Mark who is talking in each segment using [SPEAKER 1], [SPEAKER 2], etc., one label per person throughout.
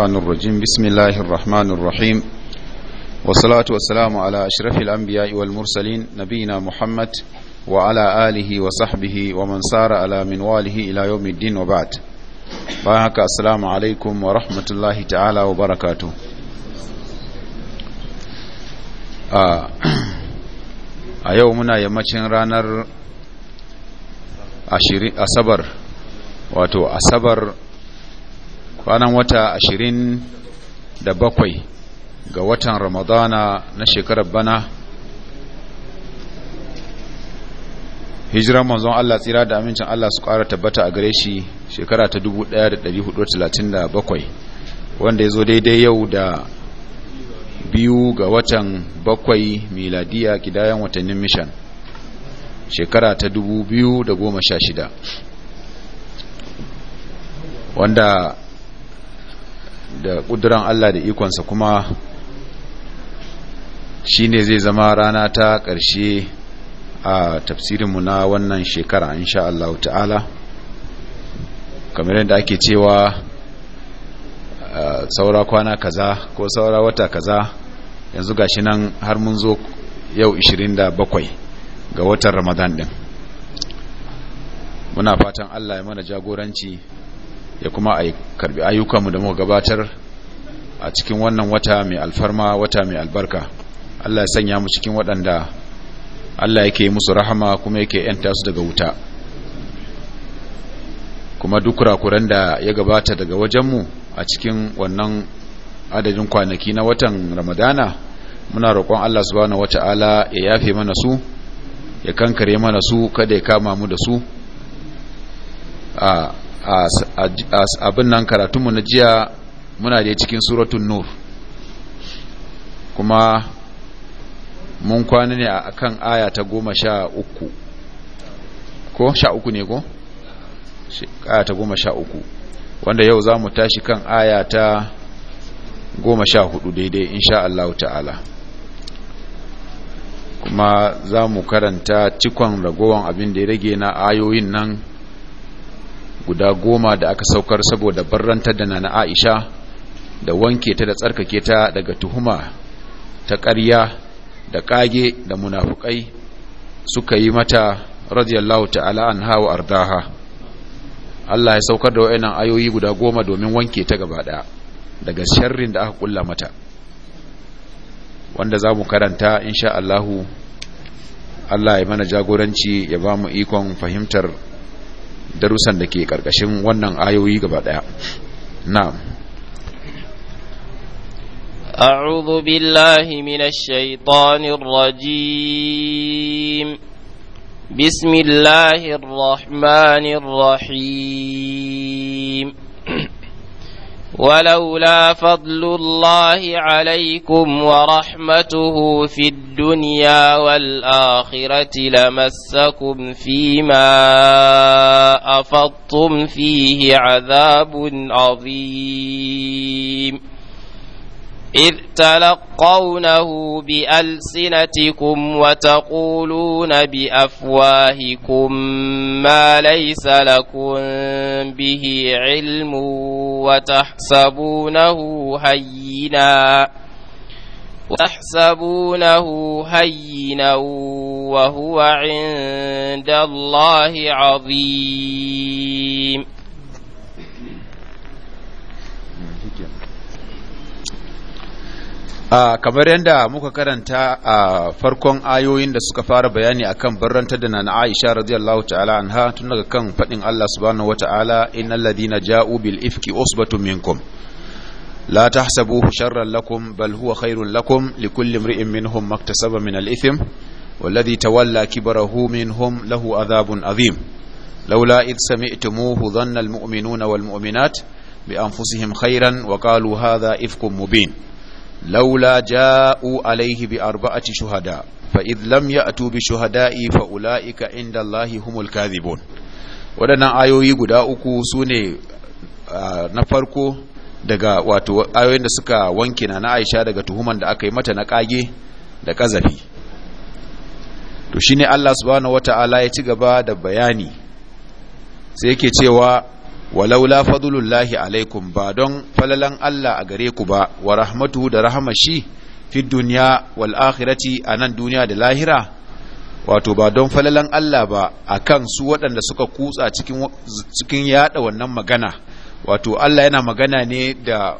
[SPEAKER 1] الشيطان الرجيم بسم الله الرحمن الرحيم والصلاة والسلام على أشرف الأنبياء والمرسلين نبينا محمد وعلى آله وصحبه ومن سار على منواله إلى يوم الدين وبعد باهك السلام عليكم ورحمة الله تعالى وبركاته a yau muna yammacin ranar asabar wato asabar kwanan wata ashirin da bakwai ga watan ramadana na shekarar bana hijiran manzon Allah tsira da amincin Allah su kara tabbata a gare shi shekara ta bakwai wanda ya zo daidai yau da biyu ga watan bakwai miladiya kidayen watannin mishan shekara ta 2016 wanda da ƙuduran Allah da ikonsa kuma shi ne zai zama rana ta ƙarshe a tafsirinmu na wannan shekara insha Allah ta'ala kamar yadda ake cewa saura kwana kaza ko saura wata kaza yanzu gashi nan har mun zo yau 27 ga watan ramadan din muna fatan Allah ya mana jagoranci ya kuma a karbi ayyukanmu da muka gabatar a cikin wannan wata mai alfarma wata mai albarka Allah ya sanya mu cikin waɗanda Allah yake musu rahama kuma yake yanta su daga wuta kuma duk kurakuran da ya gabata daga wajenmu a cikin wannan adadin kwanaki na watan ramadana muna roƙon Allah subhanahu ala ya yafe mana su ya kankare mana su kada ya kama mu da su a abin nan karatunmu na jiya muna da cikin suratun nur kuma mun kwana ne a kan aya ta goma sha uku ko sha uku ne ko? aya ta goma sha uku wanda yau za mu tashi kan aya ta goma sha hudu daidai insha Allah ta'ala kuma za mu karanta cikon ragowan abin da ya rage na ayoyin nan guda goma da aka saukar saboda barrantar da nana aisha da wanke ta da tsarkake ta daga tuhuma ta karya da ƙage da munafukai suka yi mata radiyallahu ta'ala an hawa ardaha Allah ya saukar da wa'inan ayoyi guda goma domin wanke ta gaba ɗaya daga sharrin da aka kulla mata wanda za mu karanta insha Allahu Allah ya mana jagoranci ya ba mu ikon fahimtar darussan da ke karkashin wannan ayoyi gaba daya na'am
[SPEAKER 2] a'udhu billahi minash shaitanir rajim bismillahir rahmanir rahim ولولا فضل الله عليكم ورحمته في الدنيا والآخرة لمسكم فيما أفضتم فيه عذاب عظيم إذ تلقونه بألسنتكم وتقولون بأفواهكم ما ليس لكم به علم وتحسبونه هينا وتحسبونه هينا وهو عند الله عظيم
[SPEAKER 1] kamar yadda muka karanta a farkon ayoyin da suka fara bayani akan barrantar da na Aisha radiyallahu ta'ala anha tun daga kan fadin Allah subhanahu wata'ala innal ladina ja'u bil ifki usbatu minkum la tahsabuhu sharran lakum bal huwa khairun lakum likulli imri'in minhum maktasaba min al ithm والذي تولى كبره منهم له عذاب عظيم لولا إذ سمعتموه ظن bi anfusihim khairan wa وقالوا هذا إفك mubin laula ja'u alaihi bi ci shuhada fa idh lam tubi bi shuhada'i fa ulaika inda Allahi humul kadhibun Waɗannan ayoyi guda uku sune na farko daga wato ayoyin da suka wanke na Aisha daga tuhuman da aka yi mata na ƙage da kazafi to shine Allah subhanahu wata'ala ya ci gaba da bayani sai yake cewa walaula fadlullahi alaikum ba don falalan Allah a gare ku ba wa rahmatu da shi fi dunya wal akhirati nan duniya da lahira wato ba don falalan Allah ba akan su waɗanda suka kutsa cikin cikin yada wannan magana wato Allah yana magana ne da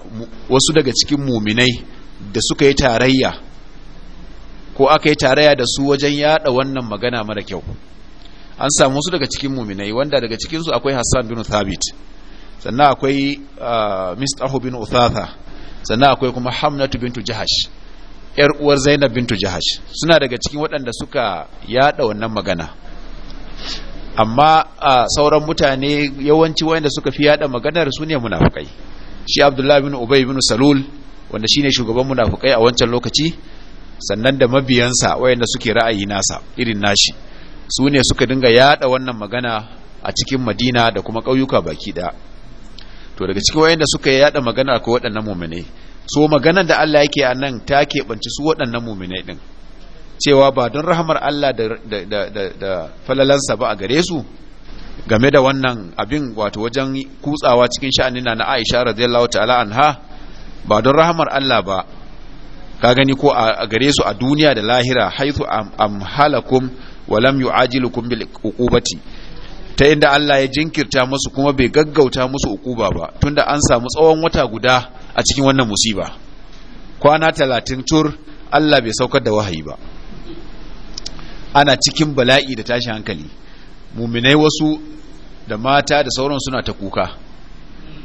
[SPEAKER 1] wasu daga cikin muminai da suka yi tarayya ko aka yi tarayya da su wajen yada wannan magana mara kyau an samu su daga cikin muminai wanda daga cikinsu akwai hassan bin thabit sannan akwai ah, mistahu bin uthatha sannan akwai kuma hamnatu bintu jahash yar uwar zainab bintu jahash suna daga cikin waɗanda suka yada wannan magana amma ah, sauran mutane yawanci waɗanda suka fi yada maganar su ne munafukai shi abdullah bin ubay bin salul wanda shine shugaban munafukai a wancan lokaci sannan da mabiyansa wayanda suke ra'ayi nasa irin nashi su ne suka dinga yada wannan magana a cikin madina da kuma ƙauyuka baki ɗaya to daga cikin wayanda suka yada magana akwai waɗannan muminai so maganar da Allah yake a nan ta ke keɓanci su waɗannan muminai ɗin cewa ba don rahamar Allah da falalansa ba a gare su game da wannan abin wato wajen kutsawa cikin sha'anin na Aisha radiyallahu ta'ala anha ba don rahamar Allah ba ka gani ko a gare su a duniya da lahira haithu am halakum walam yu'ajilukum bil uqubati ta inda Allah ya jinkirta musu kuma bai gaggauta musu ukuba ba tunda an samu tsawon wata guda a cikin wannan musiba kwana talatin tur Allah bai saukar da wahayi ba ana cikin bala'i da tashi hankali muminai wasu da mata da sauran suna ta kuka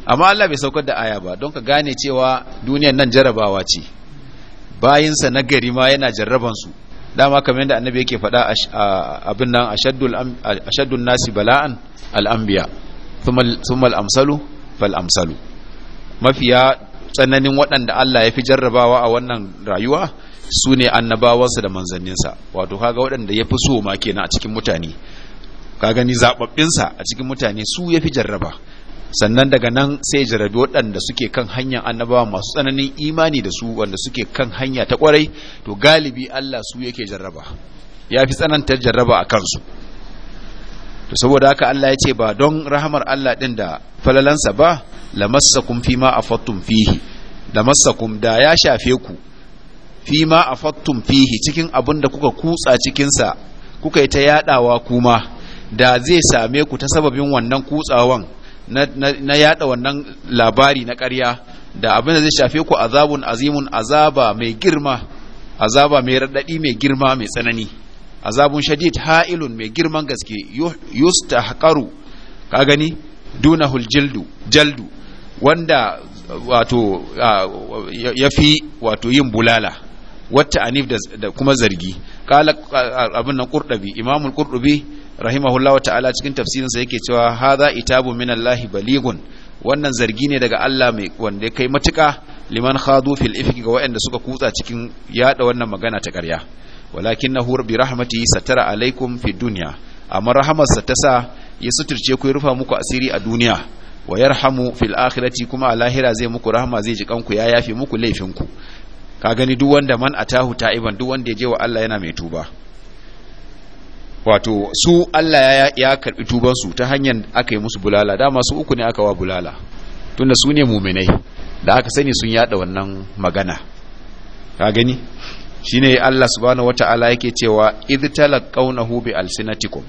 [SPEAKER 1] amma Allah bai saukar da aya ba don ka gane cewa duniyar nan jarabawa ce bayinsa na gari ma yana jarrabansu dama kamar yadda annabi yake faɗa abin nan ashaddun nasi bala'an al'ambiya thumma al'amsalu fal'amsalu mafiya tsananin waɗanda Allah ya fi jarrabawa a wannan rayuwa su ne annabawansa da manzanninsa wato kaga waɗanda ya fi so ma kenan a cikin mutane ka gani zaɓaɓɓinsa a cikin mutane su ya fi jarraba sannan daga nan sai jarabi waɗanda suke kan hanyar annabawa masu tsananin imani da su wanda suke kan hanya ta ƙwarai, to galibi Allah su yake jarraba ya fi tsanantar jarraba a kansu to saboda haka Allah ya ce ba don rahamar Allah ɗin da falalansa ba lamassakum fi ma afattum fihi lamassakum da ya shafe ku fi ma afattum fihi cikin abin da kuka kutsa cikinsa kuka yi ta yadawa kuma da zai same ku ta sababin wannan kutsawan na yada wannan labari na ƙarya da abin da zai shafe ku azabun azimun azaba mai girma azaba mai raɗaɗi mai girma mai tsanani azabun shadid ha'ilun mai girman gaske yustahqaru ka gani dunahul jaldu wanda wato ya fi wato yin bulala wata anif da kuma zargi kala abin nan qurdubi imamul qurdubi rahimahullahu ta'ala cikin tafsirin sa yake cewa hadha itabu minallahi baligun wannan zargi ne daga Allah mai wanda kai matuka liman khadu fil ifki ga waɗanda suka kutsa cikin yada wannan magana ta ƙarya walakinahu bi rahmati satara alaikum fi dunya amma rahamarsa ta sa ya suturce ku ya rufa muku asiri a duniya wa yarhamu fil akhirati kuma a lahira zai muku rahama zai ji kanku ya yafe muku laifinku ka gani duk wanda man atahu ta'iban duk wanda ya je wa Allah yana mai tuba wato su Allah ya, ya karbi tuban su ta hanyar aka yi musu bulala dama su uku ne aka wa bulala tunda su ne muminai da aka sani sun yada wannan magana ka gani shine Allah subhanahu wataala yake cewa id talaqawnahu bi alsinatikum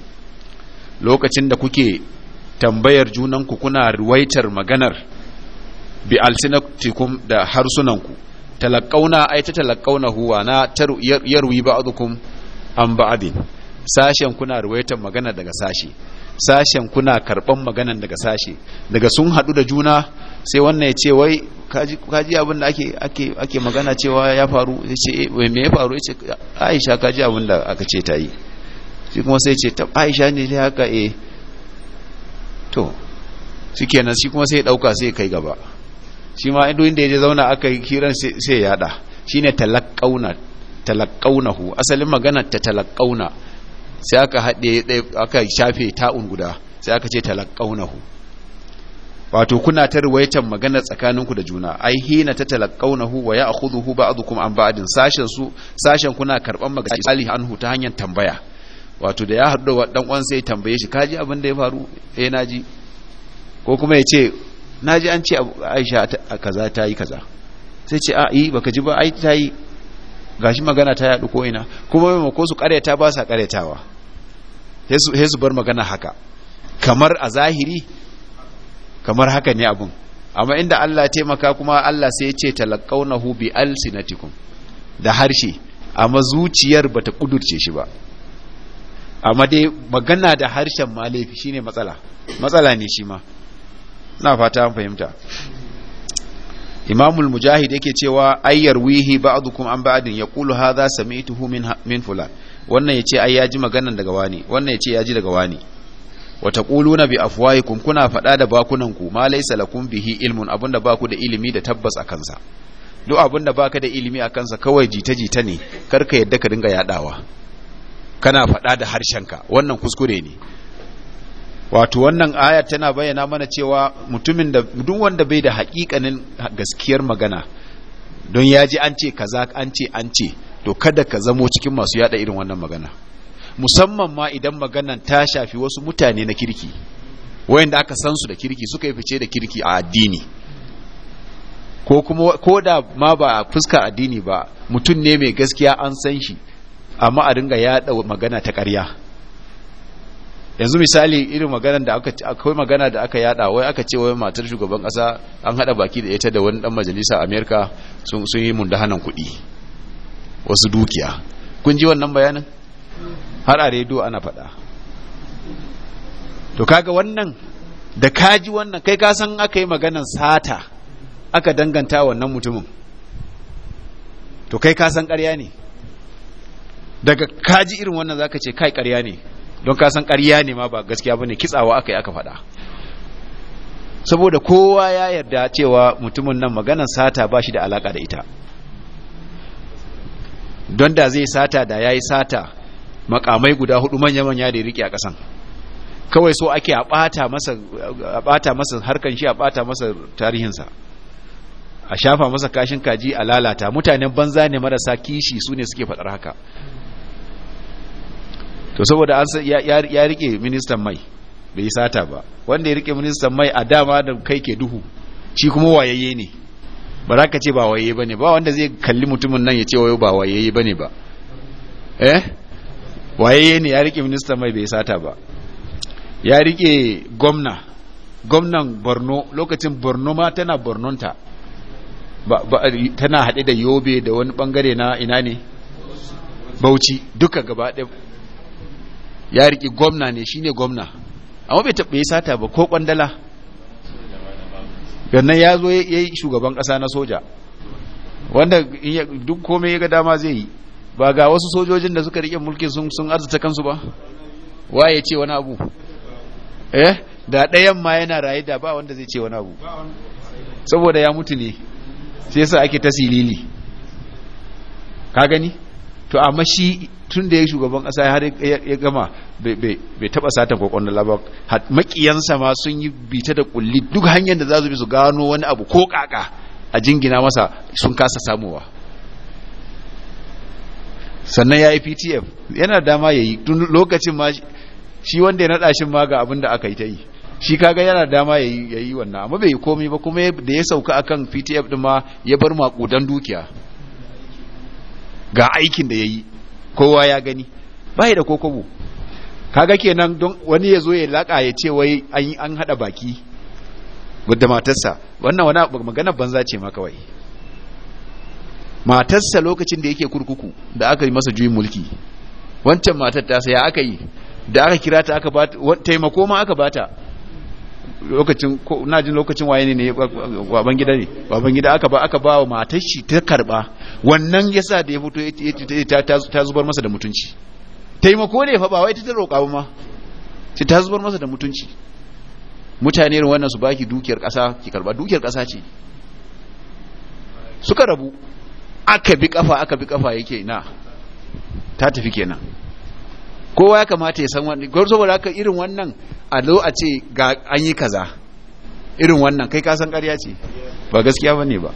[SPEAKER 1] lokacin da kuke tambayar junanku kuna ruwaitar maganar bi alsinatikum da harsunanku talaqauna ai ta talaqauna huwa na yarwi ba'dukum an ba'din sashen kuna ruwaitar magana daga sashi sashen kuna karban magana daga sashi daga sun hadu da juna sai wannan ya ce wai kaji abin da ake ake ake magana cewa ya faru ya ce eh, wai me ya faru ya ce Aisha kaji abin da aka ce ta yi shi kuma sai ce ta Aisha ne dai haka eh to shikenan shi kuma sai ya dauka sai kai gaba shi ma idu inda je zauna aka yi kiran sai yada shine talaqauna hu asalin magana ta talaqauna sai aka haɗe aka shafe ta'un guda sai aka ce hu wato kuna ta ruwaitan magana tsakaninku da juna ai hina ta hu wa ya a ya'khudhuhu kuma an ba'din sashen su sashen kuna karɓar magana an anhu ta hanyar tambaya wato da ya haɗu da ɗan uwan sai tambaye shi kaji abin da ya faru eh naji ko kuma ya ce na ji an ce aisha a kaza ta yi kaza sai ce a yi baka ji ba ai ta yi gashi magana ta yaɗu ko ina kuma mai mako su karyata ba sa karyatawa sai su bar magana haka kamar a zahiri kamar haka ne abun amma inda Allah taimaka kuma Allah sai ya ce talaqawnahu bi alsinatikum da harshe amma zuciyar ba ta kudurce shi ba amma dai magana da harshen ma laifi shine matsala matsala ne shi ma na fata an fahimta imamul mujahid yake cewa ayyar wihi ba'dukum an ba'din yaqulu hadha sami'tuhu min min fulan wannan yace ai yaji maganan daga wani wannan yace yaji daga wani wa taquluna bi afwahikum kuna fada da bakunan ku ma laysa lakum bihi ilmun abunda baku da ilimi da tabbas a kansa duk abunda baka da ilimi a kansa kawai jita jita ne karka yadda ka dinga yadawa kana fada da harshenka wannan kuskure ne wato wannan aya tana bayyana mana cewa mutumin da duk wanda bai da haƙiƙanin gaskiyar magana don ya ji an ce kaza an ce an ce to kada ka zamo cikin masu yada irin wannan magana musamman ma idan magana ta shafi wasu mutane na kirki wayanda aka san su da kirki suka yi fice da kirki a addini ko kuma ko da ma ba fuska addini ba mutum ne mai gaskiya an san shi amma a dinga yada magana ta ƙarya yanzu misali irin magana da aka akwai magana da aka yada wai aka ce wai matar shugaban kasa an hada baki da ita da wani dan majalisa a America sun sun yi mundahanan kuɗi wasu dukiya kun ji wannan bayanin har a rediyo ana faɗa to kaga wannan da kaji wannan kai ka san aka yi maganar sata aka danganta wannan mutumin to kai ka san ƙarya ne daga kaji irin wannan zaka ce kai ƙarya ne don ka san ƙarya ne ma ba gaskiya bane kitsawa aka yi aka faɗa saboda kowa ya yarda cewa mutumin nan maganar sata ba shi da alaka da ita don da zai sata da ya yi sata makamai guda hudu manya-manya da ya riƙe a ƙasan kawai so ake a ɓata masa harkan shi a ɓata masa tarihinsa a shafa masa kashin kaji a lalata mutanen banza ne marasa kishi su ne suke faɗar haka to saboda ya rike ministan mai bai sata ba wanda ya rike ministan mai a dama da kai ke duhu shi kuma wayayye ne ba za ka ce ba wayayye ba ne ba wanda zai kalli mutumin nan ya ce wayo ba wayayye ba ne ba eh wayayye ne ya rike ministan mai bai sata ba ya rike gwamna gwamnan borno lokacin borno ma tana bornonta tana hade da yobe da wani bangare na ina ne bauchi duka gaba daya. ya riƙe gwamna ne shi ne gwamna amma bai taɓa sata ba ko ƙwandala gannan ya zo ya yi shugaban ƙasa na soja wanda duk komai ya ga dama zai yi ba ga wasu sojojin da suka riƙe mulki sun arzuta kansu ba waye ce wani abu eh da ɗayan ma yana raye da ba wanda zai ce wani abu saboda ya mutu ne sai yasa ake ta silili ka gani to amma shi tun da ya shugaban kasa har ya gama bai taba satan kokon da labar makiyansa ma sun yi bita da kulli duk hanyar da za su bi su gano wani abu ko kaka a jingina masa sun kasa samuwa sannan ya yi ptf yana dama ya yi tun lokacin ma shi wanda ya naɗa shi ma ga abin da aka yi ta yi shi kaga yana dama ya yi wannan amma bai yi komai ba kuma da ya sauka akan ptf ɗin ma ya bar maƙudan dukiya ga aikin da ya yi kowa ya gani bai da kokobo kaga kenan don wani ya zo ya laƙa ya ce wai an haɗa baki da matarsa wannan wani magana banza ce ma kawai matarsa lokacin da yake kurkuku da aka yi masa juyin mulki wancan matar ta aka yi da aka kira ta aka bata taimako ma aka bata lokacin ko na jin lokacin waye ne baban gida ne baban gida aka ba aka ba wa matar shi ta karba wannan yasa da ya fito ta zubar masa da mutunci taimako ne fa ba wai ta roƙa ba ma ce ta zubar masa da mutunci mutane wannan su baki dukiyar ƙasa ki karba dukiyar ƙasa ce suka rabu aka bi kafa aka bi kafa yake na ta tafi kenan kowa ya kamata ya san wani gwamnati saboda haka irin wannan a lo a ce ga an yi kaza irin wannan kai kasan karya ce ba gaskiya ba ne ba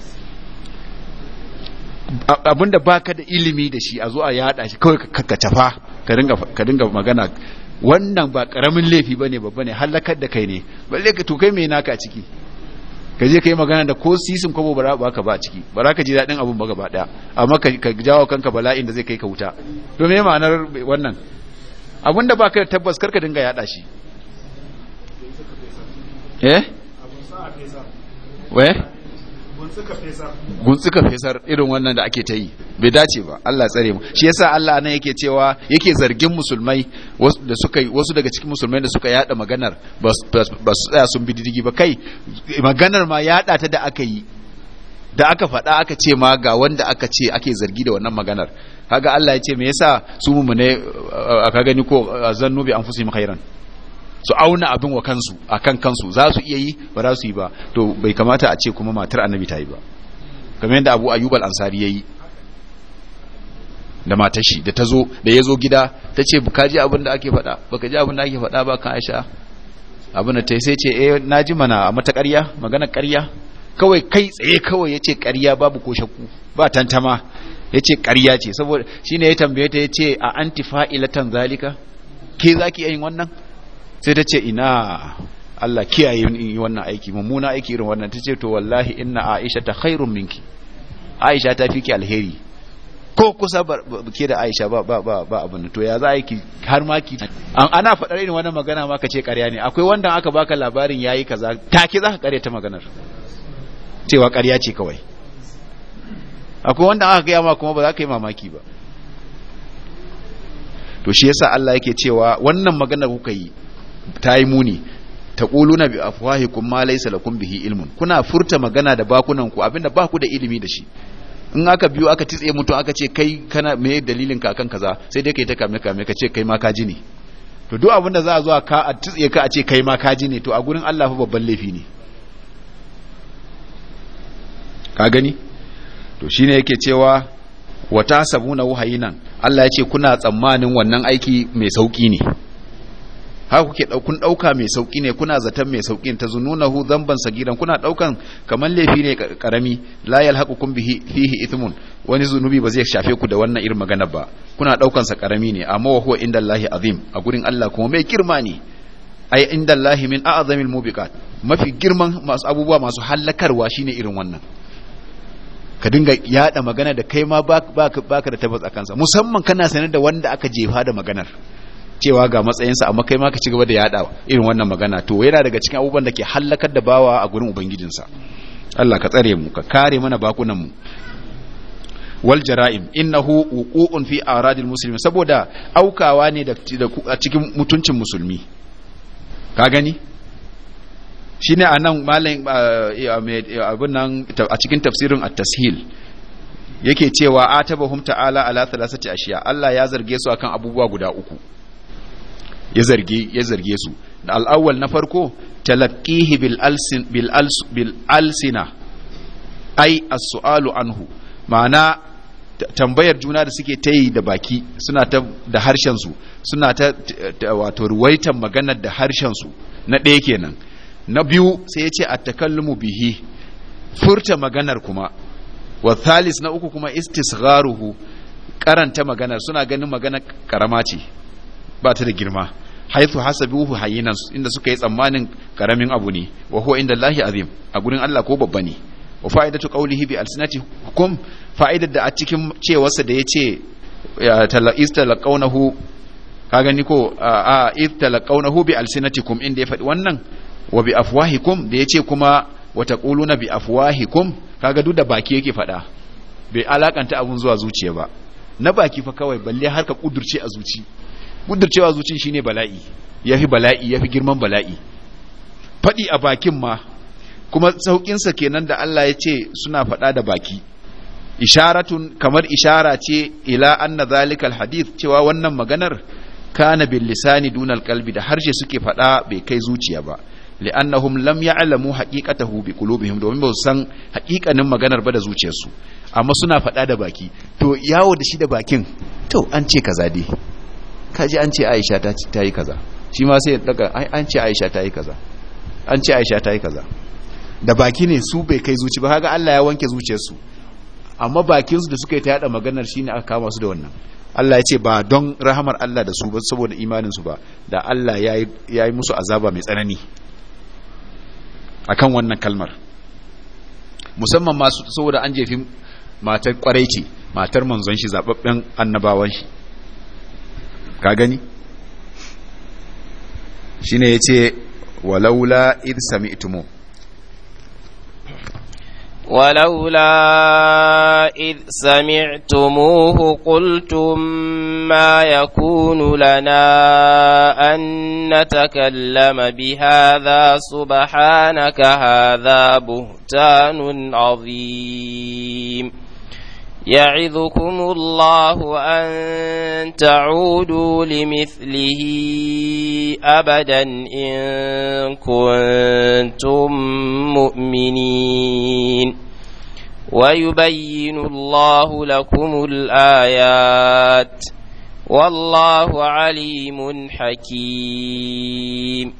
[SPEAKER 1] abinda ka da ilimi da shi a zuwa ya yada shi kawai ka cafa ka dinga magana wannan ba karamin laifi ba ne babba ne halakar da kai ne balle ka to kai naka a ciki ka je ka yi magana da ko sisin kwabo ba ba ka ba ciki ba za ka ji daɗin abin ba gaba ɗaya amma ka jawo kanka bala'in da zai kai ka wuta to me ma'anar wannan abinda ba ka da tabbas karka dinga yada shi eh wai gunsuka fesar irin wannan da ake ta yi bai dace ba Allah tsare mu shi yasa Allah nan yake cewa yake zargin musulmai wasu da suka wasu daga cikin musulmai da suka yada maganar ba su tsaya sun bi didigi ba kai maganar ma yada ta da aka yi da aka faɗa aka ce ma ga wanda aka ce ake zargi da wannan maganar kaga Allah ya ce me yasa su mu ne aka gani ko zannu bi anfusihim khairan su auna abin wa kansu akan kansu za su iya yi ba za su yi ba to bai kamata a ce kuma matar annabi ta yi ba kamar yadda Abu Ayyub al-Ansari yayi da matar shi da tazo da yazo gida tace buka ji abin da ake faɗa baka ji abin da ake faɗa ba ka Aisha abin da ta sai ce eh naji mana a mata ƙarya magana ƙarya kawai kai tsaye kawai ya ce ƙarya babu ko shakku ba tantama ya ce ƙarya ce saboda shi ne ya tambaye ta ce a anti fa'ilatan zalika ke za ki yin wannan sai ta ce ina Allah kiyaye in yi wannan aiki mummuna aiki irin wannan ta ce to wallahi inna Aisha ta khairun minki Aisha ta fi ki alheri ko kusa ke da Aisha ba ba ba ba abin to ya za a yi har ma ki ana faɗar irin wannan magana ma ka ce ƙarya ne akwai wanda aka baka labarin yayi kaza take ka ƙare ta maganar cewa ƙarya ce kawai akwai wanda aka gaya ma kuma ba za ka yi mamaki ba to shi yasa Allah yake cewa wannan magana kuka yi ta yi muni ta ƙuluna bi kun ma kun bihi ilmun kuna furta magana da bakunan ku abinda ba ku da ilimi da shi in aka biyo aka tsitse mutum aka ce kai kana me dalilin ka akan kaza sai dai kai ta kame kame ka ce kai ma kaji ne to duk abinda za a zo ka a tsitse ka a ce kai ma kaji ne to a gurin Allah fa babban laifi ne ka gani to shine yake cewa wata sabuna nan Allah ya ce kuna tsammanin wannan aiki mai sauki ne haka kuke kun dauka mai sauki ne kuna zaton mai sauki ta zununa hu zamban sagiran kuna daukan kamar laifi ne karami la yalhaqukum bihi fihi ithmun wani zunubi ba zai shafe ku da wannan irin magana ba kuna daukan sa karami ne amma wa huwa indallahi azim a gurin Allah kuma mai girma ne ai indallahi min a'zamil mubiqat mafi girman masu abubuwa masu hallakarwa shine irin wannan ka dinga yada magana da kai ma baka da tabbas a kansa musamman kana sanar da wanda aka jefa da maganar cewa ga matsayinsa amma kai ma ka ci gaba da yada irin wannan magana to yana daga cikin abubuwan da ke hallakar da bawa a gurin ubangijinsa Allah ka tsare mu ka kare mana bakunan mu wal jara'im innahu wuqu'un fi aradil muslimin saboda aukawa ne da a cikin mutuncin musulmi ka gani shine anan malam abin nan a cikin tafsirin a tashil yake cewa a taba humta ala a shiya Allah ya zarge su akan abubuwa guda uku ya zarge su da al'awwal na farko talakihi bil ai as-su'alu anhu ma'ana tambayar juna da suke ta yi da baki suna ta da harshen su suna ta wato ruwaitan maganar da harshen su na ɗaya kenan na biyu sai ya ce a takallumu bihi furta maganar kuma wa thalis na uku kuma istisgharuhu karanta magana suna ganin magana karama ce ba ta da girma haithu hasabuhu hayyinan inda suka yi tsammanin karamin abu ne wa huwa inda lahi azim a gurin Allah ko babba ne wa fa'idatu qawlihi bi alsinati hukum fa'idar da a cikin cewarsa da yace istalaqawnahu ka gani ko a istalaqawnahu bi alsinatikum inda ya faɗi wannan wa bi afwahikum da yace kuma wa taquluna bi afwahikum kaga duk da baki yake fada bai alakanta abun zuwa zuciya ba na baki fa kawai balle har ka kudurce a zuci kudurcewa zuci shine bala'i yafi bala'i yafi girman bala'i fadi a bakin ma kuma saukin sa kenan da Allah ya ce suna fada da baki isharatun kamar ishara ce ila anna zalikal hadith cewa wannan maganar kana bil lisani dunal qalbi da harshe suke fada bai kai zuciya ba li'annahum lam ya'lamu haqiqatahu bi qulubihim domin ba su san haqiqanin maganar ba da zuciyarsu amma suna faɗa da baki to yawo da shi da bakin to an ce kaza dai kaji an ce Aisha ta ta yi kaza shi ma sai daga an ce Aisha ta yi kaza an ce Aisha ta yi kaza da baki ne su bai kai zuci ba kaga Allah ya wanke zuciyarsu amma su da suka yi ta yada maganar shine aka kama su da wannan Allah ya ce ba don rahamar Allah da su ba saboda imaninsu ba da Allah ya yi musu azaba mai tsanani akan wannan kalmar musamman masu saboda an jefi matar kwarai ce matar manzon shi zababben annabawan shi ka gani shine yace walaula id sami'tumu
[SPEAKER 2] ولولا إذ سمعتموه قلتم ما يكون لنا أن نتكلم بهذا سبحانك هذا بهتان عظيم يعظكم الله أن تعودوا لمثله أبدا إن كنتم مؤمنين ويبين الله لكم الآيات والله عليم حكيم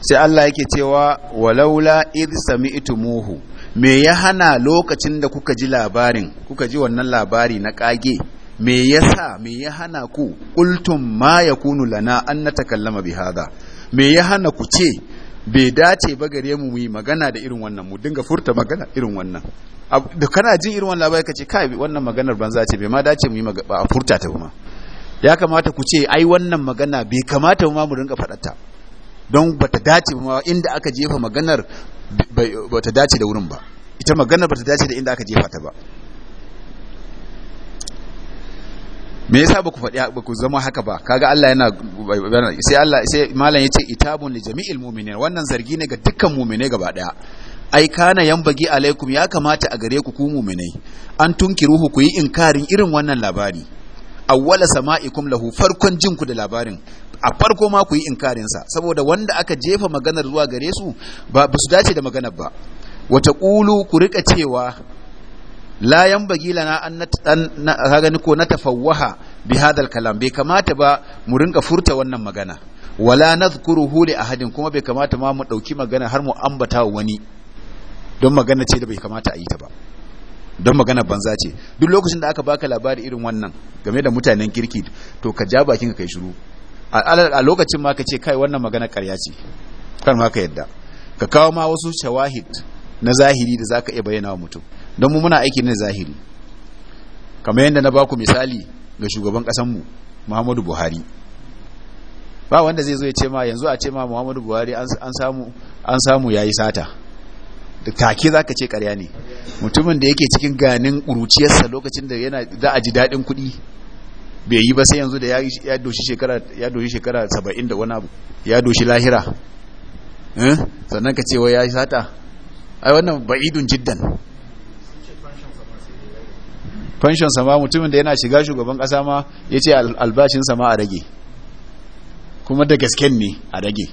[SPEAKER 1] سأل الله يكتوى ولولا إذ سمعتموه me ya hana lokacin da kuka ji labarin kuka ji wannan labari na kage me yasa me ya hana ku qultum ma yakunu lana an natakallama bihadha me ya hana ku ce bai dace ba gare mu mu yi magana da irin wannan mu dinga furta magana irin wannan da kana jin irin wannan labari kace kai wannan maganar banza ce bai ma dace mu yi ba a furta ta kuma ya kamata ku ce ai wannan magana bai kamata ma mu dinga faɗa ta don bata dace ba inda aka jefa maganar ba ta dace da wurin ba ita magana ba ta dace da inda aka jefa ta ba me yasa ba ku faɗi ba ku zama haka ba kaga Allah yana sai Allah sai malam yace itabun li jami'il mu'minin wannan zargi ne ga dukkan mu'mine gaba daya ai kana yambagi alaikum ya kamata a gare ku ku mu'minai an tunkiruhu ku yi inkarin irin wannan labari awwala sama'ikum lahu farkon jinku da labarin a farko ma ku yi inkarinsa saboda wanda aka jefa maganar zuwa gare su ba su dace da maganar ba wata kulu ku rika cewa la yan bagila na an gani ko na tafawwaha bi hadal kalam bai kamata ba mu rinka furta wannan magana wala nadhkuruhu a hadin kuma bai kamata ma mu dauki magana har mu ambata wani don magana ce da bai kamata a yi ta ba don magana banza ce duk lokacin da aka baka labari irin wannan game da mutanen kirki to ka ja bakin ka kai shiru a lokacin ma ka ce kai wannan magana karya ce kan ma ka yadda ka kawo ma wasu shawahid na zahiri da zaka iya bayyana wa mutum don mu muna aiki na zahiri kamar yadda na baku misali ga shugaban kasanmu Muhammadu Buhari ba wanda zai zo ya ce ma yanzu a ce ma Muhammadu Buhari an samu an samu yayi sata da take zaka ce karya ne mutumin da yake cikin ganin kuruciyarsa lokacin da yana za a ji dadin kuɗi bai yi ba sai yanzu da ya doshi shekara ya shekara saba'in da wani abu ya doshi lahira eh? sannan ka cewa ya sata ai wannan ba'idun jiddan fanshon sama mutumin da yana shiga shugaban kasa ma ya ce albashin sama a rage kuma da gasken ne a rage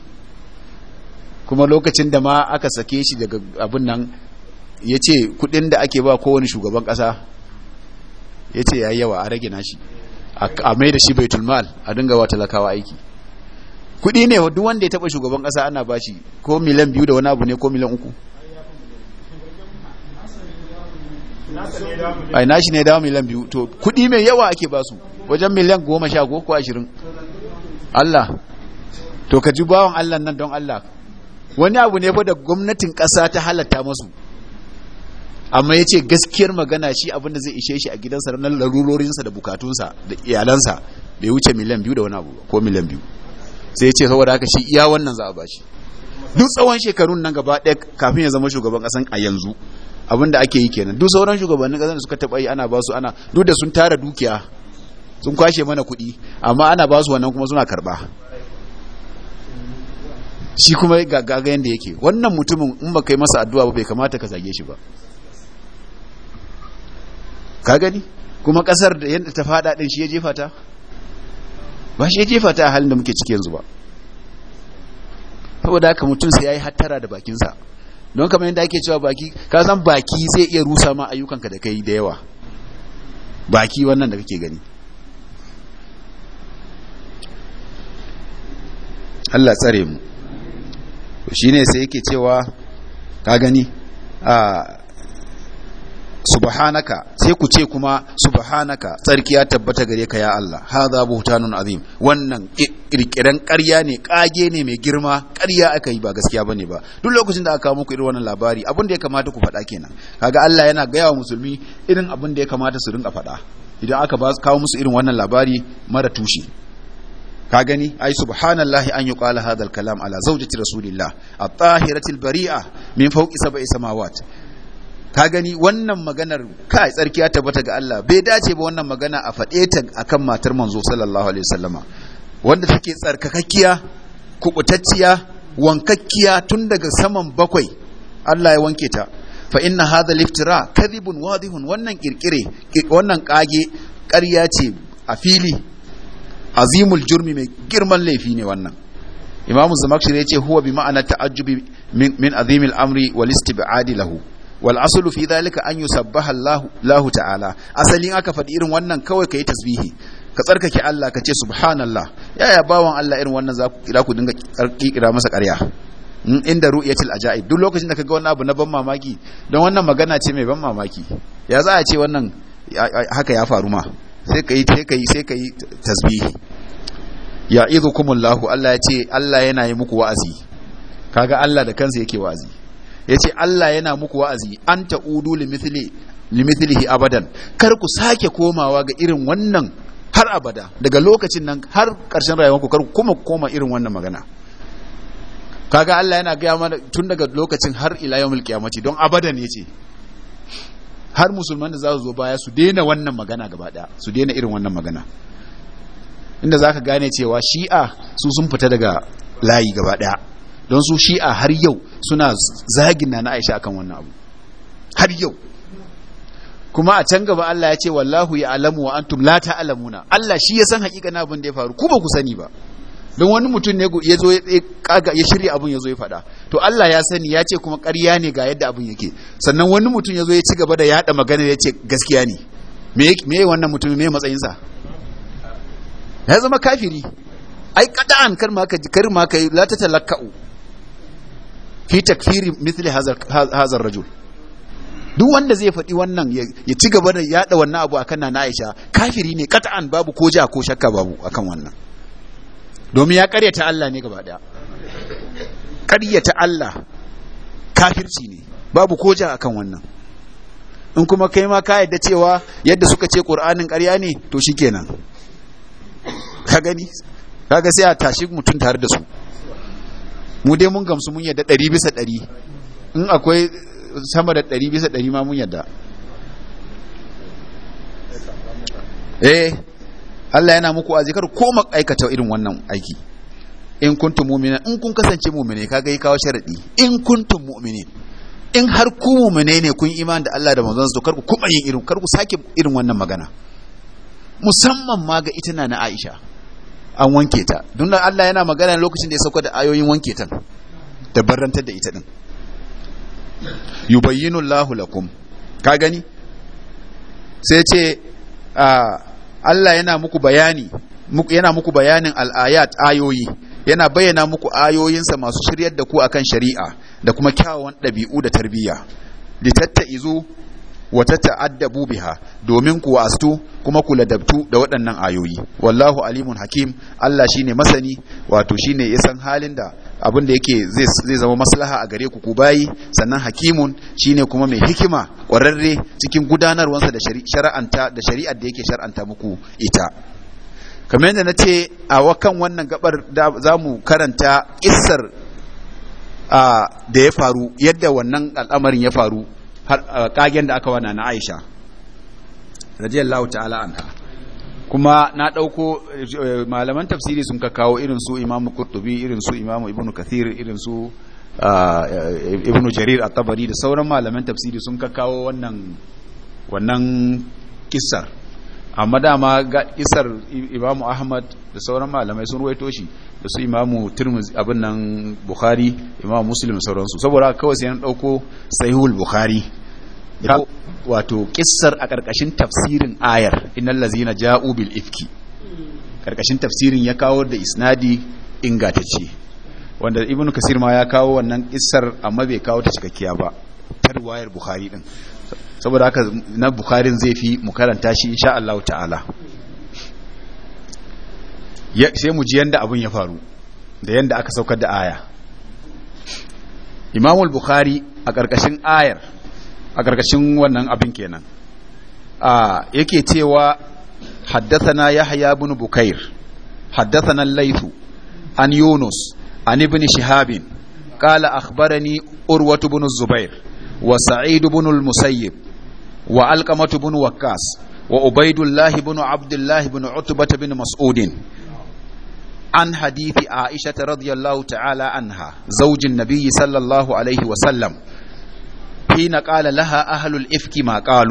[SPEAKER 1] kuma lokacin da ma aka sake shi daga abin nan ya ce kudin da ake ba kowane shugaban kasa ya ya yi yawa a rage nashi a mai da shi bai tulmal a dinga wa talakawa aiki kuɗi ne duk wanda ya taɓa shugaban ƙasa ana bashi ko miliyan biyu da wani abu ne ko miliyan uku ai nashi ne dawo miliyan biyu to kuɗi mai yawa ake basu wajen miliyan goma sha ko ashirin Allah to ka ji bawan Allah nan don Allah wani abu ne ba da gwamnatin ƙasa ta halatta masu amma ya ce gaskiyar magana shi abinda zai ishe shi a gidansa na larurorinsa da bukatunsa da iyalansa bai wuce miliyan biyu da wani abu ko miliyan biyu sai ya ce saboda haka shi iya wannan za a bashi duk tsawon shekarun nan gaba ɗaya kafin ya zama shugaban ƙasan a yanzu abinda ake yi kenan duk sauran shugabannin ƙasan da suka taɓa yi ana basu ana duk da sun tara dukiya sun kwashe mana kuɗi amma ana basu wannan kuma suna karɓa shi kuma ga yadda yake wannan mutumin in ba kai masa addu'a ba bai kamata ka zage shi ba ka gani kuma kasar da yadda ta fada din shi ya jefa ta ba shi ya jefa ta a halin da muke ciki yanzu ba saboda haka mutum sai yayi hattara da bakinsa don kamar yadda ake cewa baki ka san baki zai iya rusa ma ayyukanka da kai da yawa baki wannan da kake gani Allah tsare mu shine sai yake cewa ka gani a ah, subhanaka sai ku ce kuma subhanaka tsarki ya tabbata gare ka ya Allah hadha buhtanun azim wannan ƙirƙiran ƙarya ne ƙage ne mai girma ƙarya aka yi ba gaskiya bane ba duk lokacin da aka kawo muku irin wannan labari abin da ya kamata ku faɗa kenan kaga Allah yana gaya wa musulmi irin abin da ya kamata su rinka faɗa idan aka ba kawo musu irin wannan labari mara tushe ka gani ai subhanallahi an yi kwala hadha kalam ala zawjati rasulillah at tahiratil baria min fawqi sab'i samawat ka gani wannan maganar kai tsarki ya tabbata ga Allah bai dace ba wannan magana a faɗe ta akan matar manzo sallallahu alaihi wasallama wanda take tsarkakakkiya kubutacciya wankakkiya tun daga saman bakwai Allah ya wanke ta fa inna hadha liftira kadhibun wadihun wannan kirkire wannan kage ƙarya ce a fili azimul jurmi mai girman laifi ne wannan imamu zamakshi ya ce huwa bi ma'ana ta'ajjubi min azimil amri wal istib'adi lahu wal aslu fi dhalika an yusabbaha Allahu lahu ta'ala asalin aka faɗi irin wannan kawai kai tasbihi ka tsarkake Allah ka ce subhanallah yaya bawan Allah irin wannan za ku dinga kira masa ƙarya hmm, inda ru'yatul ajaib duk lokacin da kaga wannan abu na ban mamaki don wannan magana ce mai ban mamaki ya za a ce wannan haka ya faru ma sai kai sai kai sai kai tasbihi ya'idukumullahu Allah ya ce Allah yana yi muku wa'azi kaga Allah da kansa yake wa'azi yace Allah yana muku wa'azi an ta'udu limithlihi abadan kar ku sake komawa ga irin wannan har abada daga lokacin nan har ƙarshen rayuwarku kar ku kuma koma irin wannan magana kaga Allah yana gaya mana tun daga lokacin har ila yawmul mace don abadan yace har musulman da za su zo baya su daina wannan magana gaba su daina irin wannan magana inda za ka gane cewa shi'a su sun fita daga layi gaba don su shi'a har yau suna zagin na na Aisha akan wannan abu har yau kuma a can gaba Allah ya ce wallahu ya alamu wa antum la ta'lamuna Allah shi ya san hakikanin abin da ya faru ku ba ku sani ba don wani mutum ne ya zo ya shirya abin ya zo ya faɗa to Allah ya sani ya ce kuma ƙarya ne ga yadda abin yake sannan wani mutum ya zo ya ci gaba da yaɗa magana ya ce gaskiya ne me me wannan mutum me matsayinsa ya zama kafiri ai kada'an kar ma ka kar ma ka la ta talakka'u fi takfiri mithli hazar rajul duk wanda zai faɗi wannan ya ci gaba da yaɗa wannan abu akan na Aisha kafiri ne kata'an babu ko ja ko shakka babu akan wannan domin ya karyata Allah ne gaba daya karyata Allah kafirci ne babu ko ja akan wannan in kuma kai ma ka yadda cewa yadda suka ce Qur'anin ƙarya ne to shikenan ka gani kaga sai a tashi mutum tare da su mu dai mun gamsu mun yadda ɗari bisa ɗari in akwai sama da ɗari bisa ɗari ma mun yadda eh Allah yana muku azikar ko aikata irin wannan aiki in kuntum mu'mina in kun kasance mu'mine kaga yi kawo sharadi in kuntum mu'mine in har ku mu'mine ne kun iman da Allah da manzon sa kar ku kuma yin irin kar ku sake irin wannan magana musamman ma ga ita na Aisha an wanke ta don nan Allah yana magana lokacin da ya sauka da ayoyin wanke ta da barantar da ita din yubayyinu Allahu lakum ka gani sai ce ah, Allah yana muku bayani yana muku bayanin al'ayat ayoyi yana bayyana muku ayoyinsa masu shiryar da ku akan shari'a da kuma kyawawan ɗabi'u da tarbiyya litatta izu wata ta'addabu biha domin ku wastu kuma ku ladabtu da waɗannan ayoyi wallahu alimun hakim Allah shine masani wato shine ya san halin da abin da yake zai zama maslaha a gare ku ku bayi sannan hakimun shine kuma mai hikima ƙwararre cikin gudanarwansa da shari'anta da shari'ar da yake shar'anta muku ita kamar yadda na ce a wakan wannan gabar za mu karanta kissar da ya faru yadda wannan al'amarin ya faru Uh, kagen da aka wana na Aisha radiyallahu ta'ala anha kuma na dauko eh, malaman tafsiri sun kawo irin su Imam Qurtubi irin su Imam Ibn Kathir irin su uh, eh, Ibn Jarir at-Tabari da sauran malaman tafsiri sun kawo wannan wannan kissar amma dama ga kisar Imam Ahmad da sauran malamai sun ruwaito shi da su imamu turmuz abin nan bukhari imamu muslim sauransu saboda kawai sai an dauko sahihul bukhari wato kissar a karkashin tafsirin ayar innal ladzina ja'u bil ifki karkashin tafsirin ya kawo da isnadi ingatacce wanda ibnu kasir ma ya kawo wannan kissar amma bai kawo ta cikakkiya ba tarwayar bukhari din saboda haka na bukharin zai fi mu karanta shi insha Allah ta'ala sai mu ji yanda abin ya faru da yanda aka saukar da aya imamul bukhari a ƙarƙashin ayar a ƙarƙashin wannan abin kenan a yake cewa haddathana yahya ibn bukair haddathana laythu an yunus an ibn shihab qala akhbarani urwatu ibn zubair wa sa'id ibn al-musayyib wa alqamah ibn waqqas wa ubaydullah ibn abdullah ibn utbah ibn mas'ud an hadithi Aisha radiyallahu ta'ala anha zaujin nabiyyi sallallahu alaihi wa sallam na qala laha ahlul ifki ma A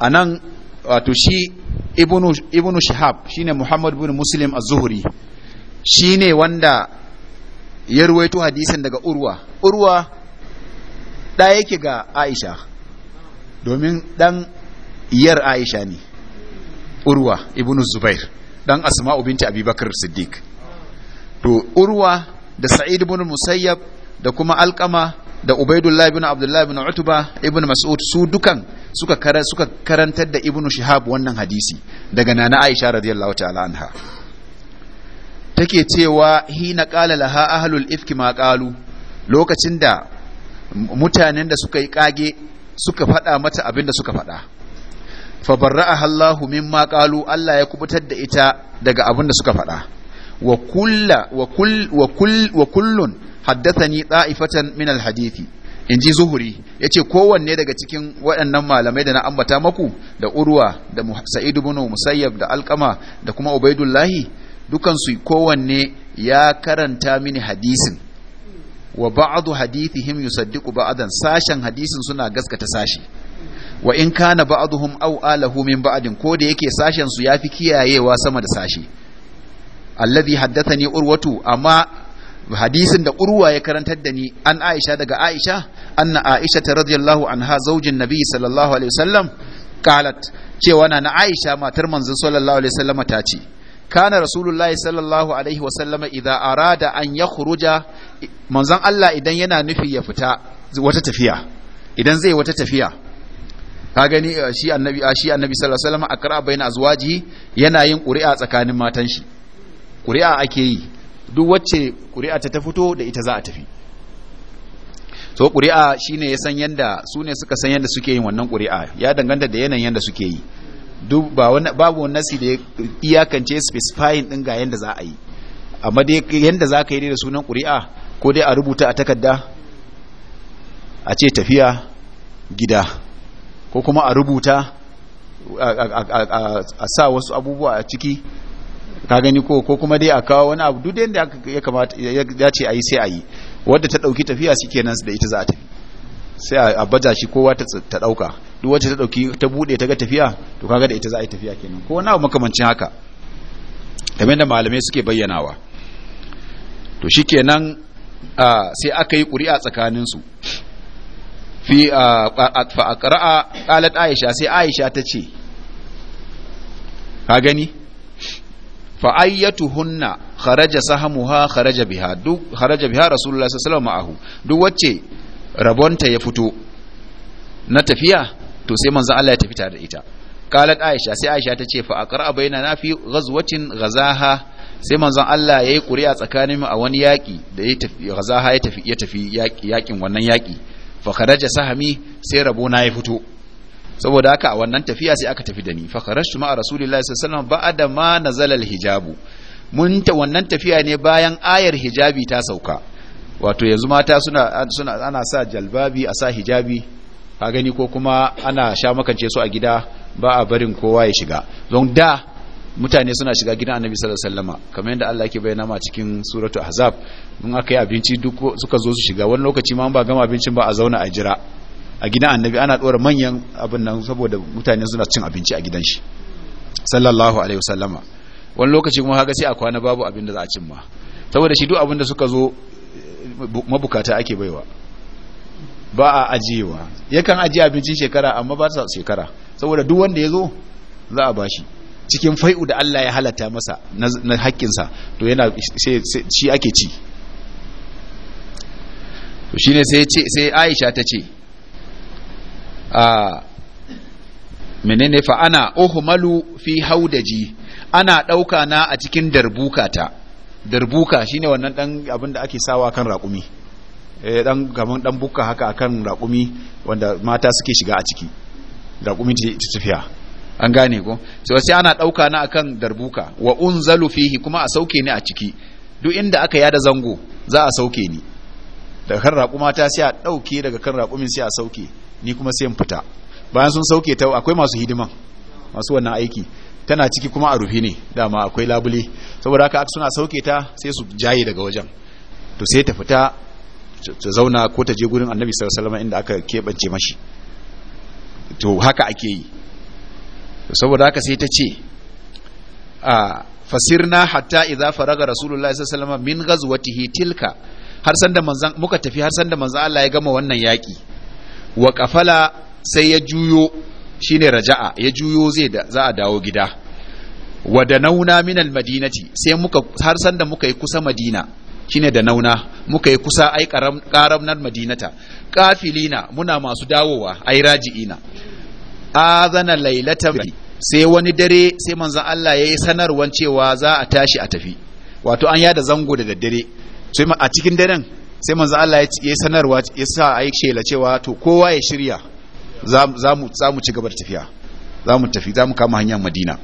[SPEAKER 1] anan wato shi ibnu shi shihab shine bin ibn a Zuhuri, shi shine wanda ya ruwaito hadisin daga urwa urwa da yake ga aisha domin dan yar aisha ne urwa ibnu zubair dan asma'u Binta abubakar siddiq to urwa da sa'id ibn musayyab da kuma alqama da ubaidullah ibn abdullah ibn utba ibn mas'ud su dukan suka kara suka karantar da ibn shihab wannan hadisi daga nana aisha radiyallahu ta'ala anha take cewa hina qala laha ahlul ifki ma qalu lokacin da mutanen da suka yi kage suka fada mata abin da suka fada. fa barra'aha Allahu mimma qalu Allah ya kubutar da ita daga abin da suka fada. wa kulla wa kull fatan min al inji zuhuri yace kowanne daga cikin waɗannan malamai da na ambata maku da urwa da Sa'idu bin musayyab da alkama da kuma ubaidullahi dukansu kowanne ya karanta mini hadisin wa ba'adu hadithihim yusaddiqu ba'adan sashen hadisin suna gaskata sashi wa in kana ba'adu aw alahu min ba'adin ko da yake sashen su ya yafi kiyayewa sama da sashi alladhi haddathani urwatu amma hadisin da urwa ya karantar da ni an aisha daga aisha anna aisha ta radiyallahu anha zaujin nabi sallallahu alaihi wasallam qalat cewa na aisha matar manzon sallallahu alaihi wasallam ta ce kana rasulullahi sallallahu alaihi wasallam idza arada an yakhruja manzon Allah idan yana nufi ya fita wata tafiya idan zai wata tafiya ka gani shi annabi shi annabi sallallahu alaihi wasallam akra baina azwaji yana yin ƙuri'a tsakanin matan shi ƙuri'a ake yi duk wacce ƙuri'a ta fito da ita za a tafi so ƙuri'a ne ya san yadda su ne suka san yadda suke yin wannan ƙuri'a ya danganta da yanayin yadda suke yi duk babu wani nasi da iyakance specifying ɗin ga yadda za a yi amma dai yadda za ka yi da sunan ƙuri'a ko dai a rubuta a takarda a ce tafiya gida ko kuma a rubuta a sa wasu abubuwa a ciki ka gani ko ko kuma dai a kawo wani abu duk da ya kamata ya dace a yi sai a yi wadda ta ɗauki tafiya su kenan da ita za ta tafi sai a baza shi kowa ta ɗauka duk wacce ta ɗauki ta buɗe ta ga tafiya to kaga da ita za a yi tafiya kenan ko wani abu makamancin haka kamar da malamai suke bayyanawa to shi kenan sai aka yi ƙuri'a tsakaninsu fi a ƙara'a ƙalat aisha sai aisha ta ce ka gani fa ya kharaja sahamuha kharaja biha duk kharaja biha rasulullahi sallallahu alaihi wasallam duk wacce rabonta ya fito na tafiya to sai manzon Allah ya tafi tare da ita qalat aisha sai aisha ta ce fa aqra na fi ghazwatin ghazaha sai manzon Allah yayi ƙuri'a tsakanin mu a wani yaki da ya tafi ghazaha ya tafi ya tafi yaki yakin wannan yaki fa kharaja sahami sai rabona ya fito saboda haka a wannan tafiya sai aka tafi da ni fa kharashtu ma'a rasulillahi sallallahu alaihi wasallam ba'da ma nazala hijabu mun ta wannan tafiya ne bayan ayar hijabi ta sauka wato yanzu mata suna suna ana sa jalbabi a sa hijabi ka gani ko kuma ana sha makance su a gida ba a barin kowa ya shiga don da mutane suna shiga gidan annabi sallallahu alaihi wasallama kamar yadda Allah yake bayyana ma cikin suratu ahzab mun aka yi abinci duk suka zo su shiga wani lokaci ma ba gama abincin ba a zauna a jira a gidan annabi ana ɗora manyan abin nan saboda mutane suna cin abinci a gidan shi sallallahu alaihi wasallama wani lokaci kuma haka sai a kwana babu abin da za a cin ma saboda shi duk abin da suka zo mabukata ake baiwa ba a ajiyewa yakan ajiye abincin shekara amma ba ta shekara saboda duk wanda ya zo za a bashi cikin fai'u da Allah ya halatta masa na hakkinsa to yana shi ake ci to shine sai sai Aisha ta ce menene fa ana uhmalu fi haudaji ana ɗauka na a cikin darbukata darbuka shine wannan dan abin da ake sawa kan raƙumi dan eh, gaban dan bukka haka akan raƙumi wanda mata suke shiga a ciki raƙumi ta tafiya an gane ko so sai ana ɗauka na akan darbuka wa unzalu fihi kuma a sauke ni a ciki duk inda aka yada zango za a sauke ni daga kan raƙuma ta sai a ɗauke daga kan raƙumin sai a sauke ni kuma sai in fita bayan sun sauke ta akwai masu hidiman masu wannan aiki tana ciki kuma a rufe ne dama akwai labule saboda haka suna sauke ta sai su jaye daga wajen to sai ta fita ta zauna ko ta je gurin annabi sallallahu alaihi inda aka keɓance mashi to haka ake yi saboda haka sai ta ce a fasirna hatta idza faraga rasulullahi sallallahu alaihi wasallam min ghazwatihi tilka har sanda manzan muka tafi har sanda manzan Allah ya gama wannan yaki wa kafala sai ya juyo shine raja'a ya juyo zai za a dawo gida wa da nauna minal madinati sai muka har sanda muka yi kusa madina shine da nauna muka yi kusa ai nan madinata kafilina muna masu dawowa ai raji'ina azana lailatan sai wani dare sai manzon Allah ya yi sanarwan cewa za a tashi a tafi wato an yada zango da daddare sai a cikin daren sai manzo Allah ya yi sanarwa ya sa a yi shela cewa to kowa ya shirya za mu ci gaba da tafiya za mu tafi za mu kama hanyar madina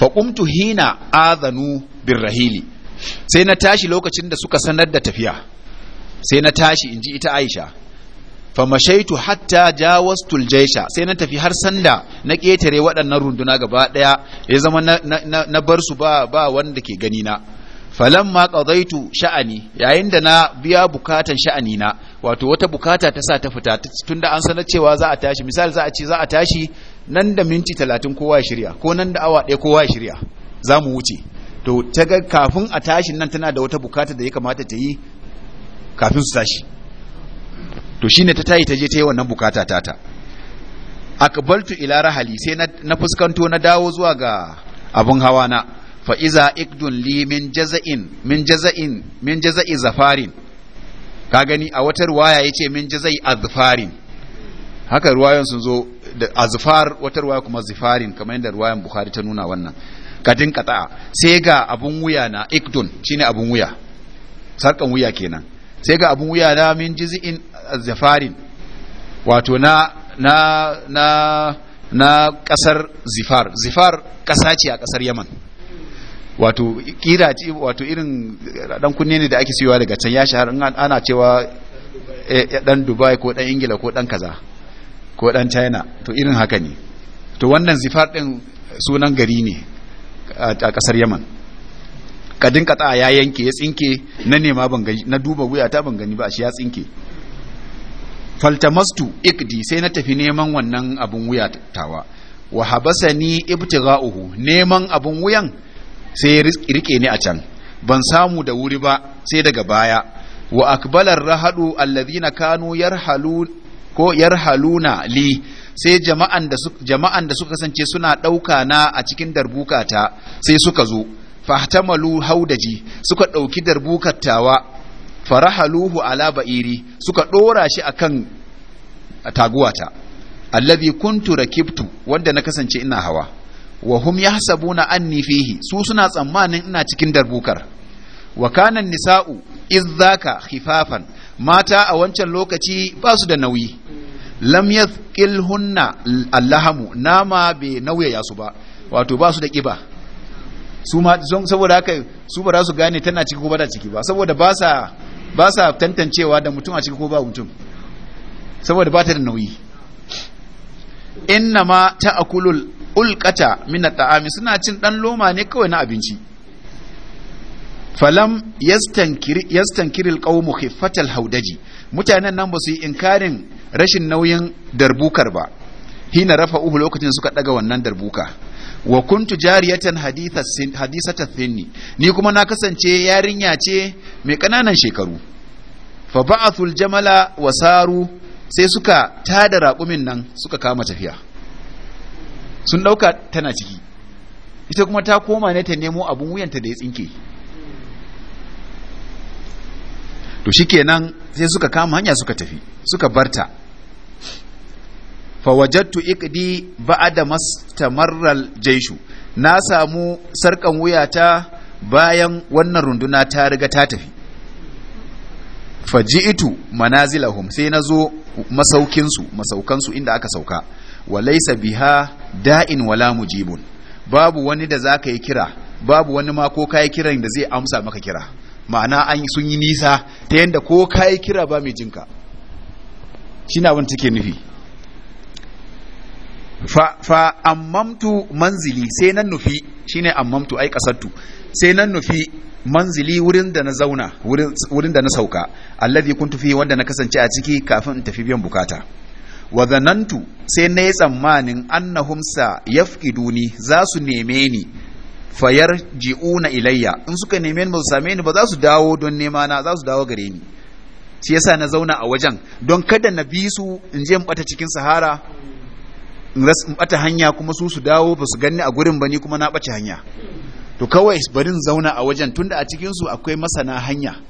[SPEAKER 1] faƙumtu hina azanu bin rahili sai na tashi lokacin da suka sanar da tafiya sai na tashi in ji ita aisha famashaitu hatta jawastul jaisha sai na tafi har sanda na ƙetare waɗannan runduna gaba ɗaya ya zama na bar su ba wanda ke ganina falamma qadaitu sha'ani yayin da na biya bukatan sha'ani na wato wata bukata ta sa ta fita tunda an sanar cewa za a tashi misali za a ce za a tashi nan da minti 30 kowa ya shirya ko nan da awa ɗaya kowa ya shirya za mu wuce to ta ga kafin a tashi nan tana da wata bukata da ya kamata ta yi kafin su tashi to shine ta tayi ta je ta yi wannan bukata ta ta akbaltu ila rahali sai na fuskanto na dawo zuwa ga abun hawa na fa iza ikdun li min jaza'in min jaza'in min jaza'i zafarin ka gani a wata ruwaya yace min jaza'i azfarin haka ruwayan sun zo da azfar wata ruwaya kuma zifarin kamar yadda ruwayan bukhari ta nuna wannan Ka kadin qata'a sai ga abun wuya na ikdun shine abun wuya sarkan wuya kenan sai ga abun wuya na min jaza'in zafarin wato na na na na kasar zifar zifar kasa ce a kasar yaman wato kiraci wato irin dan kunne ne da ake siyowa daga can ya shahara ana cewa dan eh, eh, Dubai ko dan Ingila ko dan kaza ko dan China to irin haka ne to wannan zifar din sunan gari ne a kasar Yaman kadin kata ya yanke ya tsinke na nema ban gani na duba wuya ta ban gani ba shi ya tsinke faltamastu ikdi sai na tafi neman wannan abun wuya tawa wa habasani ibtigha'uhu neman abun wuyan sai ya rike ni a can ban samu da wuri ba sai daga baya wa akbalar rahadu allazina kanu yarhalu ko yarhaluna li sai jama'an da jama'an da suka kasance suna dauka na a cikin darbukata sai suka zo fahtamalu haudaji suka dauki tawa farahaluhu ala ba'iri suka dora shi akan taguwata allazi kuntu rakibtu wanda na kasance ina hawa wa hum yahsabuna anni fihi su suna tsammanin ina cikin darbukar wa kana nisa'u izzaka khifafan mata a wancan lokaci ba su da nauyi lam yathqilhunna allahamu nama bai nauyaya su ba wato ba su da kiba su ma saboda haka su ba za su gane tana ciki ko ba ta ciki ba saboda ba sa ba sa tantancewa da mutum a ciki ko ba mutum saboda ba ta da nauyi inna ma ta'kulul ulkata min ta'ami suna cin dan loma ne kawai na abinci falam yastankiri yastankiri alqawmu khiffatal haudaji mutanen nan ba su yi inkarin rashin nauyin darbukar ba hina rafa uhu lokacin suka daga wannan darbuka wa kuntu jariyatan hadisata thinni ni kuma na kasance yarinya ce mai kananan shekaru fa ba'athul jamala wasaru sai suka tada raƙumin nan suka kama tafiya sun dauka tana ciki ita kuma ta koma ne ta nemo abun wuyanta da ya tsinke to shikenan sai suka kama hanya suka tafi suka barta fawajattu iqdi ba'da mastamarral jaishu na samu sarkan wuyata bayan wannan runduna ta riga ta tafi faji'itu manazilahum sai nazo masaukinsu masaukansu inda aka sauka wa laysa biha da'in wala mujibun babu wani da zaka yi kira babu wani ma ko kai kiran da zai amsa maka kira ma'ana an sun yi nisa ta yadda ko kai kira ba mai jinka shi na abin take nufi fa, fa ammamtu manzili sai nan nufi shine ammamtu ai kasattu sai nan nufi manzili wurin da na zauna wurin da na sauka allazi kuntu fi wanda na kasance a ciki kafin in tafi biyan bukata wa zanantu sai na yi tsammanin annahumsa duni za su neme ni fayar ji'una ilayya in suka neme ni ba su same ni ba za su dawo don nema na za su dawo gare ni shi yasa na zauna a wajen don kada na bi su in je in bata cikin sahara in bata hanya kuma su su dawo ba su ganni a gurin ba ni kuma na bace hanya to kawai bari in zauna a wajen tunda a cikin su akwai masana hanya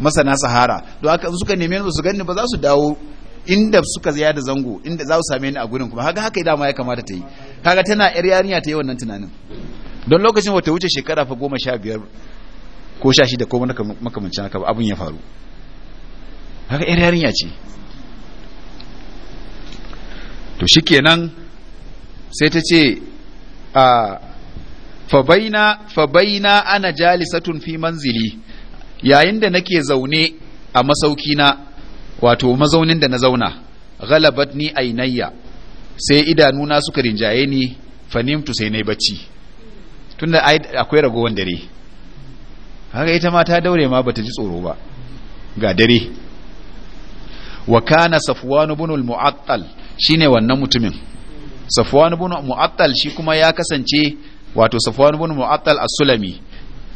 [SPEAKER 1] masana sahara don haka in suka neme ni ba su ganni ba za su dawo inda suka zaya da zango inda za su same ni a gurin kuma haka haka dama ya kamata ta yi kaga tana yar yarinya ta yi wannan tunanin don lokacin wata wuce shekara fa goma sha biyar ko sha shida ko makamancin haka ba abin ya faru haka yar yarinya ce to shikenan sai ta ce a fabaina fabaina ana jalisatun fi manzili yayin da nake zaune a masauki na. wato mazaunin da na zauna galabat ni ainayya sai idanuna suka rinjaye ni fanimtu sai na yi bacci tunda akwai ragowar dare haka ita ma ta daure ma bata ji tsoro ba ga dare wa kana safwan ibn al-mu'attal shine wannan mutumin safwan ibn mu'attal shi kuma ya kasance wato safwan ibn mu'attal a sulami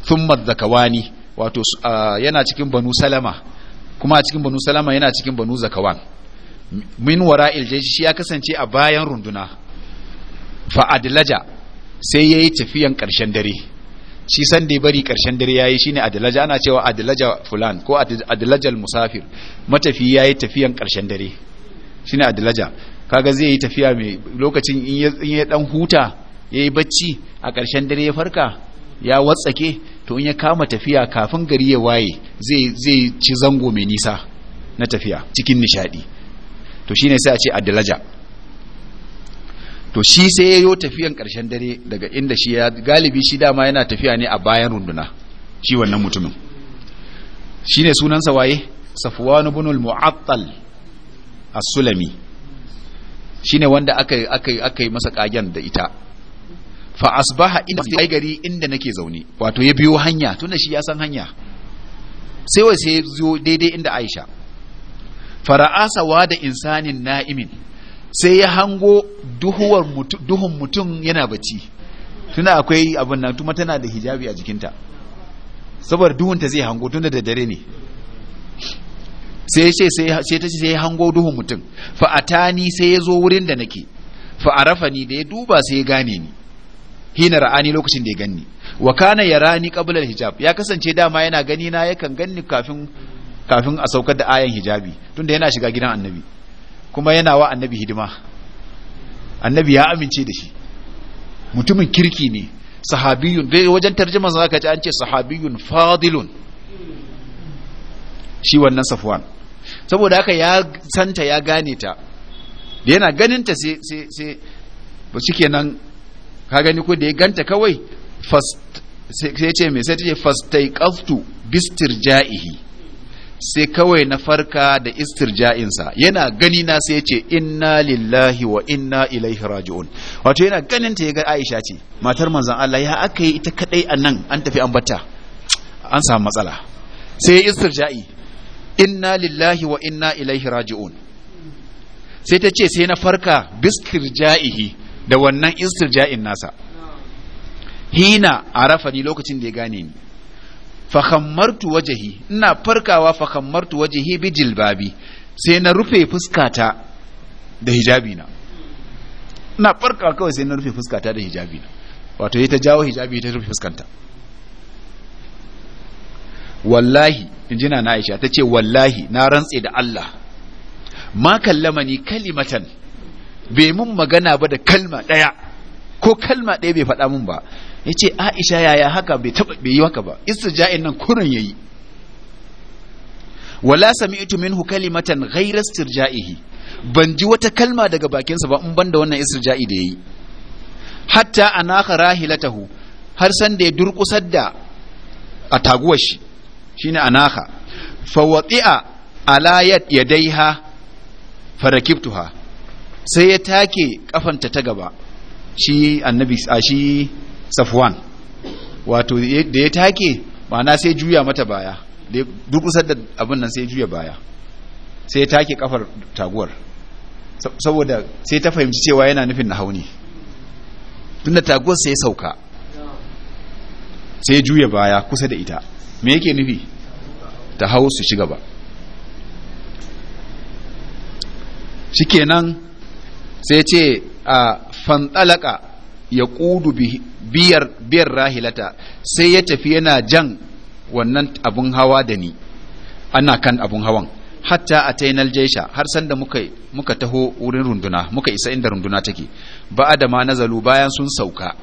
[SPEAKER 1] thumma zakawani wato yana cikin banu salama kuma a cikin banu salama yana cikin banu zakawan min wara jayshi shi ya kasance a bayan runduna faadilaja sai sai yi tafiyan ƙarshen dare shi san da bari ƙarshen dare ya yi shi ne adilaja ana cewa adilaja fulan ko adilajal musafir matafi yi tafiyan ƙarshen dare shi ne adilaja kaga zai yi tafiya mai lokacin in ya ɗan huta ya yi bacci a ƙarshen dare ya farka ya watsake to in ya kama tafiya kafin gari ya waye zai ci zango mai nisa na tafiya cikin nishadi to shine sai a ce adalaja to shi sai yayo tafiyan karshen dare daga inda shi ya galibi shi dama yana tafiya ne a bayan runduna shi wannan mutumin shine sunansa waye safwan ibn al-mu'attal as-sulami shine wanda aka aka yi masa kagen da ita fa asbaha inda zai gari inda nake zaune wato ya biyo hanya tunda shi ya san hanya sai wai sai zo daidai inda Aisha fara'asa wa da insanin na'imin sai ya hango duhuwar duhun mutum yana bacci tuna akwai abin nan tuma tana da hijabi a jikinta saboda duhunta zai hango tunda da dare ne sai ce sai ta ce sai hango duhun mutum fa atani sai ya zo wurin da nake fa ni da ya duba sai ya gane ni hina ra'ani lokacin da ya ganni wa kana rani qabla hijab ya kasance dama yana gani na yakan ganni kafin kafin a saukar da ayan hijabi tunda yana shiga gidan annabi kuma yana wa annabi hidima annabi ya amince da shi mutumin kirki ne sahabiyun dai wajen tarjuma zaka ji an ce sahabiyun fadilun shi wannan safwan saboda haka ya santa ya gane ta da yana ganin ta sai sai sai ba shikenan ka gani ko da ya ganta kawai sai ce mai sai ta ce fastaiqaftu bistirja'ihi sai kawai na farka da ja'insa. yana gani na sai ce inna lillahi wa inna ilaihi raji'un wato yana ganin ta ga Aisha ce matar manzon Allah ya aka yi ita kadai anan an tafi an batta an samu matsala sai istirja'i inna lillahi wa inna ilaihi raji'un sai ta ce sai na farka bistirja'ihi da wannan istirja'in nasa hina arafani lokacin da ya gane ni fahammartu wajahi ina farkawa fahammartu wajahi bi jilbabi sai na rufe fuskata da hijabi na ina farkawa kawai sai na rufe fuskata da hijabi na wato ta jawo hijabi ta rufe fuskanta wallahi jina na Aisha tace wallahi na rantse da Allah ma kallama ni kalimatan bai mun magana ba da kalma ɗaya ko kalma ɗaya bai faɗa mun ba ya ce aisha yaya haka bai taɓa bai yi haka ba ja'in nan kurin ya yi wala min hu kalimatan ghayra sirja'ihi ban ji wata kalma daga bakinsa ba in banda wannan ja'i da ya yayi hatta anaka rahilatahu har san da ya durkusar da a taguwar shi shine anaka fa wati'a ala yadaiha farakibtuha sai ya take kafanta ta gaba shi annabi a shi safwan wato da ya take ma'ana sai juya mata baya duk usar da abin nan sai juya baya sai ya take kafar taguwar saboda sai ta fahimci cewa yana nufin na hauni Tun da taguwar sai sauka sai juya baya kusa da ita me yake nufi ta hau su shiga ba shikenan sai ce a fantalaka ya ƙudu biyar rahilata sai ya tafi yana jan wannan abun hawa da ni ana kan abun hawan hatta a tainal naljaisha har sanda muka taho wurin runduna muka isa inda runduna take ba da ma nazalu bayan sun sauka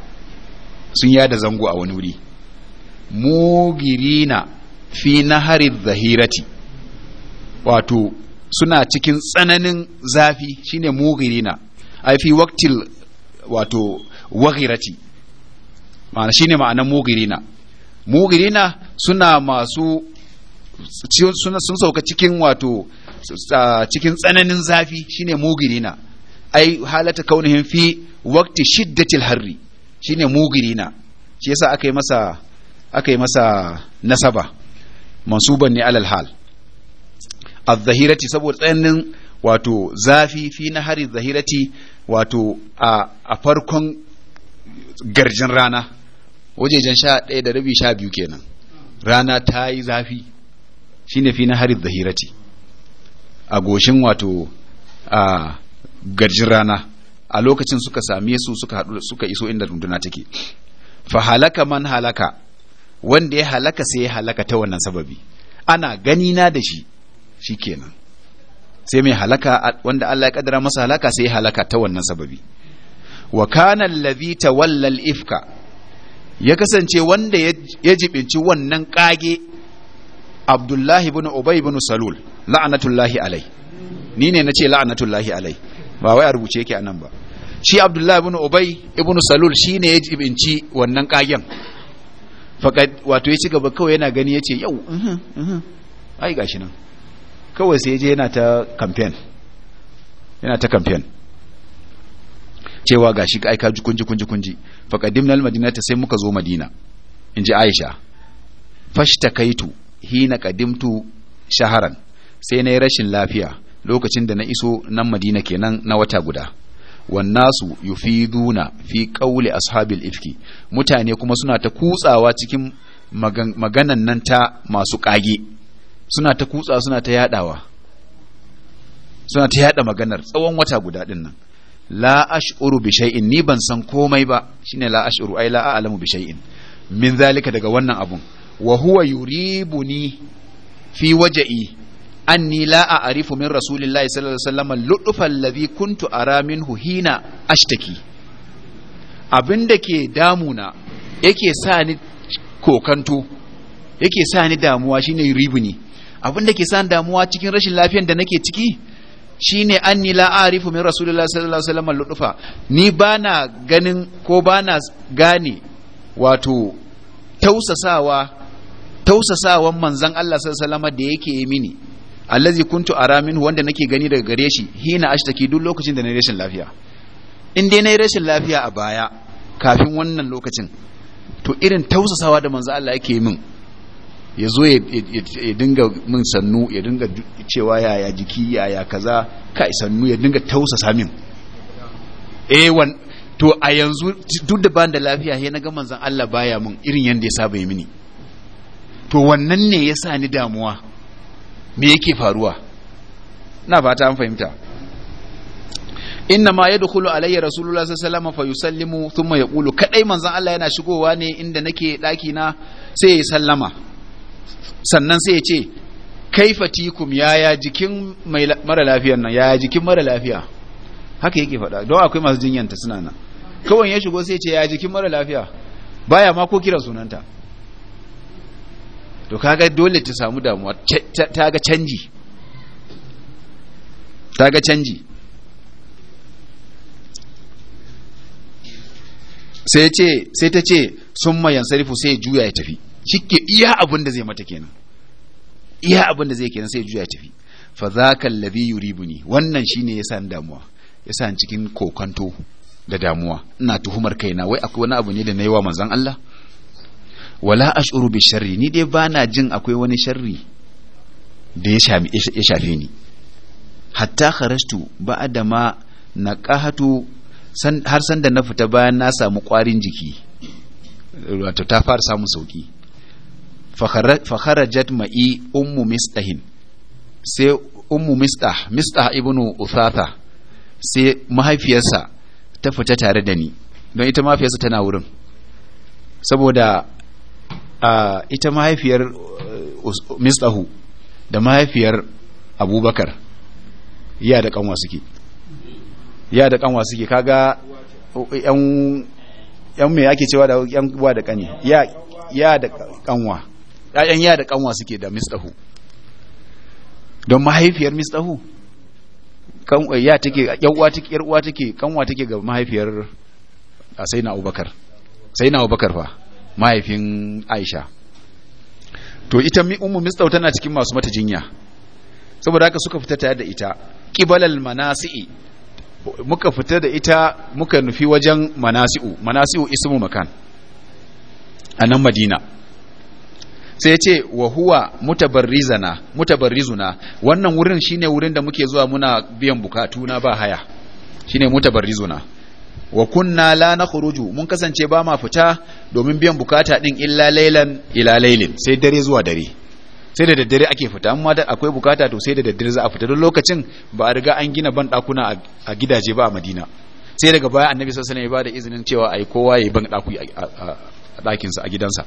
[SPEAKER 1] sun yada zango a wani wuri mugirina fi nahari zahirati wato suna cikin tsananin zafi shine mugirina ai fi wato waghirati ma'ana shine ma'anan mugirina mugirina suna masu suna sun sauka cikin wato cikin tsananin zafi shine mugirina ai halata kaunihin fi waqti shiddatil harri shine mugirina shi yasa aka yi masa aka yi masa nasaba mansuban ne alal hal az-zahirati saboda tsananin wato zafi fi nahari zahirati wato a farkon garjin rana wajejen sha ɗaya da rabi sha biyu kenan rana ta yi zafi shine fi na harid zahirati a goshin wato a garjin rana a lokacin suka same su suka iso inda runduna take fa halaka man halaka wanda ya halaka sai ya halaka ta wannan sababi ana ganina da shi shi kenan. sai mai halaka wanda Allah ya kaddara masa halaka sai ya halaka ta wannan sababi wa kana allazi tawalla ifka ya kasance wanda ya jibinci wannan kage Abdullahi ibn Ubay ibn Salul la'natullahi alai ni ne nace la'natullahi alai ba wai a rubuce yake anan ba shi Abdullahi ibn Ubay ibn Salul shine ya jibinci wannan kagen fakat wato ya ci gaba kawai yana gani yace yau mhm, mhm, ai gashi nan kawai sai je yana ta campaign yana ta campaign cewa gashi ka ka kunji kunji kunji fa qadimna al madinata sai muka zo madina inji aisha fashtakaitu hina qadimtu shaharan sai nayi rashin lafiya lokacin da na iso nan madina kenan na wata guda wannasu yufiduna fi qawli ashabil ifki mutane kuma suna ta kutsawa cikin maganan nan ta masu kage suna ta kutsa suna ta yadawa suna ta yada maganar tsawon wata guda din nan la ash'uru bi shay'in ni ban san komai ba shine la ash'uru ai la a'lamu bi shay'in min zalika daga wannan abun wa huwa yuribuni fi waja'i anni la a'rifu min rasulillahi sallallahu alaihi wasallam al alladhi kuntu ara minhu hina ashtaki abinda ke damuna yake sa ni kokanto yake sa ni damuwa shine ribuni abin da ke sa damuwa cikin rashin lafiyar da nake ciki shine anni la arifu min rasulullahi sallallahu alaihi wasallam lutufa ni bana ganin ko bana gane wato tausasawa tausasawan manzon Allah sallallahu alaihi da yake yi mini allazi kuntu ara minhu wanda nake gani daga gare shi hina ashtaki duk lokacin da na rashin lafiya in dai na rashin lafiya a baya kafin wannan lokacin to irin tausasawa da manzan Allah yake yi min ya zo ya dinga min sannu ya dinga cewa yaya jiki yaya kaza kai sannu ya dinga tausasa min eh to a yanzu duk da ban da lafiya he na ga manzon Allah baya mun irin yanda ya saba yi mini to wannan ne ya sa ni damuwa me yake faruwa na fata an fahimta inna ma yadkhulu alayya rasulullah sallallahu alaihi wasallam fa yusallimu thumma yaqulu kadai manzon Allah yana shigowa ne inda nake daki na sai ya sallama sannan sai ya ce kaifa ya yaya jikin mara lafiyar nan yaya jikin mara lafiya haka yake faɗa don akwai masu jinyanta suna nan kawai ya shigo sai ce yaya jikin mara lafiya baya ma ko kira sunanta to kaga dole ta samu damuwa ta ga canji ta ga canji sai ce sai ta ce sun mayan sarifu sai juya ya tafi shike iya abin da zai mata kenan iya abin da zai kenan sai juya tafi fa zaka allazi yuribuni wannan shine yasa ni damuwa yasa ni cikin kokanto da damuwa ina tuhumar kaina wai akwai wani abu ne da nayi wa manzon Allah wala ash'uru bi sharri ni dai bana jin akwai wani sharri da ya shafe ni hatta kharastu ba'da ma naqahatu har san da na fita bayan na samu kwarin jiki wato ta fara samun sauki fakharajat ma'i ummu misdahin sai ummu misdah misdah ibnu uthatha sai mahaifiyarsa ta fita tare da ni don ita mahaifiyarsa tana wurin saboda ita mahaifiyar misdahu da mahaifiyar abubakar ya da kanwa suke ya da kanwa suke kaga yan yan me ake cewa da yan da kani ya da kanwa ƴaƴan ya da kanwa suke da mistahu don mahaifiyar mistahu eh, ya take yawwa take yar take kanwa take ga mahaifiyar a sai na Abubakar sai na Abubakar fa mahaifin Aisha to ita ummu mistahu tana cikin masu mata jinya saboda haka suka fita tare da ita qibalal manasi'i muka fita da ita muka nufi wajen manasi'u manasi'u ismu makan a nan madina sai ya ce wa huwa mutabarrizana mutabarrizuna wannan wurin shine wurin da muke zuwa muna biyan bukatu na ba haya shine mutabarrizuna wa kunna la nakhruju mun kasance ba ma fita domin biyan bukata din illa laylan ila laylin sai dare zuwa dare sai da daddare ake fita amma da akwai bukata to sai da daddare za a fita don lokacin ba a riga an gina ban dakuna a gidaje ba a Madina sai daga baya annabi sallallahu alaihi wasallam ya bada izinin cewa ai kowa ya ban daku a sa a gidansa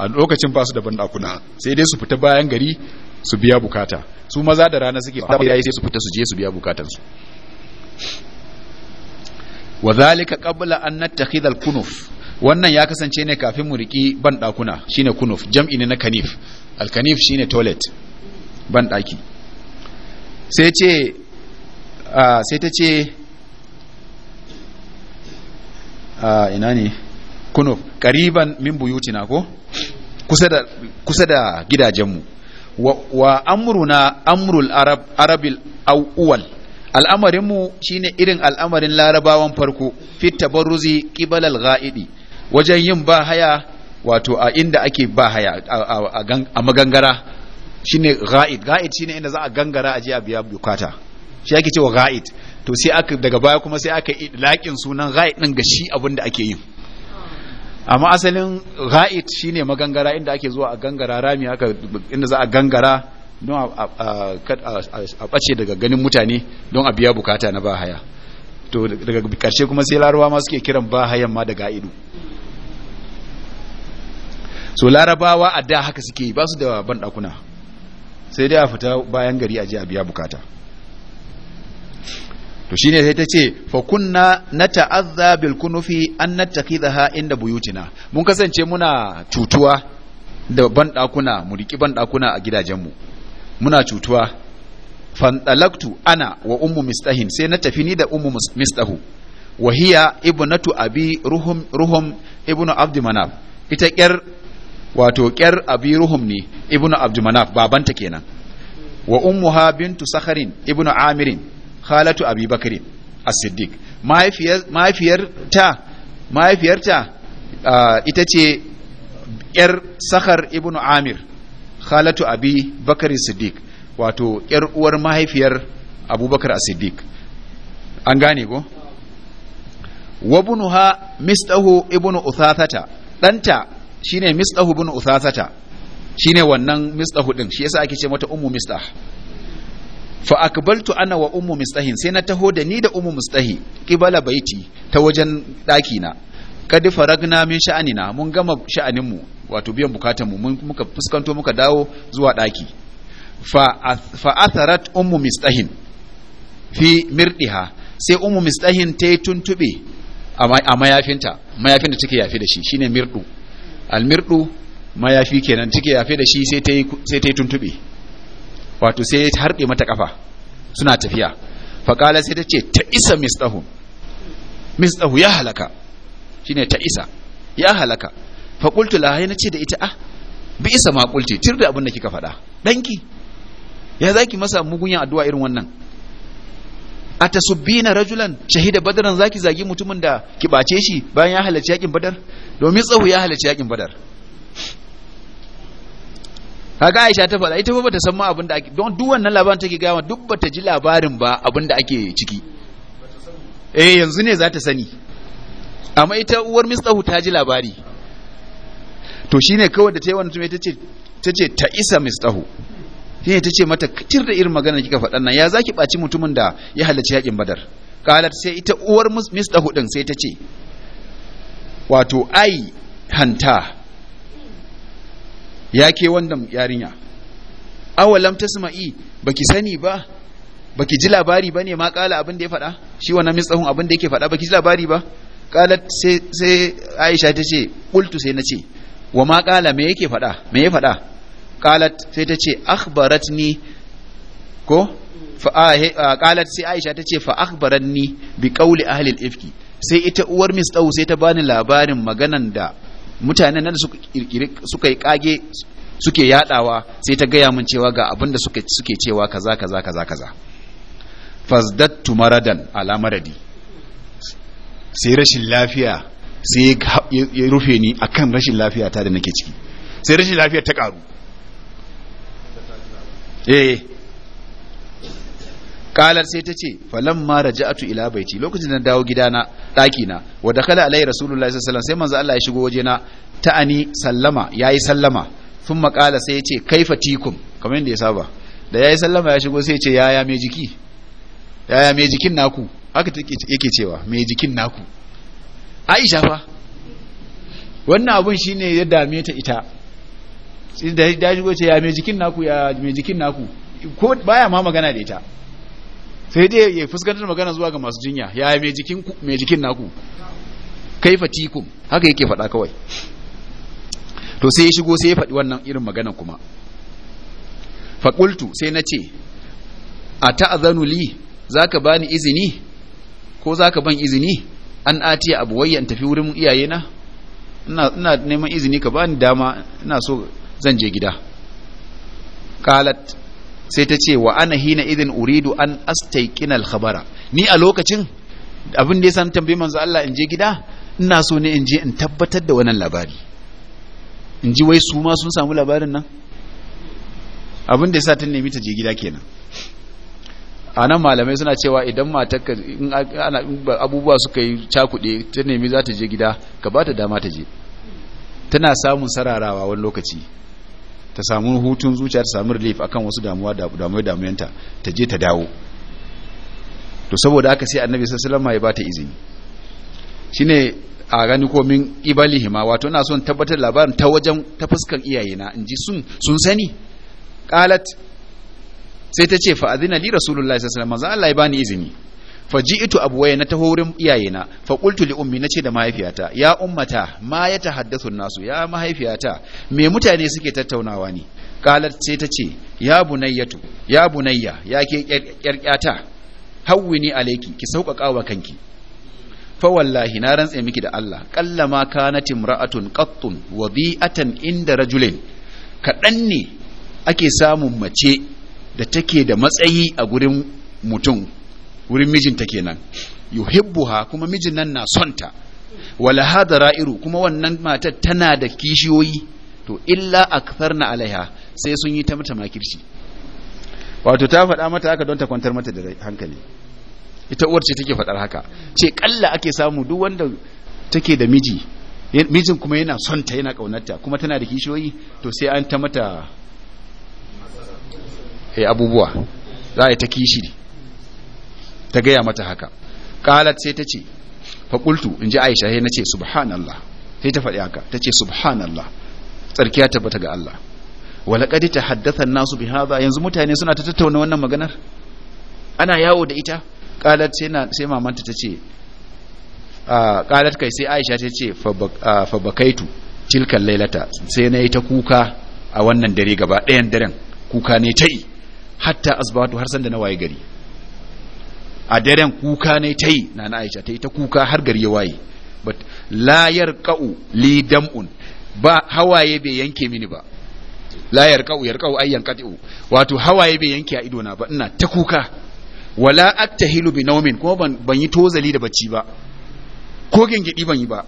[SPEAKER 1] a lokacin ba su da banɗakuna sai dai su fita bayan gari su biya bukata su maza da rana suke fara yayi sai su fita su je su biya bukatansu wa zalika qabla an nattakhidha al-kunuf wannan ya kasance ne kafin mu riki banɗakuna shine kunuf jam'i ne na kanif al-kanif shine toilet banɗaki. sai ce sai ta ce ina ne kunuf kariban min buyutina ko kusa da kusa da gidajenmu wa, wa amruna amrul arab arabil awwal al'amarinmu shine irin al'amarin larabawan farko fit tabarruzi qibal al wajen yin haya wato a inda ake bahaya a, a, magangara shine ghaid ghaid shine inda za a gangara je a biya bukata shi ake cewa ghaid to sai aka daga baya kuma sai aka laƙin sunan ghaid din ga shi abin da ake yin amma asalin ra'id shine magangara inda ake zuwa a gangara rami aka inda za a gangara don a bace daga ganin mutane don a biya bukata na bahaya to daga karshe kuma sai larawa ma suke kiran bahayan ma da ga'idu so larabawa a da haka suke ba su da ban dakuna sai dai a fita bayan gari a je a biya bukata to shine sai ta ce fa kunna nata'azza bil kunufi an nattakhidha inda buyutina mun kasance muna cutuwa da ban dakuna mu riki ban dakuna a gidajenmu muna cutuwa fantalaktu ana wa ummu mistahin sai na tafi ni da ummu mistahu wa hiya ibnatu abi ruhum ruhum ibnu abd ita kyar wato kyar abi ruhum ne ibnu abd babanta kenan wa ummuha bintu sakharin ibnu amirin khalatu abi bakari as-siddiq mahaifiyar mahaifiyarta ita ce yar sakhar ibnu amir khalatu abi bakri siddiq wato yar uwar mahaifiyar abubakar as-siddiq an gane ko wabnuha mistahu ibnu uthathata danta shine mistahu ibn uthathata shine wannan mistahu din shi yasa ake ce mata ummu mistah fa akbaltu ana wa ummu mustahin sai na taho da ni da ummu mustahi qibala baiti ta wajen daki na kad faragna min sha'anina mun gama sha'anin mu wato biyan bukatun mu mun muka fuskanto muka dawo zuwa daki fa fa atharat ummu mustahin fi mirdiha sai ummu mustahin ta tuntube a mayafinta mayafin da take yafi da shi shine mirdu al mirdu mayafi kenan take yafi da shi sai ta yi sai ta tuntube wato sai ya harbe mata kafa suna tafiya faƙala sai ta ce ta isa misdahu misdahu ya halaka shine ta isa ya halaka faƙultu lahai na ce da ita ah bi isa ma tir da abin da kika faɗa ɗanki ya zaki masa mugunyan addu'a irin wannan a na rajulan shahida badaran zaki zagi mutumin da ki ɓace shi bayan ya halarci yakin badar domin tsawo ya halarci yakin badar kaga Aisha ta faɗa ita fa bata san ma abin da ake don duk wannan labarin take ga ma duk bata ji labarin ba abin da ake ciki eh yanzu ne za ta sani amma ita uwar Mistahu ta ji labari to shine kawai da ta yi wannan tume tace tace ta isa Mistahu shine tace mata kitir da irin magana kika faɗan nan ya zaki ɓaci mutumin da ya halarci yakin Badar ta sai ita uwar Mistahu din sai tace wato ai hanta ya ke wannan yarinya awalam tasma'i baki sani ba baki ji labari ba ne ma kala abin da ya faɗa shi wannan tsahon abin da yake faɗa baki ji labari ba kala sai sai Aisha ta ce qultu sai na ce wa ma kala me yake faɗa me ya faɗa qalat sai ta ce akhbaratni ko qalat sai Aisha ta ce fa akhbaranni bi qawli ahli al-ifki sai ita uwar tsahon sai ta bani labarin maganan da mutanen nan suka yi kage suke yadawa sai ta gaya min cewa ga abin da suke cewa kaza kaza kaza kaza fasdattu maradan ala maradi sai rashin lafiya sai ya rufe ni akan rashin lafiya ta da nake ciki sai rashin lafiya ta karu eh qalat sai ta ce falamma raja'tu ila baiti lokacin da dawo gidana daki na wa dakala alai rasulullahi sallallahu alaihi sai manzo Allah ya shigo waje na ta'ani sallama yayi sallama thumma qala sai ya ce kaifa tikum kamar yadda ya saba da yayi sallama ya shigo sai ya ce yaya me jiki yaya me jikin naku haka yake cewa me jikin naku Aisha fa wannan abun shine ya dame ta ita sai da ya shigo ce 'Yaya me jikin naku 'Yaya me jikin naku ko baya ma magana da ita sai dai ya fuskantar magana zuwa ga masu jinya ya mai jikin mai jikin naku kai fatikun haka yake faɗa kawai to sai ya shigo sai ya faɗi wannan irin magana kuma fakultu sai na ce a ta'azanu li za ka bani izini ko za ka ban izini an atiya abu wayya tafi wurin iyayena ina neman izini ka bani dama ina so zan je gida qalat sai ta ce wa ana hina idin uridu an astaiqina alkhabara ni a lokacin abin da ya san tambayi manzo Allah in je gida ina so ne in je in tabbatar da wannan labari in ji wai su ma sun samu labarin nan abin da ya sa ta nemi ta je gida kenan a nan malamai suna cewa idan matarka abubuwa suka yi cakuɗe ta nemi za ta je gida ka ba ta dama ta je tana samun sararawa wani lokaci ta samu hutun zuciya ta samu relief akan wasu damuwa da damuwa damuyanta ta je ta dawo to saboda haka sai annabi sallallahu alaihi wasallam ya bata izini shine a gani ibali ibalihima wato ina son tabbatar labarin ta wajen ta fuskar iyayena in ji sun sun sani qalat sai ta ce fa azina li rasulullahi sallallahu alaihi wasallam manzo Allah ya bani izini faji'tu abuwaya na taho wurin iyayena fa qultu li ummi nace da mahaifiyata ya ummata ma ya tahaddathu nasu ya mahaifiyata me mutane suke tattaunawa ni? qalat sai tace ya bunayyatu ya bunayya ya ke kyarkyata hawwini alayki ki sauƙaƙa wa kanki fa wallahi na rantse miki da Allah kallama kanat imra'atun qattun wadi'atan inda rajulin kaɗan ne ake samun mace da take da matsayi a gurin mutum wurin mijinta kenan yuhibbuha kuma mijin nan na sonta wala hada ra'iru kuma wannan matar tana da kishiyoyi to illa aktharna alaiha sai sun yi ta mata makirci wato ta faɗa mata haka don ta kwantar mata da hankali ita uwar ce take faɗar haka ce kalla ake samu duk wanda take da miji mijin kuma yana sonta, yana kaunarta kuma tana da kishiyoyi to sai an ta mata eh abubuwa za a yi ta kishi ta gaya mata haka qalat sai ta ce fa qultu inji aisha sai nace subhanallah sai ta faɗi haka ta ce subhanallah tsarkiya tabbata ga Allah walaƙadi ta haddasa nasu bi hadha yanzu mutane suna ta tattauna wannan maganar ana yawo da ita ƙalat sai mamanta ta ce ƙalat kai sai aisha ta ce fabakaitu cilkan lailata sai na yi ta kuka a wannan dare gaba ɗayan daren kuka ne ta yi hatta asbatu har sanda na waye gari a daren kuka ne ta yi na aisha ta yi ta kuka har gari ya waye but layar ka'u li dam'un ba hawaye bai yanke mini ba layar ka'u yar ka'u ayyan qati'u wato hawaye bai yanke a idona ba ina ta kuka wala attahilu bi nawmin kuma ban, ban yi tozali da bacci ba ko gingidi ban yi ba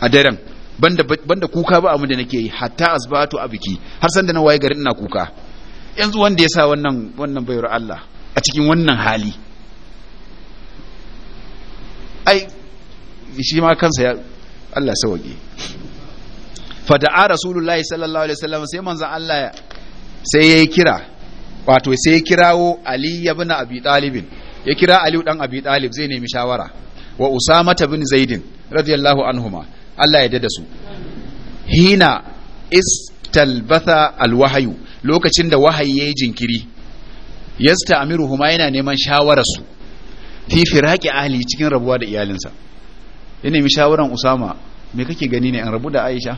[SPEAKER 1] a daren banda banda kuka ba abin da nake yi hatta asbatu abiki har san da na waye garin ina kuka yanzu wanda ya sa wannan wannan bayar Allah a cikin wannan hali ai shi ma kansa ya Allah sauke fada'a rasulullahi sallallahu alaihi wasallam sai manzo Allah sai yayi kira wato sai ya kirawo Ali ibn Abi Talib ya kira Ali dan Abi Talib zai nemi shawara wa Usama ibn Zaid radiyallahu anhuma Allah ya dada su hina istalbatha alwahyu lokacin da wahayi yayi jinkiri yasta huma yana neman shawararsu su fi firaki ahli cikin rabuwa da iyalinsa ya nemi shawaran usama me kake gani ne an rabu da aisha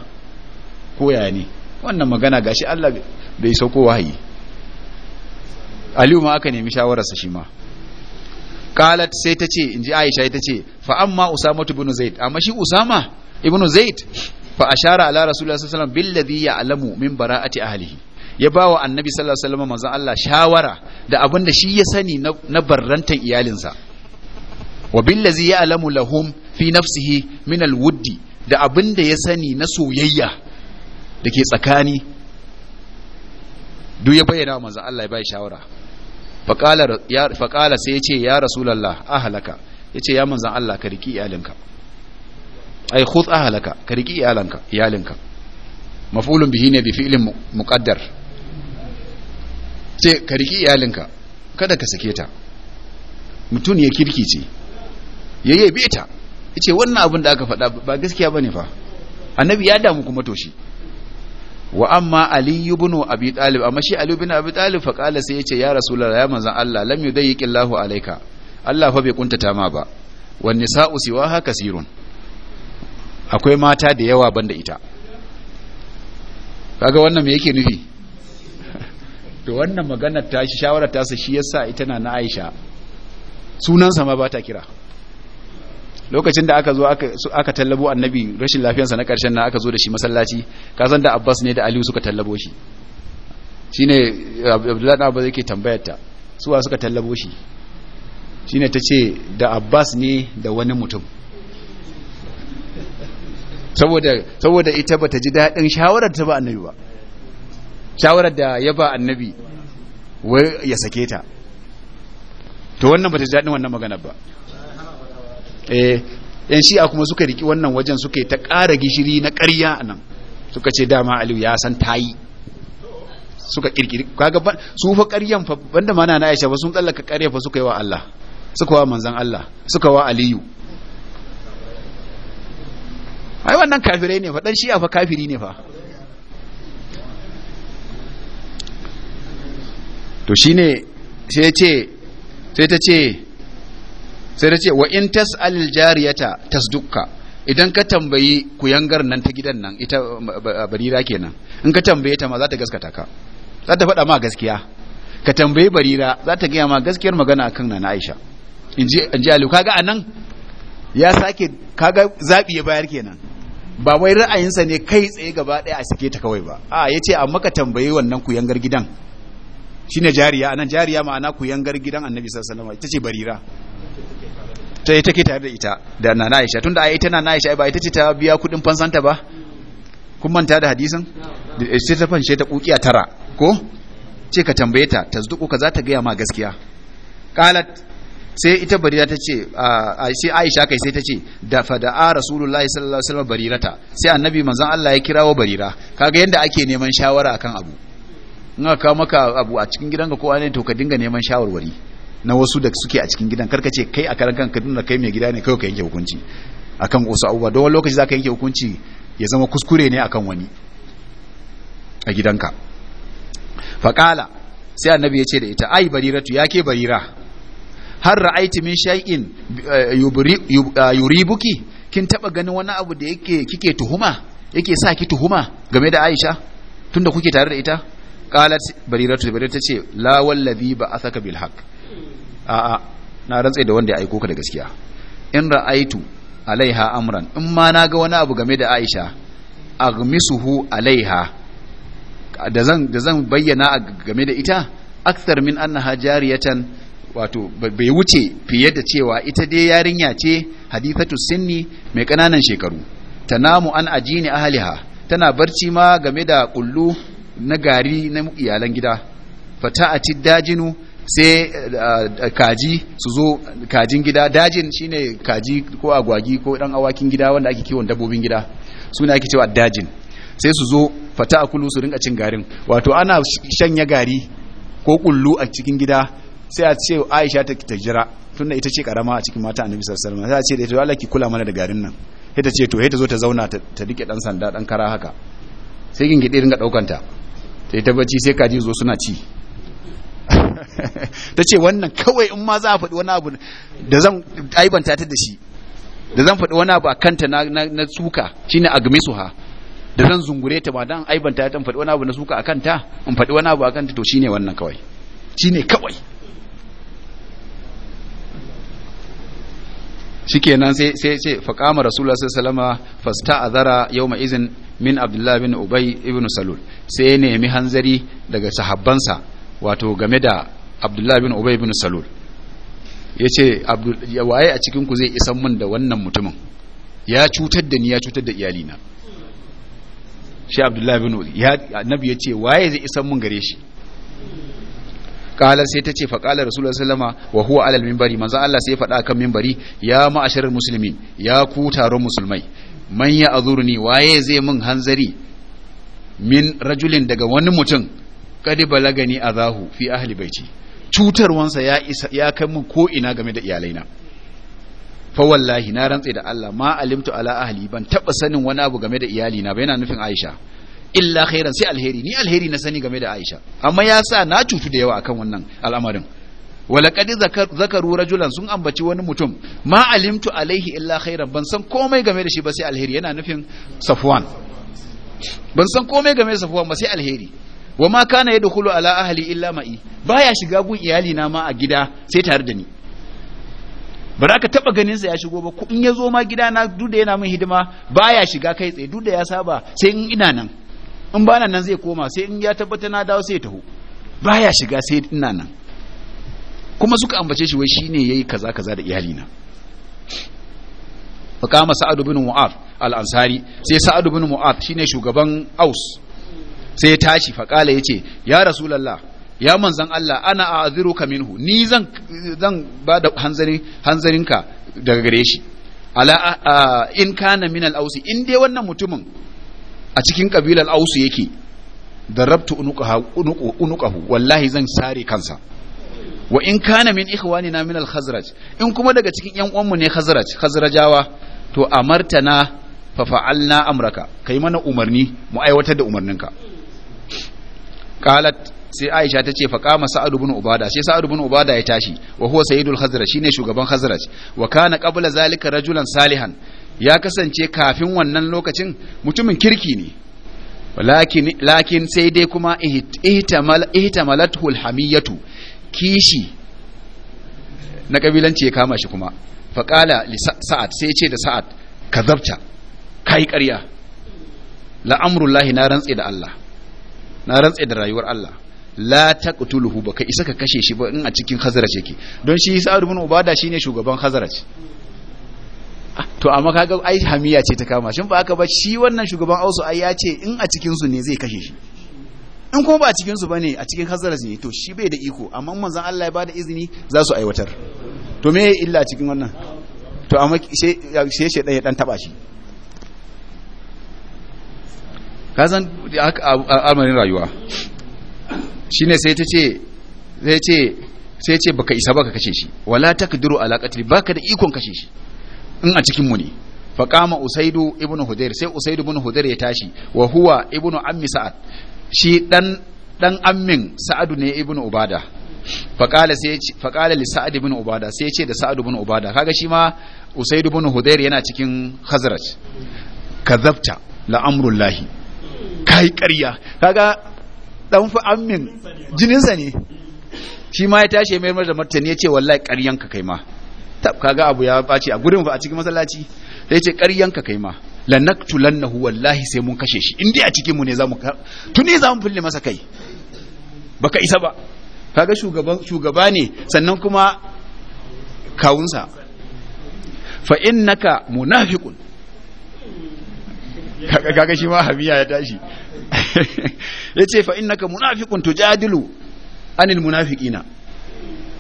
[SPEAKER 1] ko ya ne wannan magana gashi Allah bai sauko wahayi aliyu ma aka nemi shawararsa shi ma qalat sai ta ce inji aisha ita ce fa amma usama ibn zaid amma shi usama ibn zaid fa ashara ala rasulullah sallallahu alaihi wasallam billadhi ya'lamu min bara'ati ahlihi ya ba wa annabi sallallahu alaihi wasallam manzon Allah shawara da abinda shi ya sani na barrantan iyalinsa wa billazi ya'lamu lahum fi nafsihi min alwuddi da abin da ya sani na soyayya da ke tsakani duk ya bayyana manzo Allah ya bai shawara faqala ya faqala sai yace ya rasulullah ahlaka yace ya manzo Allah ka riki iyalinka ai khudh ahlaka ka riki iyalinka iyalinka maf'ulun bihi ne bi fi'lin muqaddar ce ka riki iyalinka kada ka sake ta mutun ya kirkice ya yabe Ya yace wannan abin da aka faɗa ba gaskiya bane fa annabi ya damu kuma to shi wa amma ali ibn abi talib amma shi ali ibn abi talib fa kala sai yace ya rasulullahi ya manzon Allah lam yudayyikillahu alayka Allah fa bai kuntata ma ba wan nisa'u siwaha kasirun akwai mata da yawa banda ita kaga wannan me yake nufi to wannan maganar ta shi shawarar ta shi yasa ita na na Aisha sunan sa ma ba ta kira lokacin da aka zo aka tallabo annabi rashin lafiyansa na ƙarshen na aka zo da shi masallaci ka san da abbas ne da aliyu suka tallabo shi shi ne abdullahi na abbas yake tambayarta suwa suka tallabo shi shi ne ta ce da abbas ne da wani mutum saboda ita ita bata ji daɗin shawarar ta ba annabi ba shawarar da ya ba annabi wai ya sake ta to wannan bata ji daɗin wannan magana ba Eh, yan shi'a kuma suka riki wannan wajen suka ta ƙara gishiri na ƙarya nan suka ce dama aliyu ya san tayi suka kirkiri kaga su fa ƙaryan fa banda mana na Aisha ba sun tsallaka ƙarya fa suka yi wa Allah suka wa manzon Allah suka wa Aliyu ai wannan kafirai ne fa dan shi'a fa kafiri ne fa to shine sai ce sai ta ce sai da ce wa in tas'alil jariyata tasdukka idan ka tambayi kuyangar nan ta gidan nan ita um, barira kenan in ka tambaye ta ma za ta gaskata ka za ta faɗa ma gaskiya ka tambayi barira za ta gaya ma gaskiyar magana akan nana Aisha in ji alu kaga anan ya sake kaga zabi ya bayar kenan ba wai ra'ayinsa ne kai tsaye gaba ɗaya a sake ta kawai ba a ya ce amma ka tambayi wannan kuyangar gidan shine jariya anan jariya ma'ana kuyangar gidan annabi sallallahu alaihi wasallam ita ce barira ta yi take tare da ita da nana aisha tunda ai na nana aisha ba ita ce ta biya kudin fansanta ba kun manta da hadisin eh, sai ta fanshe ta a tara ko ce ka tambaye ta zuku ka za ta gaya ma gaskiya qalat sai ita barira ta ce sai aisha kai sai ta ce da a rasulullahi sallallahu alaihi wasallam barirata sai annabi manzon Allah ya kirawo barira kaga yanda ake neman shawara akan abu in ka maka abu a cikin gidanka ko ne to ka dinga neman shawarwari na wasu da suke a cikin gidan karka ce kai a karan kanka da kai mai gida ne kai ka yanke hukunci akan wasu abubuwa don wani lokaci za ka yanke hukunci ya zama kuskure ne akan wani a gidanka faqala sai annabi ya ce da ita ai bariratu ya barira har ra'aiti min shay'in eh, eh, yuribuki kin taba ganin wani abu da yake kike tuhuma yake sa ki tuhuma game da Aisha tunda kuke tare da ita qalat bariratu bariratu ce la wallazi ba asaka bil haqq a'a na rantsai da wanda ya aiko ka da gaskiya in ra'aitu alaiha amran in ma na ga wani abu game da Aisha aghmisuhu alaiha da zan da zan bayyana game da ita akthar min annaha jariyatan wato bai wuce fiye da cewa ita dai yarinya ce hadithatu sinni mai kananan shekaru tanamu an ajini ahliha tana barci ma game da kullu na gari na iyalan gida fata a dajinu sai eh, kaji su zo kajin gida dajin shine kaji ko agwagi ko dan awakin gida wanda ake kiwon dabbobin gida su ne ake cewa dajin sai su zo fata a kulu su rinka cin garin wato ana shanya gari ko kullu a cikin gida sai a ce aisha ta ta jira tunda ita ce karama a cikin mata annabi sallallahu alaihi wasallam sai a ce da ita Allah ki kula mana da garin nan sai ta ce to sai ta zo ta zauna ta rike dan sanda dan kara haka sai gingide daukan daukanta sai ta bacci sai kaji zo suna ci ta ce wannan kawai in ma za a faɗi wani abu da zan aibanta ta da shi da zan faɗi wani abu a kanta na, na, na suka shine ha da zan zungure ta ba dan aibanta ta faɗi wani abu na suka a kanta in faɗi wani abu a kanta to shine wannan kawai shine kawai shikenan sai sai ce faqama rasulullah sallallahu alaihi wasallam fasta'azara yawma izin min abdullahi bin ubay ibn salul sai ya nemi hanzari daga sahabbansa wato game da abdullahi bin ubay bin salul ya ce waye a cikinku zai isan min da wannan mutumin ya cutar da ni ya cutar da iyalina shi abdullahi bin annabi ya ce waye zai isan mun gare shi kala sai ta ce fa kala rasulullah sallama wa huwa alal minbari manzo Allah sai ya faɗa kan minbari ya ma'asharar muslimin ya ku taron musulmai man ya azurni waye zai mun hanzari min rajulin daga wani mutum qad balagani azahu fi ahli baiti cutarwansa ya isa ya kai mun ko ina game da iyalaina fa wallahi na rantse da Allah ma alimtu ala ahli ban taba sanin wani abu game da iyali na ba yana nufin Aisha illa khairan sai alheri ni alheri na sani game da Aisha amma ya sa na cutu da yawa akan wannan al'amarin walaqad zakaru rajulan sun ambaci wani mutum ma alimtu alaihi illa khairan ban san komai game da shi ba sai alheri yana nufin Safwan ban san komai game da Safwan ba sai alheri wa ma kana dukulu ala ahli illa ma'i ya shiga gun iyali na ma a gida sai tare da ni ba za ka taba ganin sa ya shigo ba ko in ya zo ma gida na duk da yana min hidima ba ya shiga kai tsaye duk da ya saba sai in ina nan in ba nan zai koma sai in ya tabbata na dawo sai ya taho Ba ya shiga sai ina nan kuma suka ambace shi wai shine yi kaza kaza da iyali na fa kama Sa'adu bin mu'adh al-ansari sai Sa'adu bin shi shine shugaban aus sai ya tashi faƙala ya ce ya rasulallah ya manzan Allah ana a aziruka minhu ni zan zan ba da hanzarinka daga gare shi ala in kana min al-ausi in dai wannan mutumin a cikin kabilar ausu yake darabtu unuqahu wallahi zan sare kansa wa in kana min ikhwanina min al-khazraj in kuma daga cikin yan uwanmu ne khazraj khazrajawa to amartana fa fa'alna amraka kai mana umarni mu aiwatar da umarninka qalat sai Aisha ta ce faƙama Sa'ad ibn Ubada sai Sa'ad ibn Ubada ya tashi wa huwa sayyidul Khazraj shine shugaban Khazraj wa kana qabla zalika rajulan salihan ya kasance kafin wannan lokacin mutumin kirki ne lakin lakin sai dai kuma ihtamal ihtamalathu alhamiyatu kishi na kabilanci ya kama shi kuma faƙala li Sa'ad sai ce da Sa'ad kazabta kai ƙarya la amrullahi na rantsi da Allah na rantsa da rayuwar Allah la taqtuluhu baka isa ka kashe shi ba in a cikin hazara yake don shi Sa'ad ibn Ubada shine shugaban hazarace ah, to amma kaga ai hamiya ce ta kama shin ba aka ba shi wannan shugaban Ausu ai ya ce in a cikin su ne zai kashe shi in kuma ba a cikin su bane a cikin hazarace ne to shi bai da iko amma manzon Allah ya bada izini za su aiwatar to me illa cikin wannan to amma sai sai shedan ya dan taba shi ka san almarin rayuwa Shi ne sai ta ce sai ce sai ce baka isa baka kace shi wala takdiru ala qatli baka da ikon kace shi in a cikin mu ne fa qama usaidu Ibn hudair sai usaidu Ibn hudair ya tashi wa huwa ibn ammi sa'ad shi dan dan ammin sa'adu ne Ibn ubada faƙala sai faƙala li sa'ad ibn ubada sai ce da sa'ad ibn ubada kaga shi ma Usaidu ibn Hudair yana cikin khazraj kadhabta la amrullahi kai ƙarya kaga dan fa ammin jininsa ne shi ma ya tashi mai da martani ya ce wallahi ƙaryanka kai ma tab kaga abu ya bace a gurin fa a cikin masallaci sai ce ƙaryanka kai ma lannahu wallahi sai mun kashe shi indai a cikin mu ne zamu tuni zamu fille masa kai baka isa ba kaga shugaban shugaba ne sannan kuma kawunsa fa innaka munafiqun kaga shi ma hamiya ya tashi yace fa innaka munafiqun tujadilu anil munafiqina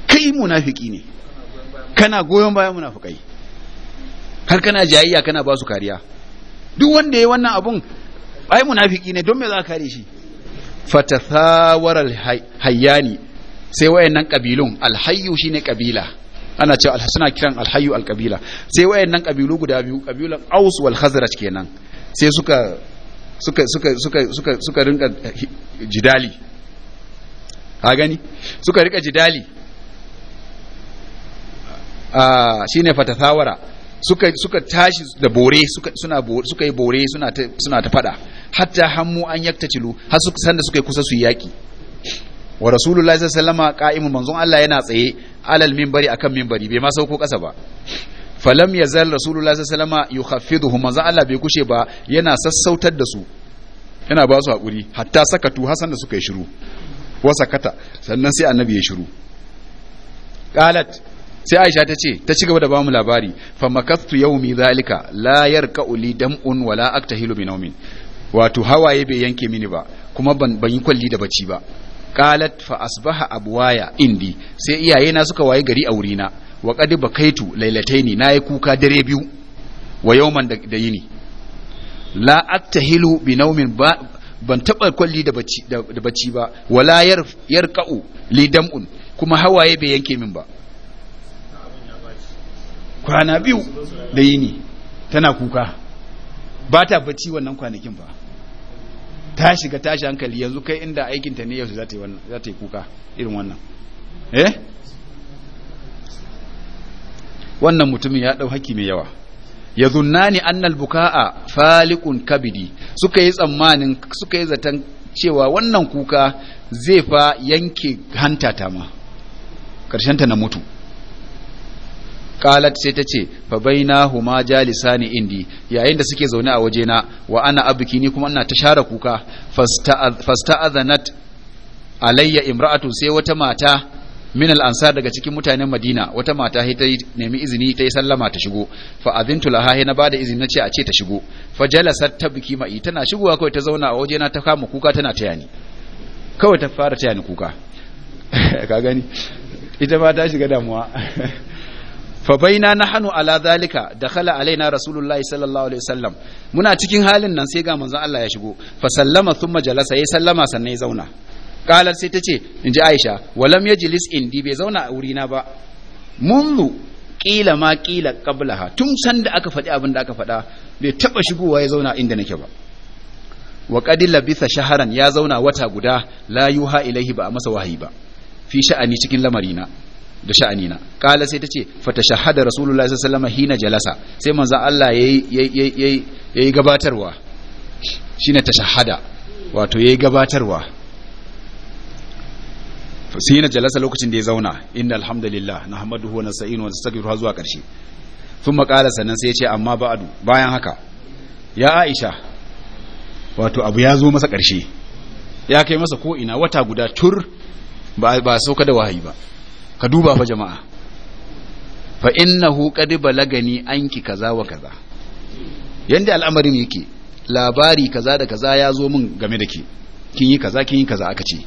[SPEAKER 1] kai munafiki ne kana goyon bayan munafikai har kana jayayya kana ba su kariya duk wanda yayi wannan abun ai munafiki ne don me za ka kare shi fatathawaral hayyani sai wayannan kabilun alhayyu shine kabila ana cewa suna kiran alhayyu alkabila sai wayannan kabilu guda biyu kabilan aus wal khazraj kenan sai suka suka suka suka suka suka rinka jidali ha gani suka rika jidali a ah, shine fatatawara suka suka tashi da bore suka suna suka yi bore suna ta suna ta fada hatta hammu an yaktacilu har suka sanda suka yi kusa su yaki wa rasulullahi sallallahu alaihi wasallam qa'imun manzon Allah yana tsaye alal minbari akan minbari bai ma sauko kasa ba falam ya yazal rasulullahi sallallahu alaihi wasallam yukhaffiduhu manzo Allah bai kushe ba yana sassautar da su yana ba su hakuri hatta sakatu hasan da suka yi shiru wa sakata sannan sai annabi ya shiru qalat sai aisha ta ce ta ci gaba da bamu labari fa makastu yaumi zalika la ka'uli li dam'un wala aktahilu bi nawmin wato hawaye bai yanke mini ba kuma ban yi kwalli da bacci ba ƙalat fa asbaha abwaya indi sai iyaye na suka waye gari a wurina wa qad bakaitu lailataini nayi kuka dare biyu wa yawman da yini la attahilu bi naumin ban taba kwalli da bacci da bacci ba wala yar yarqa'u li dam'un kuma hawaye bai yanke min ba kwana biyu da yini tana kuka ba ta bacci wannan kwanakin ba ta shiga tashi hankali yanzu kai inda aikinta ne yau za ta yi kuka irin wannan eh wannan mutumin ya ɗau haki mai yawa ya zunnani annal buka'a falikun kabidi suka yi tsammanin suka yi zaton cewa wannan kuka zai fa yanke ta ma karshen ta na mutu qalat sai ta ce fa bainahuma jalisani indi yayin da suke zaune a wajena wa ana abuki ni kuma ina ta share kuka fasta'adhanat alayya imra'atu sai wata mata min al daga cikin mutanen Madina wata mata ta yi nemi izini ta yi sallama ta shigo fa azintu laha na bada izini nace a ce ta shigo fa jalasat tabki ma'i tana shigowa kawai ta zauna a waje na ta kama kuka tana taya ni kawai ta fara taya ni kuka ka gani ita ma ta shiga damuwa fa baina nahnu ala zalika dakhala alaina rasulullahi sallallahu alaihi wasallam muna cikin halin nan sai ga manzon Allah ya shigo fa sallama thumma jalasa yayi sallama sannan ya zauna kalar sai ta ce in ji Aisha walam ya jilis indi bai zauna a wuri na ba munzu ƙila ma ƙila qablaha tun sanda aka faɗi abin da aka faɗa bai taɓa shigowa ya zauna inda nake ba wa qad bisa shaharan ya zauna wata guda la yuha ilaihi ba a masa wahayi ba fi sha'ani cikin lamarina da sha'ani na. kala sai ta ce shahada rasulullahi sallallahu alaihi hina jalasa sai manzo Allah yayi yayi gabatarwa shine tashahada wato yayi gabatarwa sai na jalasa lokacin da ya zauna inna alhamdulillah na hamadu wa nasta'inu wa nastaghfiru har zuwa karshe sun makala sannan sai ya ce amma ba'adu bayan haka ya aisha wato abu ya zo masa karshe ya kai masa ko ina wata guda tur ba ba sauka da wahayi ba ka duba fa jama'a fa innahu qad balagani anki kaza wa kaza yanda al'amarin yake labari kaza da kaza ya zo min game da ke kin yi kaza kin yi kaza aka ce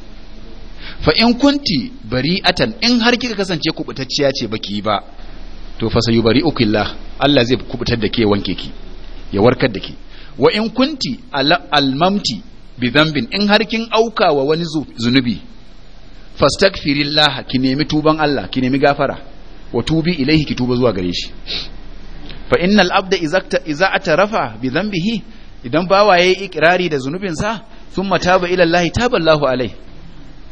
[SPEAKER 1] fa in kunti bari'atan in har kika kasance kubutacciya ce baki yi ba to fa sayubari'uki Allah Allah zai kubutar da ke wanke ki ya warkar da ke wa in kunti almamti bi dhanbin in har kin auka wa wani zunubi fastaghfirillah ki nemi tuban Allah ki nemi gafara wa tubi ilaihi ki tuba zuwa gare shi fa innal abda iza atarafa bi dhanbihi idan bawaye ikrari da zunubinsa thumma taba ila Allah taballahu alaihi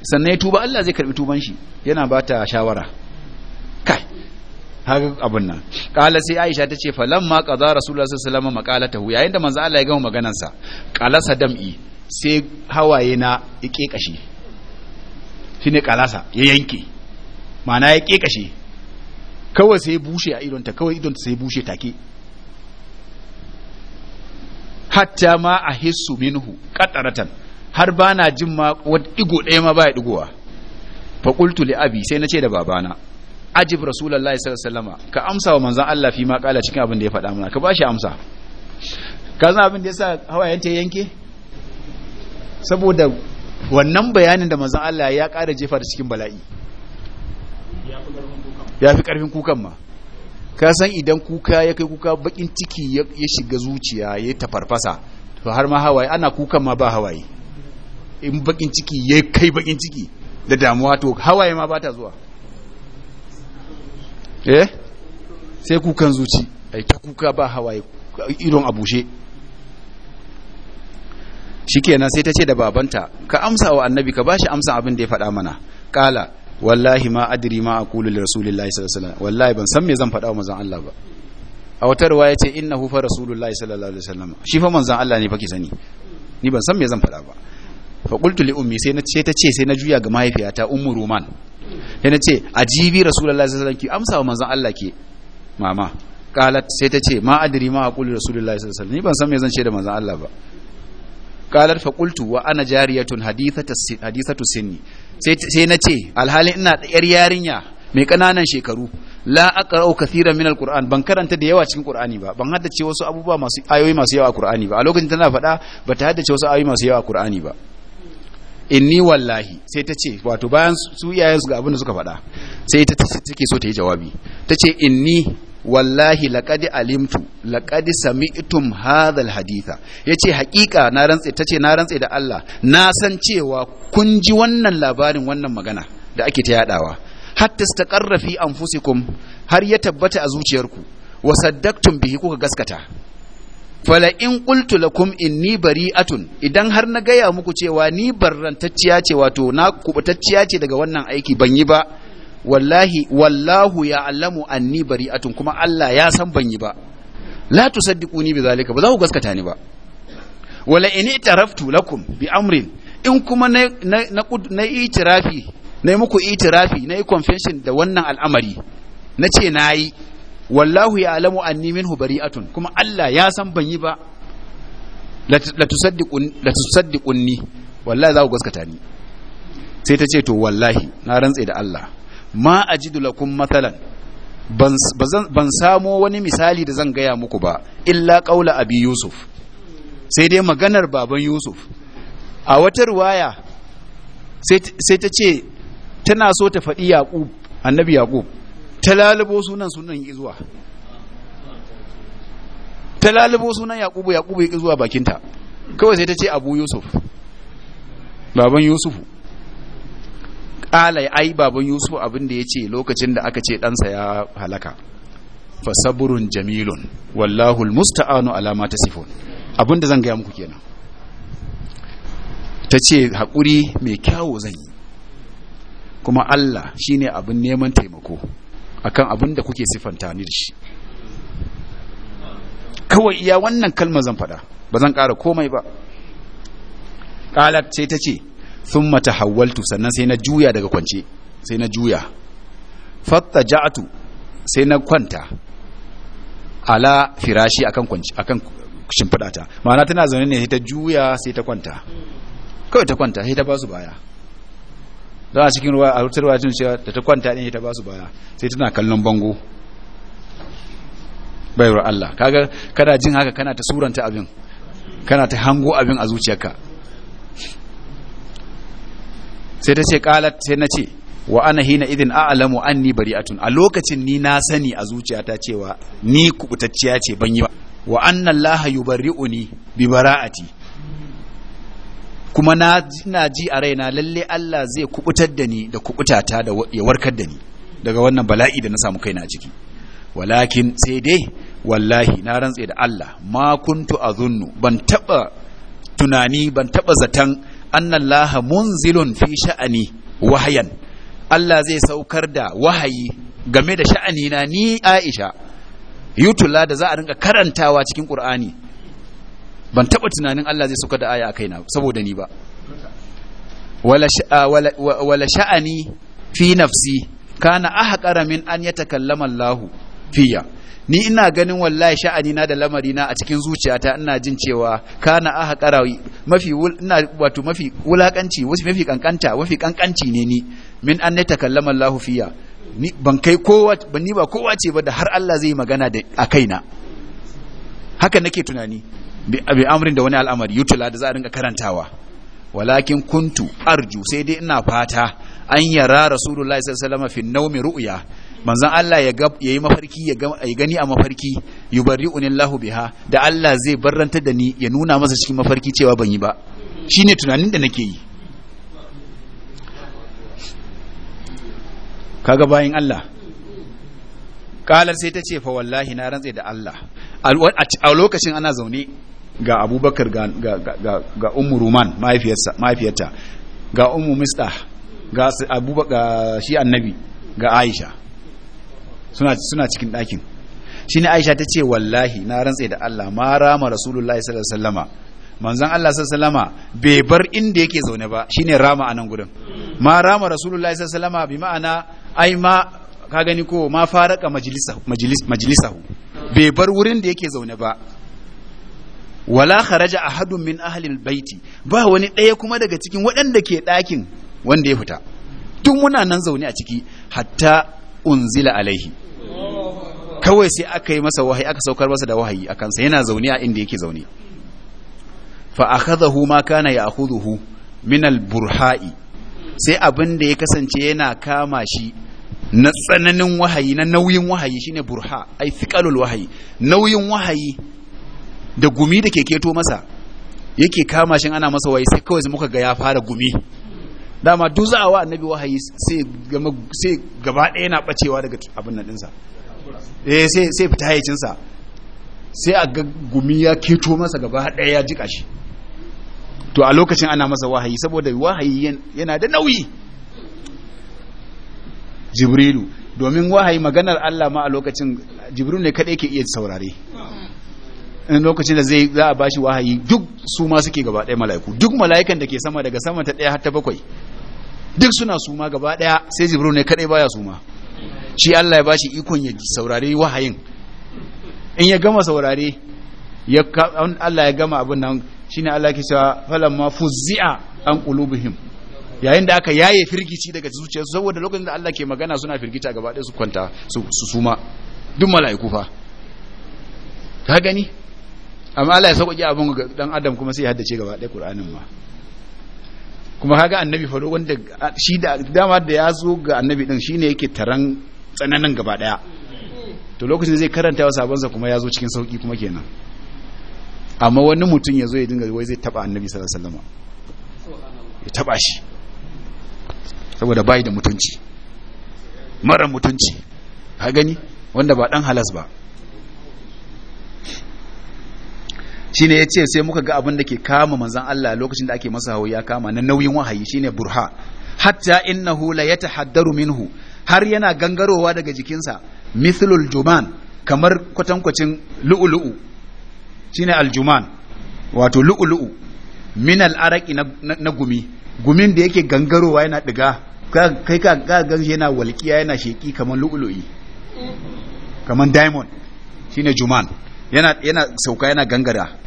[SPEAKER 1] sannan ya tuba Allah zai karbi tuban shi yana ba ta shawara kai haka abin nan kala sai Aisha tace lamma, qada rasulullahi sallallahu alaihi wasallam maqalatahu yayin da manzo Allah ya gama maganar sa qalasa dam'i sai hawaye na yake kashi shine qalasa ya yanke ma'ana ya kashi kawai sai bushe a idonta kawai idonta sai bushe take hatta ma a minhu qataratan har ba na jin ma digo ɗaya ma ba ya digowa qultu li abi sai na ce da babana ajib rasulallah sallallahu alaihi ka amsa wa manzon Allah fi ma kala cikin abin da ya faɗa mana ka bashi amsa ka san abin da yasa hawayen ta yanke saboda wannan bayanin da manzon Allah ya ƙara jefa da cikin bala'i ya fi ƙarfin kukan ma ka san idan kuka ya kai kuka bakin ciki ya shiga zuciya ya tafarfasa to har ma hawaye ana kukan ma ba hawaye in bakin ciki ya kai bakin ciki da damuwa to hawaye ma ba ta zuwa eh sai kukan zuci ai ta kuka ba hawaye irin a bushe shikenan sai ta ce da babanta ka amsa wa annabi ka bashi amsa abin da ya faɗa mana kala wallahi ma adri ma aqulu li rasulillahi sallallahu alaihi wasallam wallahi ban san me zan faɗa wa manzon Allah ba a wata riwaya ce innahu fa rasulullahi sallallahu alaihi wasallam shi fa manzon Allah ne fa ki sani ni ban san me zan faɗa ba fa li'ummi sai na ce ta ce sai na juya ga mahaifiyata umu roman sai na ce a jibi rasulallah sai wasallam amsa wa manzan Allah ke mama kalat sai ta ce ma adri ma aqulu rasulullahi sallallahu alaihi ni ban san me zan ce da manzan Allah ba kalat faƙultu wa ana jariyatun hadithatu sinni sai sai na ce alhalin ina da yar yarinya mai kananan shekaru la aqra'u kathiran min alquran ban karanta da yawa cikin qur'ani ba ban haddace wasu abubuwa masu ayoyi masu yawa a qur'ani ba a lokacin tana faɗa bata haddace wasu ayoyi masu yawa a qur'ani ba inni wallahi sai ta ce wato bayan su iyayen su ga abin da suka faɗa sai ta ce take so ta yi jawabi ta ce inni wallahi laqad alimtu laqad sami'tum hadha alhaditha yace haƙiƙa na rantse ce na rantse da Allah na san cewa kun ji wannan labarin wannan magana da ake ta yadawa hatta ta fi anfusikum har ya tabbata a zuciyarku wa saddaqtum bihi kuka gaskata fala in qultu lakum inni bari'atun idan har na gaya muku cewa ni barrantacciya ce wato na kubutacciya ce daga wannan aiki ban yi ba wallahi wallahu ya'lamu anni bari'atun kuma Allah ya san ban yi ba la tusaddiquni bi zalika ba za ku gaskata ni ba wala in itaraftu lakum bi amrin in kuma na na na itirafi na muku itirafi na yi confession da wannan al'amari na ce na yi wallahu ya ya'lamu anni minhu bari'atun kuma Allah ya san ban yi ba la tusaddiqun la wallahi za ku gaskata ni sai ta ce to wallahi na rantse da Allah ma ajidu lakum mathalan ban samo wani misali da zan gaya muku ba illa qaula abi yusuf sai dai maganar baban yusuf a wata ruwaya sai ta ce tana so ta faɗi yaqub annabi yaqub ta lalubo sunan sunan yi zuwa ta lalubo sunan yakubu yakubu yi zuwa bakinta kawai sai ta ce abu yusuf baban yusufu ƙalai ai baban yusufu abinda da ya ce lokacin da aka ce ɗansa ya halaka fa saburun jamilun wallahul musta'anu alama ta sifon abin zan gaya muku kenan ta ce haƙuri mai kyawo zan yi kuma allah shi ne abin neman taimako akan abin da kuke siffanta ni da shi kawai iya wannan kalmar zan faɗa ba zan ƙara komai ba ƙalat sai ta ce sun mata hawaltu sannan sai na juya daga kwance sai na juya fatta ja'atu sai na kwanta ala firashi akan kwanci akan ta ma'ana tana zaune ne sai ta juya sai ta kwanta kawai ta kwanta sai ta basu baya don a cikin ruwa a rutar wajen cewa da ta kwanta ɗin ta ba su baya sai tana kallon bango bayar Allah kaga kana jin haka kana ta suranta abin kana ta hango abin a zuciyarka sai ta ce qalat sai na ce wa ana hina idin a'lamu anni bari'atun a lokacin ni na sani a zuciyata cewa ni kubutacciya ce ban yi ba wa anna allaha yubarri'uni bi bara'ati kuma na ji a raina lalle Allah zai kubutar da ni da kubutata da ya warkar da ni daga wannan bala'i da na samu kai na ciki walakin sai dai wallahi na rantse da Allah ma kuntu azunnu ban taba tunani ban taba zatan annallaha munzilun fi sha'ani wahayan Allah zai saukar da wahayi game da sha'ani na ni Aisha yutula da za a rinka karantawa cikin Qur'ani ban taba tunanin Allah zai sauka da aya a kaina saboda ni ba ah, wala sha'ani fi nafsi kana ahqara min an yatakallama Allah fiya ni ina ganin wallahi sha'ani na da lamari na a cikin zuciyata ina jin cewa kana ahqara mafi ina wato mafi wulakanci wasu mafi kankanta mafi kankanci ne ni min an yatakallama Allah fiya ni ban kai kowa ban ni ba kowa ce ba da har Allah zai magana da a kaina haka nake tunani bi amrin da wani al'amari yutula da za a rinka karantawa walakin kuntu arju sai dai ina fata an yara rasulullahi sallallahu alaihi wasallam fi naumi ru'ya manzon Allah ya ga yayi mafarki ya gani a mafarki yubarri'uni Allahu biha da Allah zai barranta da ni ya nuna masa cikin mafarki cewa ban yi ba shine tunanin da nake yi kaga bayin Allah kalar sai ta ce fa wallahi na rantse da Allah a lokacin ana zaune ga abubakar ga, ga, ga, ga Umu ruman mahaifiyarta ga umu mista ga abubakar shi annabi ga aisha suna, suna cikin ɗakin shi ne aisha ta ce wallahi na rantse da allah ma rama rasulullahi sallallahu alaihi manzan allah sallallahu bai bar inda yake zaune ba shi ne rama a nan gudun ma rama rasulullahi sallallahu bi ma'ana ai ma ka gani ko ma faraka majalisahu bai bar wurin da yake zaune ba wala kharaja ahadun min ahlil baiti ba wani ɗaya kuma daga cikin waɗanda ke ɗakin wanda ya fita tun muna nan zaune a ciki hatta unzila alaihi kawai sai aka yi masa wahayi aka saukar masa da wahayi a kansa yana zaune a inda yake zaune fa akhadhahu ma kana ya'khudhuhu min al-burha'i sai abin da ya kasance yana kama shi na tsananin wahayi na nauyin wahayi shine burha ai thiqalul wahayi nauyin wahayi da gumi da ke keto masa yake kama shi ana masa wai sai kawai muka ga ya fara gumi dama duk za a wa annabi wahayi sai gaba ɗaya na ɓacewa daga abin nan eh, sai sai fita cinsa sai a ga gumi ya keto masa gaba ɗaya ya jika shi to a lokacin ana masa wahayi saboda wahayi yana da nauyi jibrilu domin wahayi maganar Allah ma a lokacin jibrilu ne kaɗai ke iya saurare in lokacin da zai za a bashi wahayi duk su ma suke gaba ɗaya mala'iku duk mala'ikan da ke sama daga sama ta ɗaya har ta bakwai duk suna suma gaba ɗaya sai jibril ne kaɗai baya suma shi Allah ya bashi ikon ya saurari wahayin in ya gama saurare ya Allah ya gama abin nan shine Allah ke cewa falamma fuzzi'a an qulubihim yayin da aka yaye firgici daga zuciyarsu saboda lokacin da Allah ke magana suna firgita gaba ɗaya su kwanta su suma duk mala'iku fa ka gani amma Allah ya sauƙaƙe abin ga dan adam kuma sai ya haddace gaba ɗaya ƙur'anin ma kuma kaga annabi faru wanda shi da dama da ya zo ga annabi din shine yake taran tsananin gaba ɗaya to lokacin zai karanta wa sabonsa kuma ya zo cikin sauƙi kuma kenan amma wani mutum ya zo ya dinga wai zai taba annabi sallallahu alaihi wasallam ya taba shi saboda bai da mutunci mara mutunci ka gani wanda ba dan halas ba shine ya ce sai muka ga abin da ke kama manzan Allah lokacin da ake masa hawo ya kama na nauyin wahayi shine burha hatta innahu la yatahaddaru minhu har yana gangarowa daga jikinsa mithlul juman kamar kwatankwacin lu'ulu'u shine aljuman wato lu'ulu'u min al'araki na gumi gumin da yake gangarowa yana diga kai ka ga yana walƙiya yana sheki kamar lu'ulu'i kamar diamond shine juman yana sauka yana gangara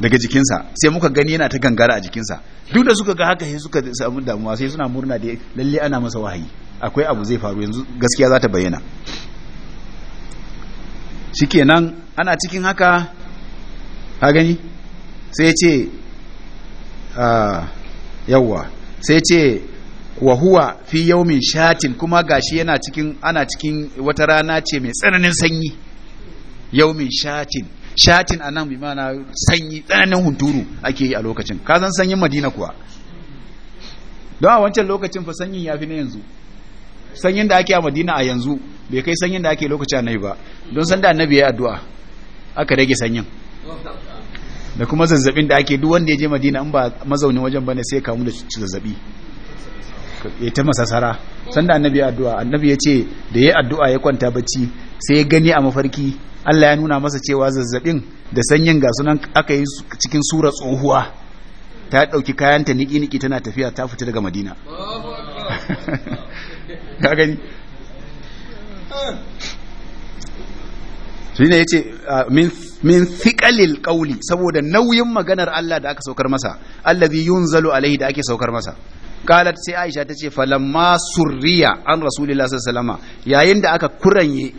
[SPEAKER 1] daga jikinsa sai muka gani yana ta gangara a jikinsa duk da suka ga haka sai suka samu damuwa sai suna murna da lalle ana masa wahayi akwai abu zai faru yanzu gaskiya za ta bayyana shikenan ana cikin haka ha gani sai ce ah, yawwa sai ce wa huwa fi yaumin shatin kuma gashi yana cikin ana cikin wata rana ce mai tsananin sanyi yaumin shatin shatin a nan bimana sanyi tsananin hunturu ake yi a lokacin kazan sanyin madina kuwa don a wancan lokacin fa sanyin ya fi na yanzu sanyin da ake a madina a yanzu bai kai sanyin da ake lokacin annabi ba don sanda annabi ya addu'a aka rage sanyin da kuma zazzabin da ake duk wanda ya je madina in ba mazaunin wajen bane sai kamu da zazzabi ya ta masasara sanda annabi ya addu'a annabi ya ce da ya addu'a ya kwanta bacci sai ya gani a mafarki Allah ya nuna masa cewa zazzabin da sanyin ga sunan aka yi cikin sura tsohuwa ta ɗauki kayanta niki-niki tana tafiya ta fita daga madina ka gani shi ne ya ce ah, min fiƙalil ƙauli saboda nauyin maganar Allah da aka saukar masa Allah yun yunzalu alaihi da ake saukar masa kalat sai Aisha ta ce falamma surriya an rasulullah sallallahu alaihi yayin da aka kuranye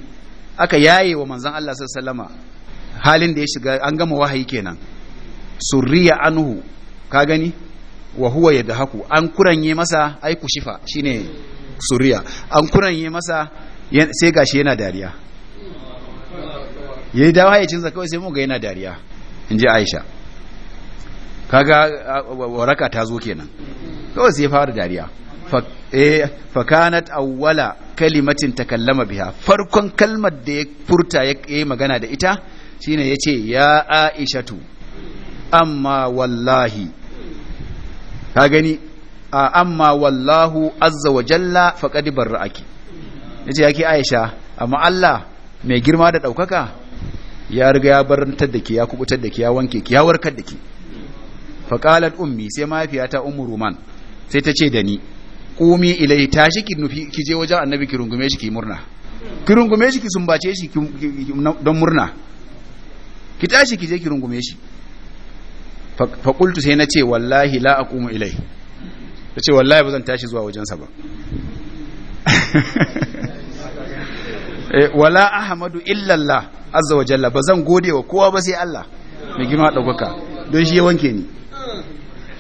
[SPEAKER 1] aka yaye wa manzan Allah sallama halin da ya shiga an gama wahayi kenan surriya anhu ka gani wa huwa haku an kuranye masa ai ku shifa shine surriya an kuranye masa sai gashi yana dariya yayi dawo hayacinsa kawai sai mu ga yana dariya inji Aisha kaga waraka ta zo kenan kawai sai fara dariya fakanat eh, awwala kalimatin takallama biha farkon kalmar da ya furta ya yi magana da ita shine yace ya aishatu amma wallahi ka gani amma wallahu azza wa jalla faqad barraki yace yake aisha amma Allah mai girma da daukaka ya riga ya barantar da ke ya kubutar da ke ya wanke ki ya warkar da ke faqalat ummi sai mahaifiyata ummu ruman sai ta ce da ni Kumi ilai tashi ki nufi ki je wajen annabi ki rungume shi ki murna ki rungume shi ki sumbace shi don murna ki tashi ki je ki rungume shi fa qultu sai na ce wallahi la aqumu ilai ta ce wallahi ba zan tashi zuwa wajensa ba eh, wala ahmadu illallah azza wa jalla ba zan gode wa kowa ba sai Allah mai girma ɗaukaka don shi ya wanke ni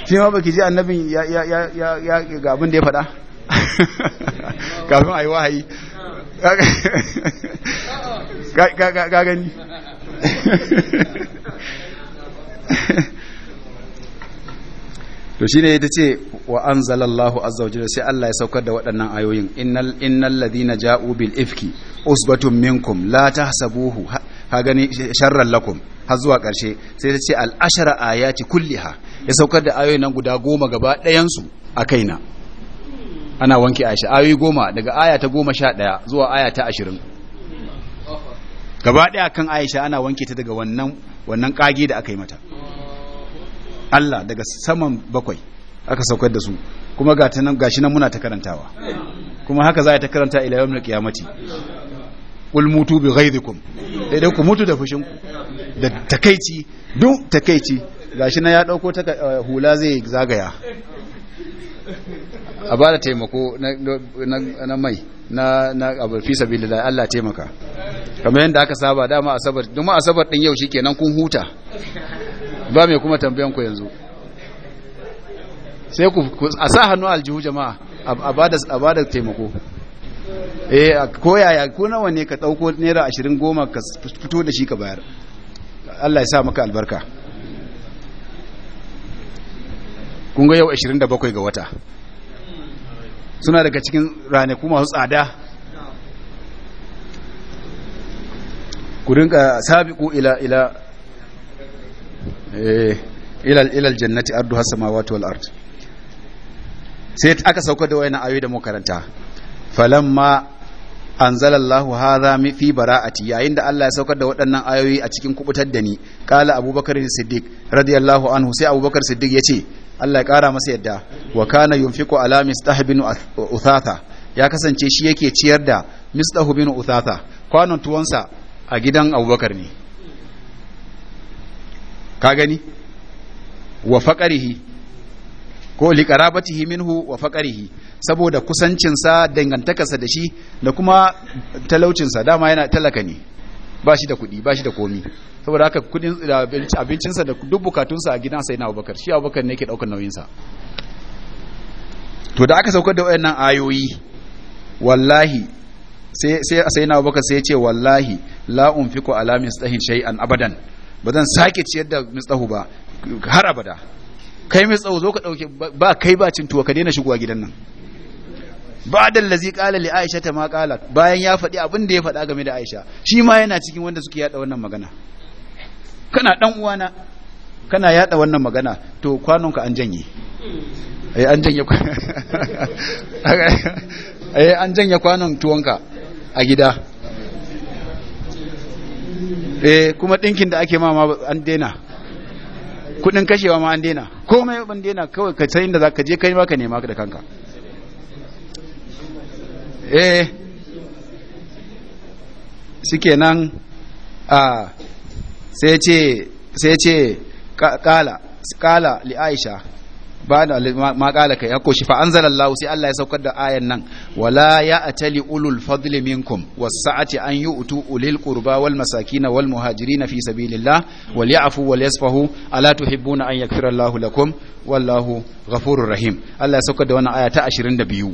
[SPEAKER 1] shi ma baki ji annabin ya ya ya ya ya ga abin da ya faɗa kafin ayi wahayi ga gani to shine ita ce wa anzalallahu azza wa jalla sai Allah ya saukar da waɗannan ayoyin innal innal ladina ja'u bil ifki usbatun minkum la tahsabuhu ka gani sharran lakum har zuwa ƙarshe sai ta ce al'ashara ayati kulliha ya saukar da ayoyi nan guda goma gaba ɗayansu a kaina ana wanke aisha ayoyi goma daga aya ta goma sha ɗaya zuwa aya ta ashirin gaba ɗaya kan aisha ana wanke ta daga wannan wannan ƙage da aka yi mata Allah daga saman bakwai aka saukar da su kuma gashi nan muna ta karantawa kuma haka za a ta karanta ila ya kiyamati Kulmutu mutu bi ghaidikum dai dai ku mutu da fushinku da takeici duk takeici gashi na ya dauko ta eh, hula zai zagaya a ba da taimako na mai na abu fi sabilillah Allah taimaka kamar yadda aka saba dama asabar duma asabar din yau kenan kun huta ba mai kuma tambayan ku yanzu sai ku a sa hannu aljihu jama'a a ba taimako eh ko yaya ko nawa ne ka dauko naira 20 goma ka fito da shi ka bayar Allah ya sa maka albarka kun ga yau 27 ga wata suna daga cikin rane kuma su tsada ku rinka sabiqu ila ila eh ila ila aljannati arduha samawati wal ard sai aka sauka da wayannan ayoyi da mu karanta falamma anzalallahu hadha fi bara'ati yayin da Allah ya saukar da waɗannan ayoyi a cikin kubutar da ni qala abubakar siddiq radiyallahu anhu sai abubakar siddiq ce Allah ya kara masa yadda wa kana yunfiqu ala mistah uthatha ya kasance shi yake ciyar da mistah uthatha kwanon tuwansa a gidan abubakar ne ka gani wa faqarihi ko liqarabatihi minhu wa faqarihi saboda kusancinsa dangantakarsa da shi da kuma talaucinsa dama yana talaka ne ba shi da kuɗi ba shi da komi saboda haka kudin abincinsa da duk bukatunsa a sai yana abubakar shi abubakar ne ke ɗaukar nauyinsa to da aka saukar da wayannan ayoyi wallahi sai sai na abubakar sai ya ce wallahi la unfiqu ala mistahin shay'an abadan ba zan sake ciyar da mistahu ba har abada kai mai tsawo zo ka dauke ba kai ba cin ka daina shigowa gidan nan ba'da allazi qala li aisha ta ma qala bayan ya faɗi abin da ya faɗa game da aisha shi ma yana cikin wanda suke yada wannan magana kana dan uwana kana yada wannan magana to kwanonka an janye eh an janye eh an janye kwanon tuwonka a gida eh kuma dinkin da ake ma an daina kudin kashewa ma an daina komai ban dena kawai ka san inda zaka je kai ma ka nema da kanka eh shikenan a sai ce sai ce kala kala li aisha ba da ma kala kai hako shi fa anzalallahu sai Allah ya saukar da ayan nan wala ya atali ulul fadli minkum was-sa'ati an yu'tu ulil qurba wal masakin wal muhajirin fi sabilillah wal ya'fu wal yasfahu ala tuhibbuna an yaghfira Allahu lakum wallahu ghafurur rahim Allah ya saukar da wannan aya ta 22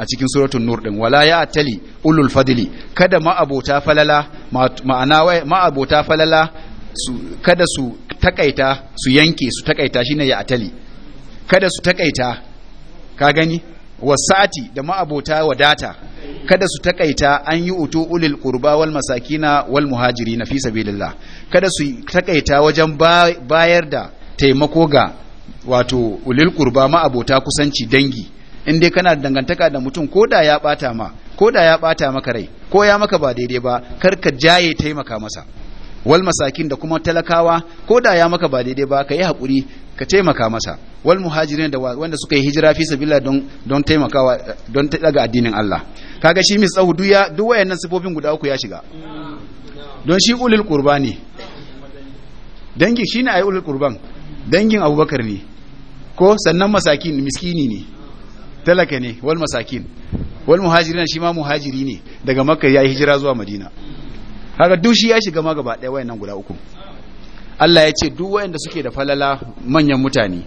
[SPEAKER 1] a cikin suratul nur din wala ya atali ulul fadli kada ma'abota falala ma'ana falala kada su takaita su yanke su takaita shine ya atali kada su takaita ka gani wasati da ma'abota wadata kada su takaita an yi utu ulil qurba wal masakina wal muhajiri na fi sabilillah kada su takaita wajen bayar da taimako ga wato ulil qurba ma'abota kusanci dangi in dai kana dangantaka da mutum ko da ya bata ma ko da ya bata maka rai ko ya maka ba daidai ba kar ka jaye taimaka masa wal masakin da kuma talakawa ko da ya maka ba daidai ba ka yi haƙuri ka taimaka masa wal muhajirin da wanda suka yi hijira fi sabila don don taimakawa don daga addinin Allah kaga shi mis duk duya duk wayannan sifofin guda uku ya shiga don shi ulul qurbani dangin dangi shine ayi ulul qurban dangin Abubakar ne ko sannan masakin miskini ne talaka ne wal masakin wal muhajirin shi ma muhajiri ne daga makka ya yi hijira zuwa madina kaga dushi shi ya shiga ma gaba ɗaya wayannan guda uku Allah ya ce duk wayanda suke da falala manyan mutane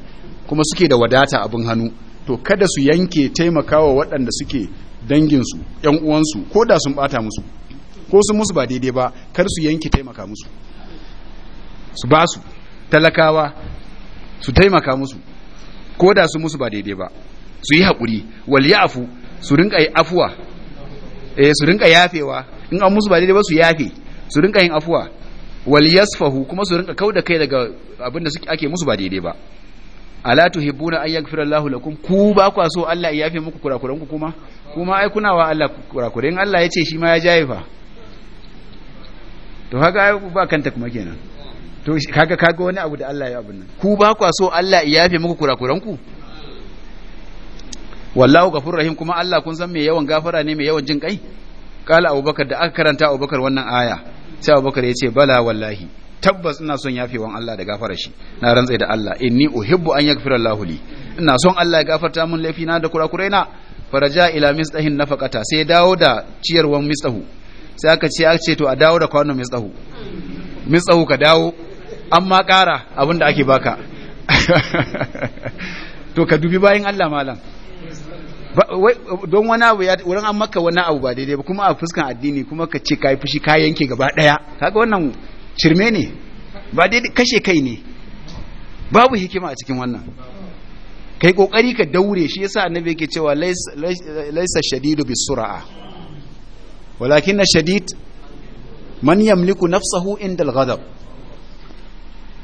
[SPEAKER 1] kuma suke da wadata abin hannu to kada su yanke taimakawa waɗanda suke danginsu uwan uwansu ko da sun ɓata musu ko sun musu ba daidai ba kar su yanke taimaka musu su ba su talakawa su taimaka musu ko da sun musu ba daidai ba su yi haƙuri wal yafu su rinka yi afuwa eh su rinka yafewa in an musu ba daidai ba su yafe su rinka yin afuwa wal yasfahu kuma su rinka kauda kai daga abinda suke ake musu ba daidai ba ala tuhibuna an yaghfira Allahu lakum ku ba kwa so Allah ya yafe muku kurakuran ku kuma kuma ai kuna wa Allah kurakuran Allah ya ce shi ma ya jaye fa to ai ba kanta kuma kenan to kaga kaga wani abu da Allah ya abun nan ku ba kwa so Allah ya yafe muku kurakuran ku wallahu ghafurur rahim kuma Allah kun san me yawan gafara ne me yawan jin kai qala abubakar da aka karanta abubakar wannan aya sai abubakar ya ce bala wallahi tabbas ina son yafewan Allah da gafara shi na rantsai da Allah inni uhibbu an yaghfira Allah li ina son Allah ya gafarta min laifina da kurakurai na faraja ila misdahin nafaqata sai dawo da ciyarwan misdahu sai aka ce aka ce to a dawo da kwano misdahu misdahu ka dawo amma kara abinda ake baka to ka dubi bayan Allah malam don wani abu ya wurin an maka wani abu ba daidai ba kuma a fuskan addini kuma ka ce kai fushi ka yanke gaba daya kaga wannan shirme ne ba daidai kashe kai ne babu hikima a cikin wannan kai kokari ka daure shi yasa annabi yake cewa laisa shadidu bisur'a walakin shadid man yamliku nafsahu inda al-ghadab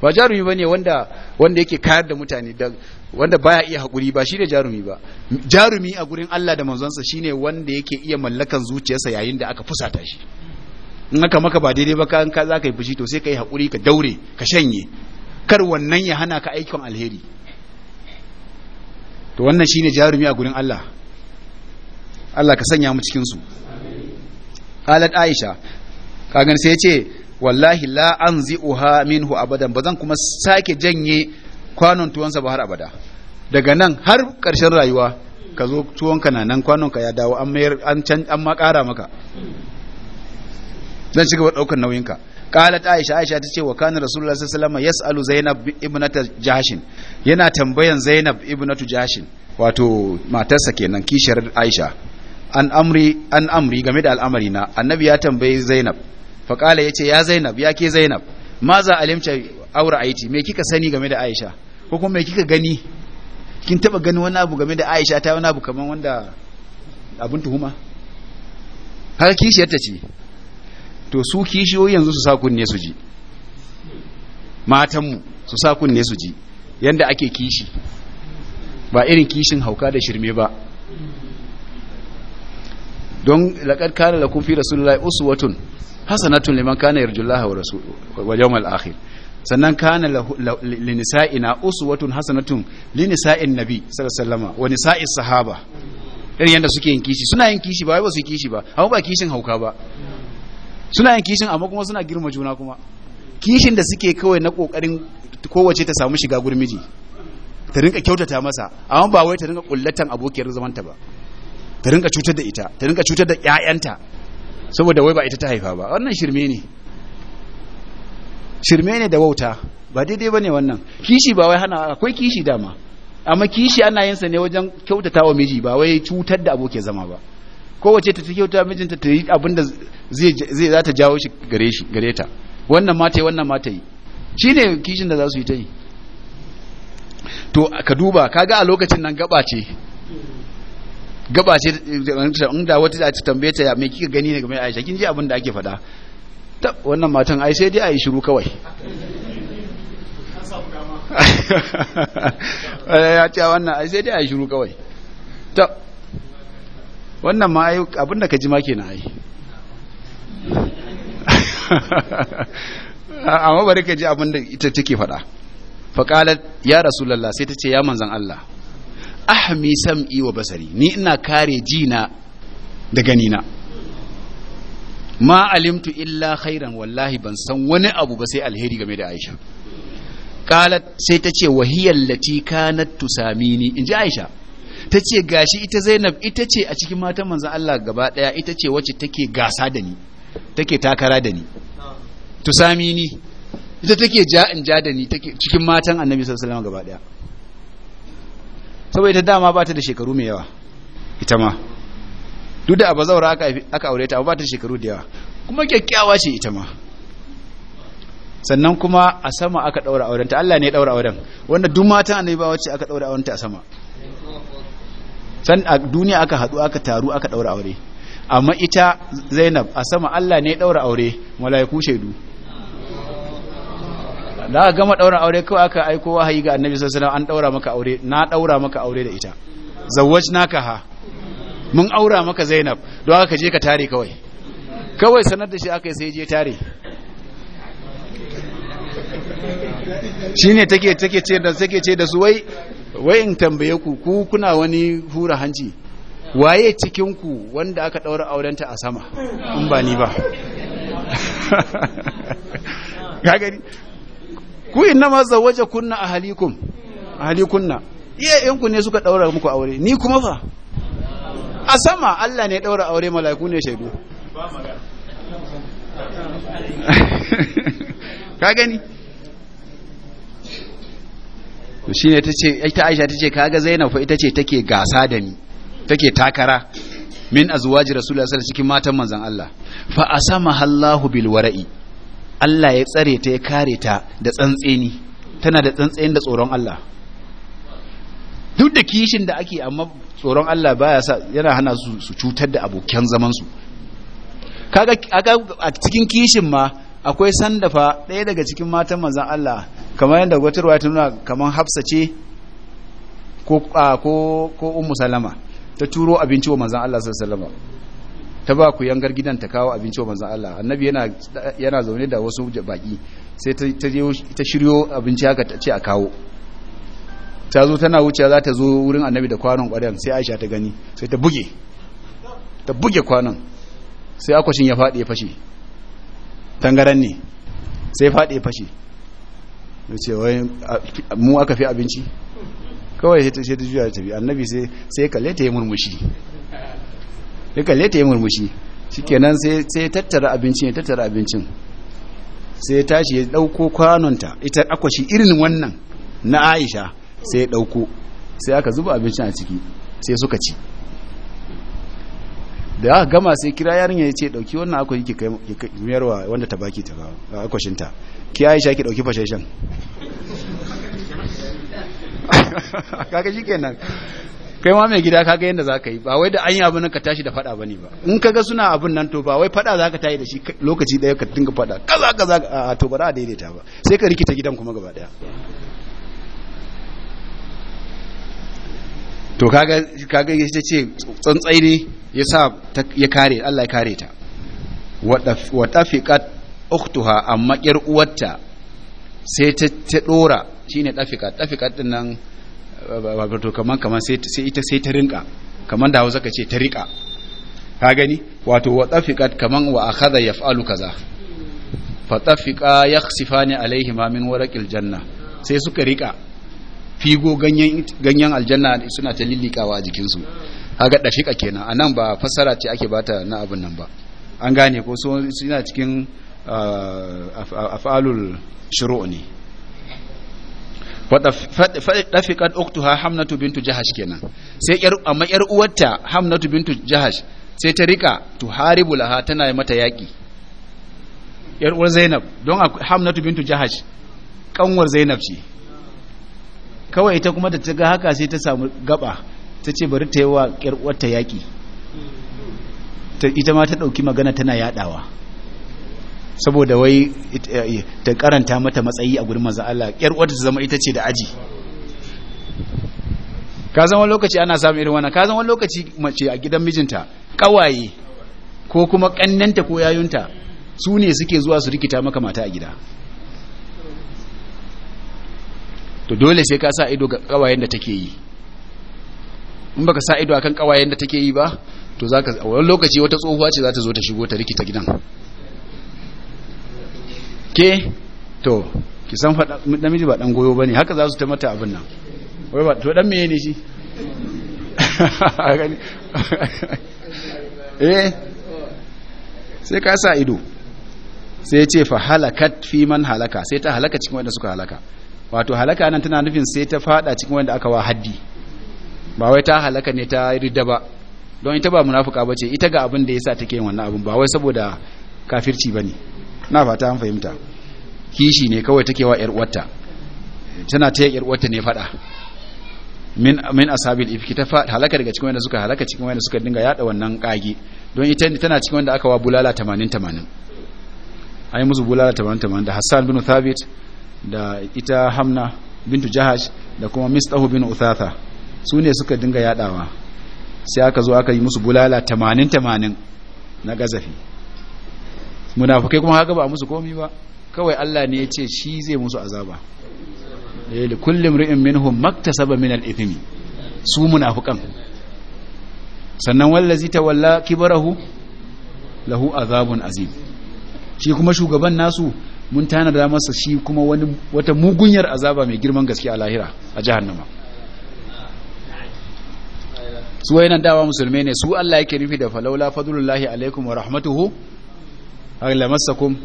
[SPEAKER 1] ba jarumi ne wanda wanda yake kayar da mutane da wanda baya iya hakuri ba shi ne jarumi ba jarumi a gurin Allah da manzonsa shine wanda yake iya mallakan zuciyarsa yayin da aka fusata shi in aka maka ba daidai ba ka in ka ka yi fushi to sai ka yi hakuri ka daure ka shanye kar wannan ya hana ka aikin alheri to wannan shine jarumi a gurin Allah Allah ka sanya mu cikin su qalat aisha kagan sai ce. wallahi la anzi'uha minhu abadan zan kuma sake janye kwanon tuwansa ba har abada daga nan har ƙarshen rayuwa ka zo tuwonka na nan kwanonka ya dawo an mayar an can an ƙara maka zan ci gaba ɗaukar nauyinka qalat aisha aisha ta ce wa kanin rasulullah sallallahu ya sa'alu zainab ibnata jashin. yana tambayan zainab ibnatu jashin. wato matarsa kenan kishiyar aisha an amri an amri game da al'amari na annabi ya tambayi zainab faƙala ya ce ya zainab ya ke zainab ma za alimta aure aiti me kika sani game da aisha ko kuma me kika gani kin taba gani wani abu game da aisha ta wani abu kaman wanda abin tuhuma har kishiyarta ce to su kishiyo yanzu su sa kunne su ji matanmu su sa kunne su ji yanda ake kishi ba irin kishin hauka da shirme ba don laƙar kare da fi rasulullahi uswatun hasanatun liman kana yarjullaha wa rasuluhu wa yawmal akhir sannan kana nisa'ina uswatun hasanatun nisa'in nabi sallallahu alaihi wa nisa'is sahaba irin yanda suke yin kishi suna yin kishi ba wai ba su kishi ba amma ba kishin hauka ba suna yin kishin amma kuma suna girma juna kuma kishin da suke kawai na kokarin kowace ta samu shiga gurin miji ta rinka kyautata masa amma ba wai ta rinka kullatan abokiyar zamanta ba ta rinka cutar da ita ta rinka cutar da ƴaƴanta saboda wai ba ita ta haifa ba wannan shirme ne shirme ne da wauta ba daidai ba ne wannan kishi ba wai hana akwai kishi dama amma kishi ana yinsa ne wajen kyautata wa miji ba wai cutar da abokin zama ba kowace ta kyauta mijinta ta yi abin da zai za ta jawo shi gare shi gare ta wannan ma ta yi wannan ma ta yi shine kishin da za su yi ta yi to ka duba kaga a lokacin nan gaba ce gaba ce da wata za ta tambaye ta me kika gani ne game da Aisha kin ji abin da ake faɗa ta wannan matan ai sai dai a yi shiru kawai ya ce wannan ai sai dai a yi shiru kawai ta wannan ma ai abin da ka ji ma kenan ai amma bari ka ji abin da ita take faɗa faqalat ya rasulullah sai ta ce ya manzon Allah ahmi sam'i wa basari ni ina kare jina da ganina ma alimtu illa khairan wallahi ban san wani abu ba sai alheri game da Aisha qalat sai tace wahiyal lati kanat tusamini inji Aisha tace gashi ita Zainab ita ce a cikin matan manzon Allah gaba daya ita ce wacce take gasa da ni take takara da ni tusamini ita take ja in ja da ni take cikin matan Annabi sallallahu alaihi wasallam gaba daya saboda ita dama ba ta da shekaru mai yawa ita ma duk da zaura aka aure ta ba ta da shekaru da yawa kuma kyakkyawa ce ita ma sannan kuma a sama aka daura aurenta Allah ne ya daura auren wanda duk matan annabi wacce aka daura aurenta a sama san a duniya aka hadu aka taru aka daura aure amma ita Zainab a sama Allah ne ya daura aure malaiku shaidu da aka gama daura aure kawai aka aiko wahayi ga annabi sallallahu alaihi wasallam an daura maka aure na daura maka aure da ita zawwajnaka ha mun aura maka Zainab don aka je ka tare kawai kawai sanar da shi aka sai je tare shine take take ce da take ce da su wai wai in tambaye ku ku kuna wani hura hanci waye cikin ku wanda aka daura aurenta a sama in ba ni ba ku inna ma zawaja kunna ahalikum ahalikunna ku ne suka daura muku aure ni kuma fa a sama Allah ne daura aure mala'iku ne shaidu ka gani shi ne ta ce ita aisha ta ce kaga zainab fa ita ce take gasa da ni take takara min azwaji rasulullahi sallallahu alaihi wasallam cikin matan manzon Allah fa asama Allahu bil wara'i Allah ya tsare ta ya kare ta da tsantseni tana da tsantseni da tsoron Allah duk da kishin da ake amma tsoron Allah baya sa yana hana su su cutar da abokan zaman su kaga a cikin kishin ma akwai sandafa ɗaya daga cikin matan manzon Allah kamar yadda gwatarwa ta nuna kamar Hafsa ce ko ko ko Ummu Salama ta turo abinci wa manzon Allah sallallahu alaihi wasallam ta ba ku yangar gidan ta kawo abinci wa manzan Allah annabi yana yana zaune da wasu baki sai ta je ta shiryo abinci haka ta ce a kawo ta zo tana wuce za ta zo wurin annabi da kwanon ƙwaryar sai aisha ta gani sai ta buge ta buge kwanon sai akwashin ya fadi ya fashe tangaran ne sai fadi ya fashe da ce wai mu aka fi abinci kawai sai ta juya ta bi annabi sai kalle ta yi murmushi ya kalle ta yi murmushi shikenan sai sai tattara abincin ya tattara abincin sai ya tashi ya dauko kwanonta ita akwashi irin wannan na Aisha sai ya dauko sai aka zuba abincin a ciki sai suka ci da aka gama sai kira yarinya ya ce dauki wannan akwai ki kai miyarwa wanda ta baki ta ba akwashinta ki Aisha ki dauki fashashen kaga shikenan kai ma mai gida kaga yadda za ka yi ba wai da an yi abin ka tashi da fada ba ne ba in ka ga suna abin nan to ba wai fada za ka tashi da shi lokaci daya ka dinga fada kaza kaza a to ba za a daidaita ba sai ka rikita gidan kuma gaba daya. to kaga kaga ya ce tsantsai ne ya sa ya kare Allah ya kare ta wa tafiqat ukhtuha amma yar uwarta sai ta ta dora shine tafiqat tafiqat din nan wato kaman kaman sai ita sai ta rinka kaman da Hausa kace ta rika ka gani wato wa tafiqat kaman wa akhadha yaf'alu kaza fa tafiqa yakhsifani ma min waraqil janna sai suka rika figo ganyen ganyen aljanna suna ta lillikawa a jikin su kaga dafiqa kenan anan ba fassara ce ake bata na abun nan ba an gane ko so suna cikin ah, af'alul shuru'u ne fadafiqat uktuha hamnatu bintu jahash kenan sai amma yar uwarta hamnatu bintu jahash sai ta rika haribu laha tana yi mata yaƙi yar uwar zainab don hamnatu bintu jahash kanwar zainab ce kawai ita kuma da ta ga haka sai ta samu gaba ta ce bari ta yi wa yar uwarta yaƙi ita ma ta ɗauki magana tana yaɗawa saboda wai eh, eh, ta karanta mata matsayi a gurin maza Allah yar wata ta zama ita ce da aji ka zama lokaci ana samun irin wana ka zama lokaci mace a gidan mijinta kawaye ko kuma kannanta ko yayunta su ne suke zuwa su rikita maka mata a gida to dole sai ka sa ido ga kawayen da take yi in baka sa ido akan kawayen da take yi ba to zaka ka wani lokaci wata tsohuwa ce za ta zo ta shigo ta rikita gidan ke to ki san fada namiji ba dan goyo bane haka za su ta mata abin nan wai ba to dan meye ne shi eh sai ka sa ido sai ya ce fa halakat fi man halaka sai ta halaka cikin wanda suka halaka wato halaka nan tana nufin sai ta fada cikin wanda aka wa haddi ba wai ta halaka ne ta ridda ba don ita ba munafuka bace ita ga abin da yasa take yin wannan abin ba wai saboda kafirci bane na fata an fahimta kishi ne kawai take wa yar uwarta tana ta yar uwarta ne fada min min asabil ifki ta halaka daga cikin wanda suka halaka cikin wanda suka dinga yada wannan kage don ita tana cikin wanda aka wa bulala 80 80 ai musu bulala 80 80 da hasan bin Thabit da ita Hamna bintu Jahash da kuma Mistahu bin Uthatha su ne suka dinga yadawa sai aka zo aka yi musu bulala 80 80 na gazafi munafukai kuma haka ba musu komi ba kawai Allah ne ya ce shi zai musu azaba eh, lil kullim ri'in minhum maktasaba min al-ithmi su munafukan sannan wallazi tawalla kibarahu lahu azabun azim shi kuma shugaban nasu mun tanada masa shi kuma wani wata mugunyar azaba mai girman gaske a lahira a jahannama su wayanan dawa musulmai ne su Allah yake nufi da falaula fadlullahi alaikum wa rahmatuhu har lamassakum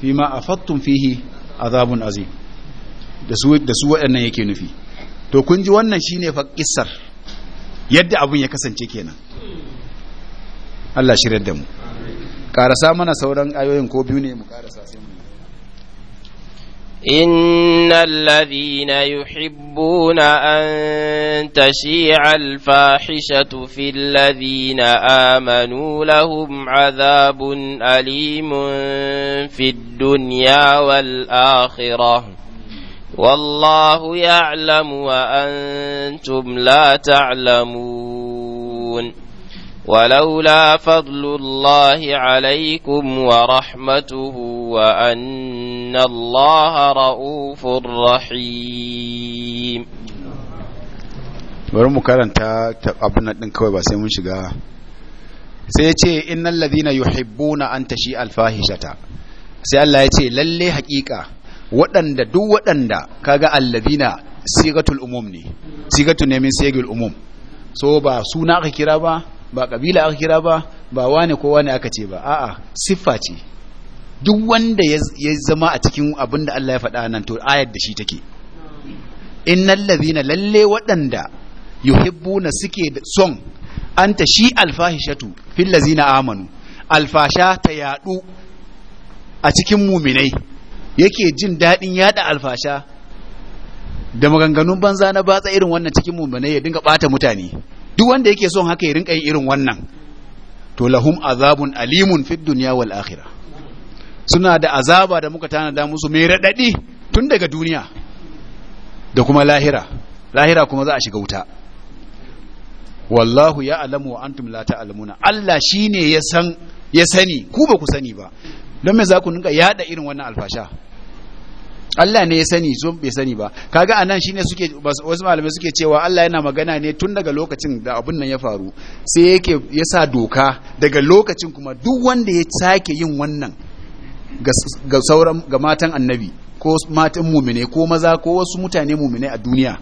[SPEAKER 1] fima afattum fihi azabun azim da su da su waɗannan yake nufi to kun ji wannan shine fa kissar yadda abun ya kasance kenan Allah shirye da mu karasa mana sauran ayoyin ko biyu ne mu karasa sai mu
[SPEAKER 2] إن الذين يحبون أن تشيع الفاحشة في الذين آمنوا لهم عذاب أليم في الدنيا والآخرة والله يعلم وأنتم لا تعلمون ولولا فضل الله عليكم ورحمته وأن الله رؤوف رحيم
[SPEAKER 1] bari mu karanta abin din kawai ba sai mun shiga sai ce innal ladina yuhibbuna an tashi alfahishata sai Allah ya ce lalle hakika waɗanda duk waɗanda kaga alladina sigatul umum ne sigatu ne min sigil umum so ba suna aka kira ba ba kabila aka kira ba ba wane ko wane aka ce ba a'a siffa ce duk wanda ya zama a cikin abin da Allah ya faɗa nan to ayar da shi take innal ladhina lalle waɗanda yuhibbuna suke son anta shi alfahishatu fil ladhina amanu alfasha ta yadu a cikin muminai yake jin daɗin yada alfasha da maganganun banza na batsa irin wannan cikin muminai ya dinga bata mutane duk wanda yake son haka ya rinka yin irin wannan to lahum azabun alimun fid dunya wal akhirah suna da azaba da muka tana tanada musu mai radadi tun daga duniya da kuma lahira lahira kuma za a shiga wuta wallahu ya alamu wa antum la ta'lamuna Allah shine ya san ya sani ku ba ku sani ba don me za ku ninka yada irin wannan alfasha Allah ne ya sani su bai sani ba kaga anan shine suke wasu malamai suke cewa Allah yana magana ne tun daga lokacin da abun nan ya faru sai yake ya sa doka daga lokacin kuma duk wanda ya sake yin wannan ga sauran ga matan annabi ko matan mumine ko maza ko wasu mutane mumine a duniya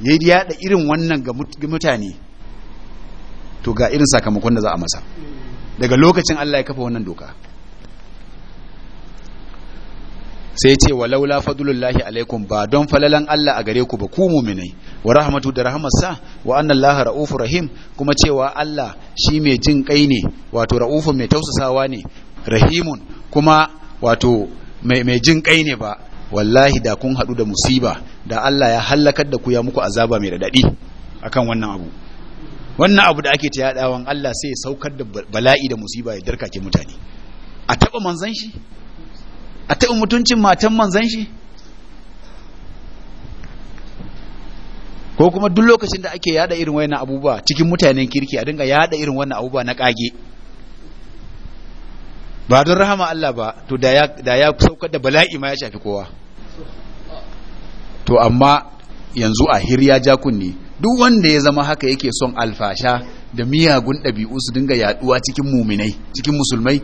[SPEAKER 1] ya yada irin wannan ga mutane to ga irin sakamakon da za a masa daga lokacin Allah ya kafa wannan doka sai ce wa laula fadlullahi alaikum ba don falalan Allah a gare ku ba ku mu'minai wa rahmatu da rahmatsa wa anna Allah raufur rahim kuma cewa Allah shi mai jin kai ne wato raufu mai tausasawa ne rahimun kuma wato mai jin kai ne ba wallahi da kun hadu da musiba da Allah ya halakar da ku ya muku azaba mai a akan wannan abu wannan abu da ake ta yadawan Allah sai ya saukar da bala'i da musiba ya ke mutane a taɓa manzon shi a taɓa mutuncin matan manzan shi ko kuma duk lokacin da ake yada irin wayannan abubuwa cikin mutanen kirki a dinga yada irin wannan abubuwa na kage ba don rahama Allah ba to da ya saukar da bala'i ma ya shafi kowa to amma yanzu a hirya ja kunne duk wanda ya zama haka yake son alfasha da miyagun ɗabi'u su dinga yaduwa cikin muminai cikin musulmai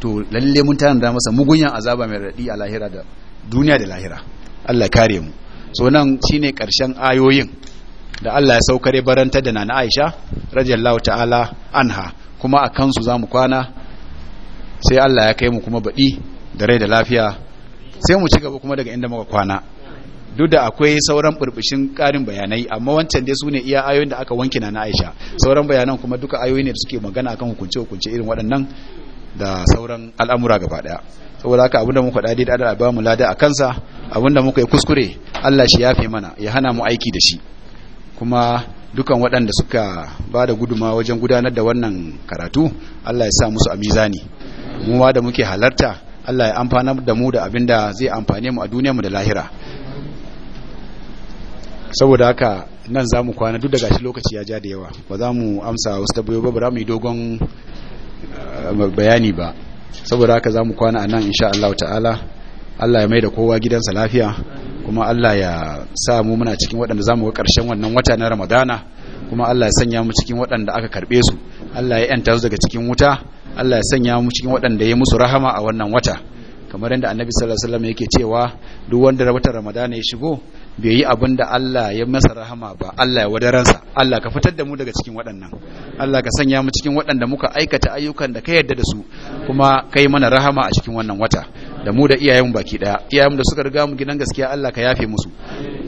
[SPEAKER 1] to lalle mun da masa mugunyan azaba mai raɗi a lahira da duniya da lahira Allah kare mu so nan shine karshen ayoyin da Allah ya saukare barantar da nana Aisha radiyallahu ta'ala anha kuma a kansu zamu kwana sai Allah ya kai mu kuma baɗi da rai da lafiya sai mu ci gaba kuma daga inda muka kwana duk da akwai sauran burbushin karin bayanai amma wancan dai sune iya ayoyin da aka wanke na Aisha sauran bayanan kuma duka ayoyi ne da suke magana akan hukunce hukunce irin waɗannan da sauran al'amura gaba daya saboda haka abinda muka dade da Allah ba mu lada a kansa abinda muka yi kuskure Allah shi yafe mana ya hana mu aiki da shi kuma dukan waɗanda suka ba da guduma wajen gudanar da wannan karatu Allah ya sa musu a mizani mu ma da muke halarta Allah ya amfana da mu da abinda zai amfane mu a duniya mu da lahira saboda haka nan za mu kwana duk da gashi lokaci ya ja da yawa ba za mu amsa wasu tabbayoyi ba ba za mu yi dogon bayani ba saboda haka za mu kwana a nan insha Allah ta'ala Allah ya mai da kowa gidansa lafiya kuma Allah ya sa mu muna cikin waɗanda za mu ga ƙarshen wannan wata na ramadana kuma Allah ya sanya mu cikin waɗanda aka karɓe su Allah ya yanta su daga cikin wuta Allah ya sanya mu cikin waɗanda ya musu rahama a wannan wata kamar yadda annabi sallallahu alaihi wasallam yake cewa duk wanda watan ramadana ya shigo bai yi abin da Allah ya masa rahama ba Allah ya wadaransa Allah ka fitar da mu daga cikin waɗannan Allah ka sanya mu cikin waɗanda muka aikata ayyukan da ka yarda da su kuma kai mana rahama a cikin wannan wata da mu da iyayen baki daya iyayen da suka riga mu gidan gaskiya Allah ka yafe musu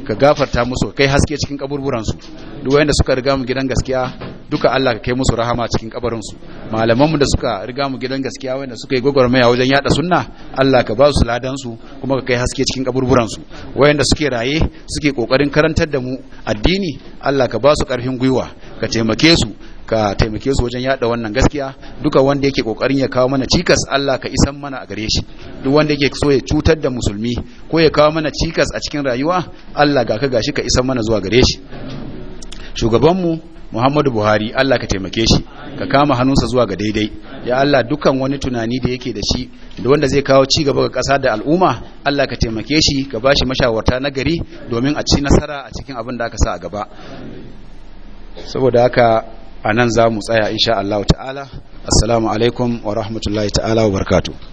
[SPEAKER 1] ka gafarta musu kai haske cikin kaburburan su duk wanda suka riga mu gidan gaskiya duka Allah ka kai musu rahama cikin kabarin su malaman mu da suka riga mu gidan gaskiya wanda suka yi gwagwarmaya wajen yada sunna Allah ka ba su ladan su kuma ka kai haske cikin kaburburan su wanda suke raye suke kokarin karantar da mu addini Allah ka ba su karfin gwiwa ka taimake su ka taimake su wajen yada wannan gaskiya duka wanda yake kokarin ya kawo mana cikas Allah ka isan mana a gare shi duk wanda yake so ya cutar da musulmi ko ya kawo mana cikas a cikin rayuwa Allah ga ka gashi ka isan mana zuwa gare shi shugabanmu Muhammadu Buhari Allah ka taimake shi ka kama hannunsa zuwa ga daidai ya Allah dukan wani tunani da yake da shi da wanda zai kawo ci gaba ga ƙasa da al'umma Allah ka taimake shi ka bashi mashawarta na gari domin a ci nasara a cikin abin da aka sa a gaba saboda haka a nan za mu tsaya insha Allah ta'ala assalamu alaikum wa rahmatullahi ta'ala wa barkatu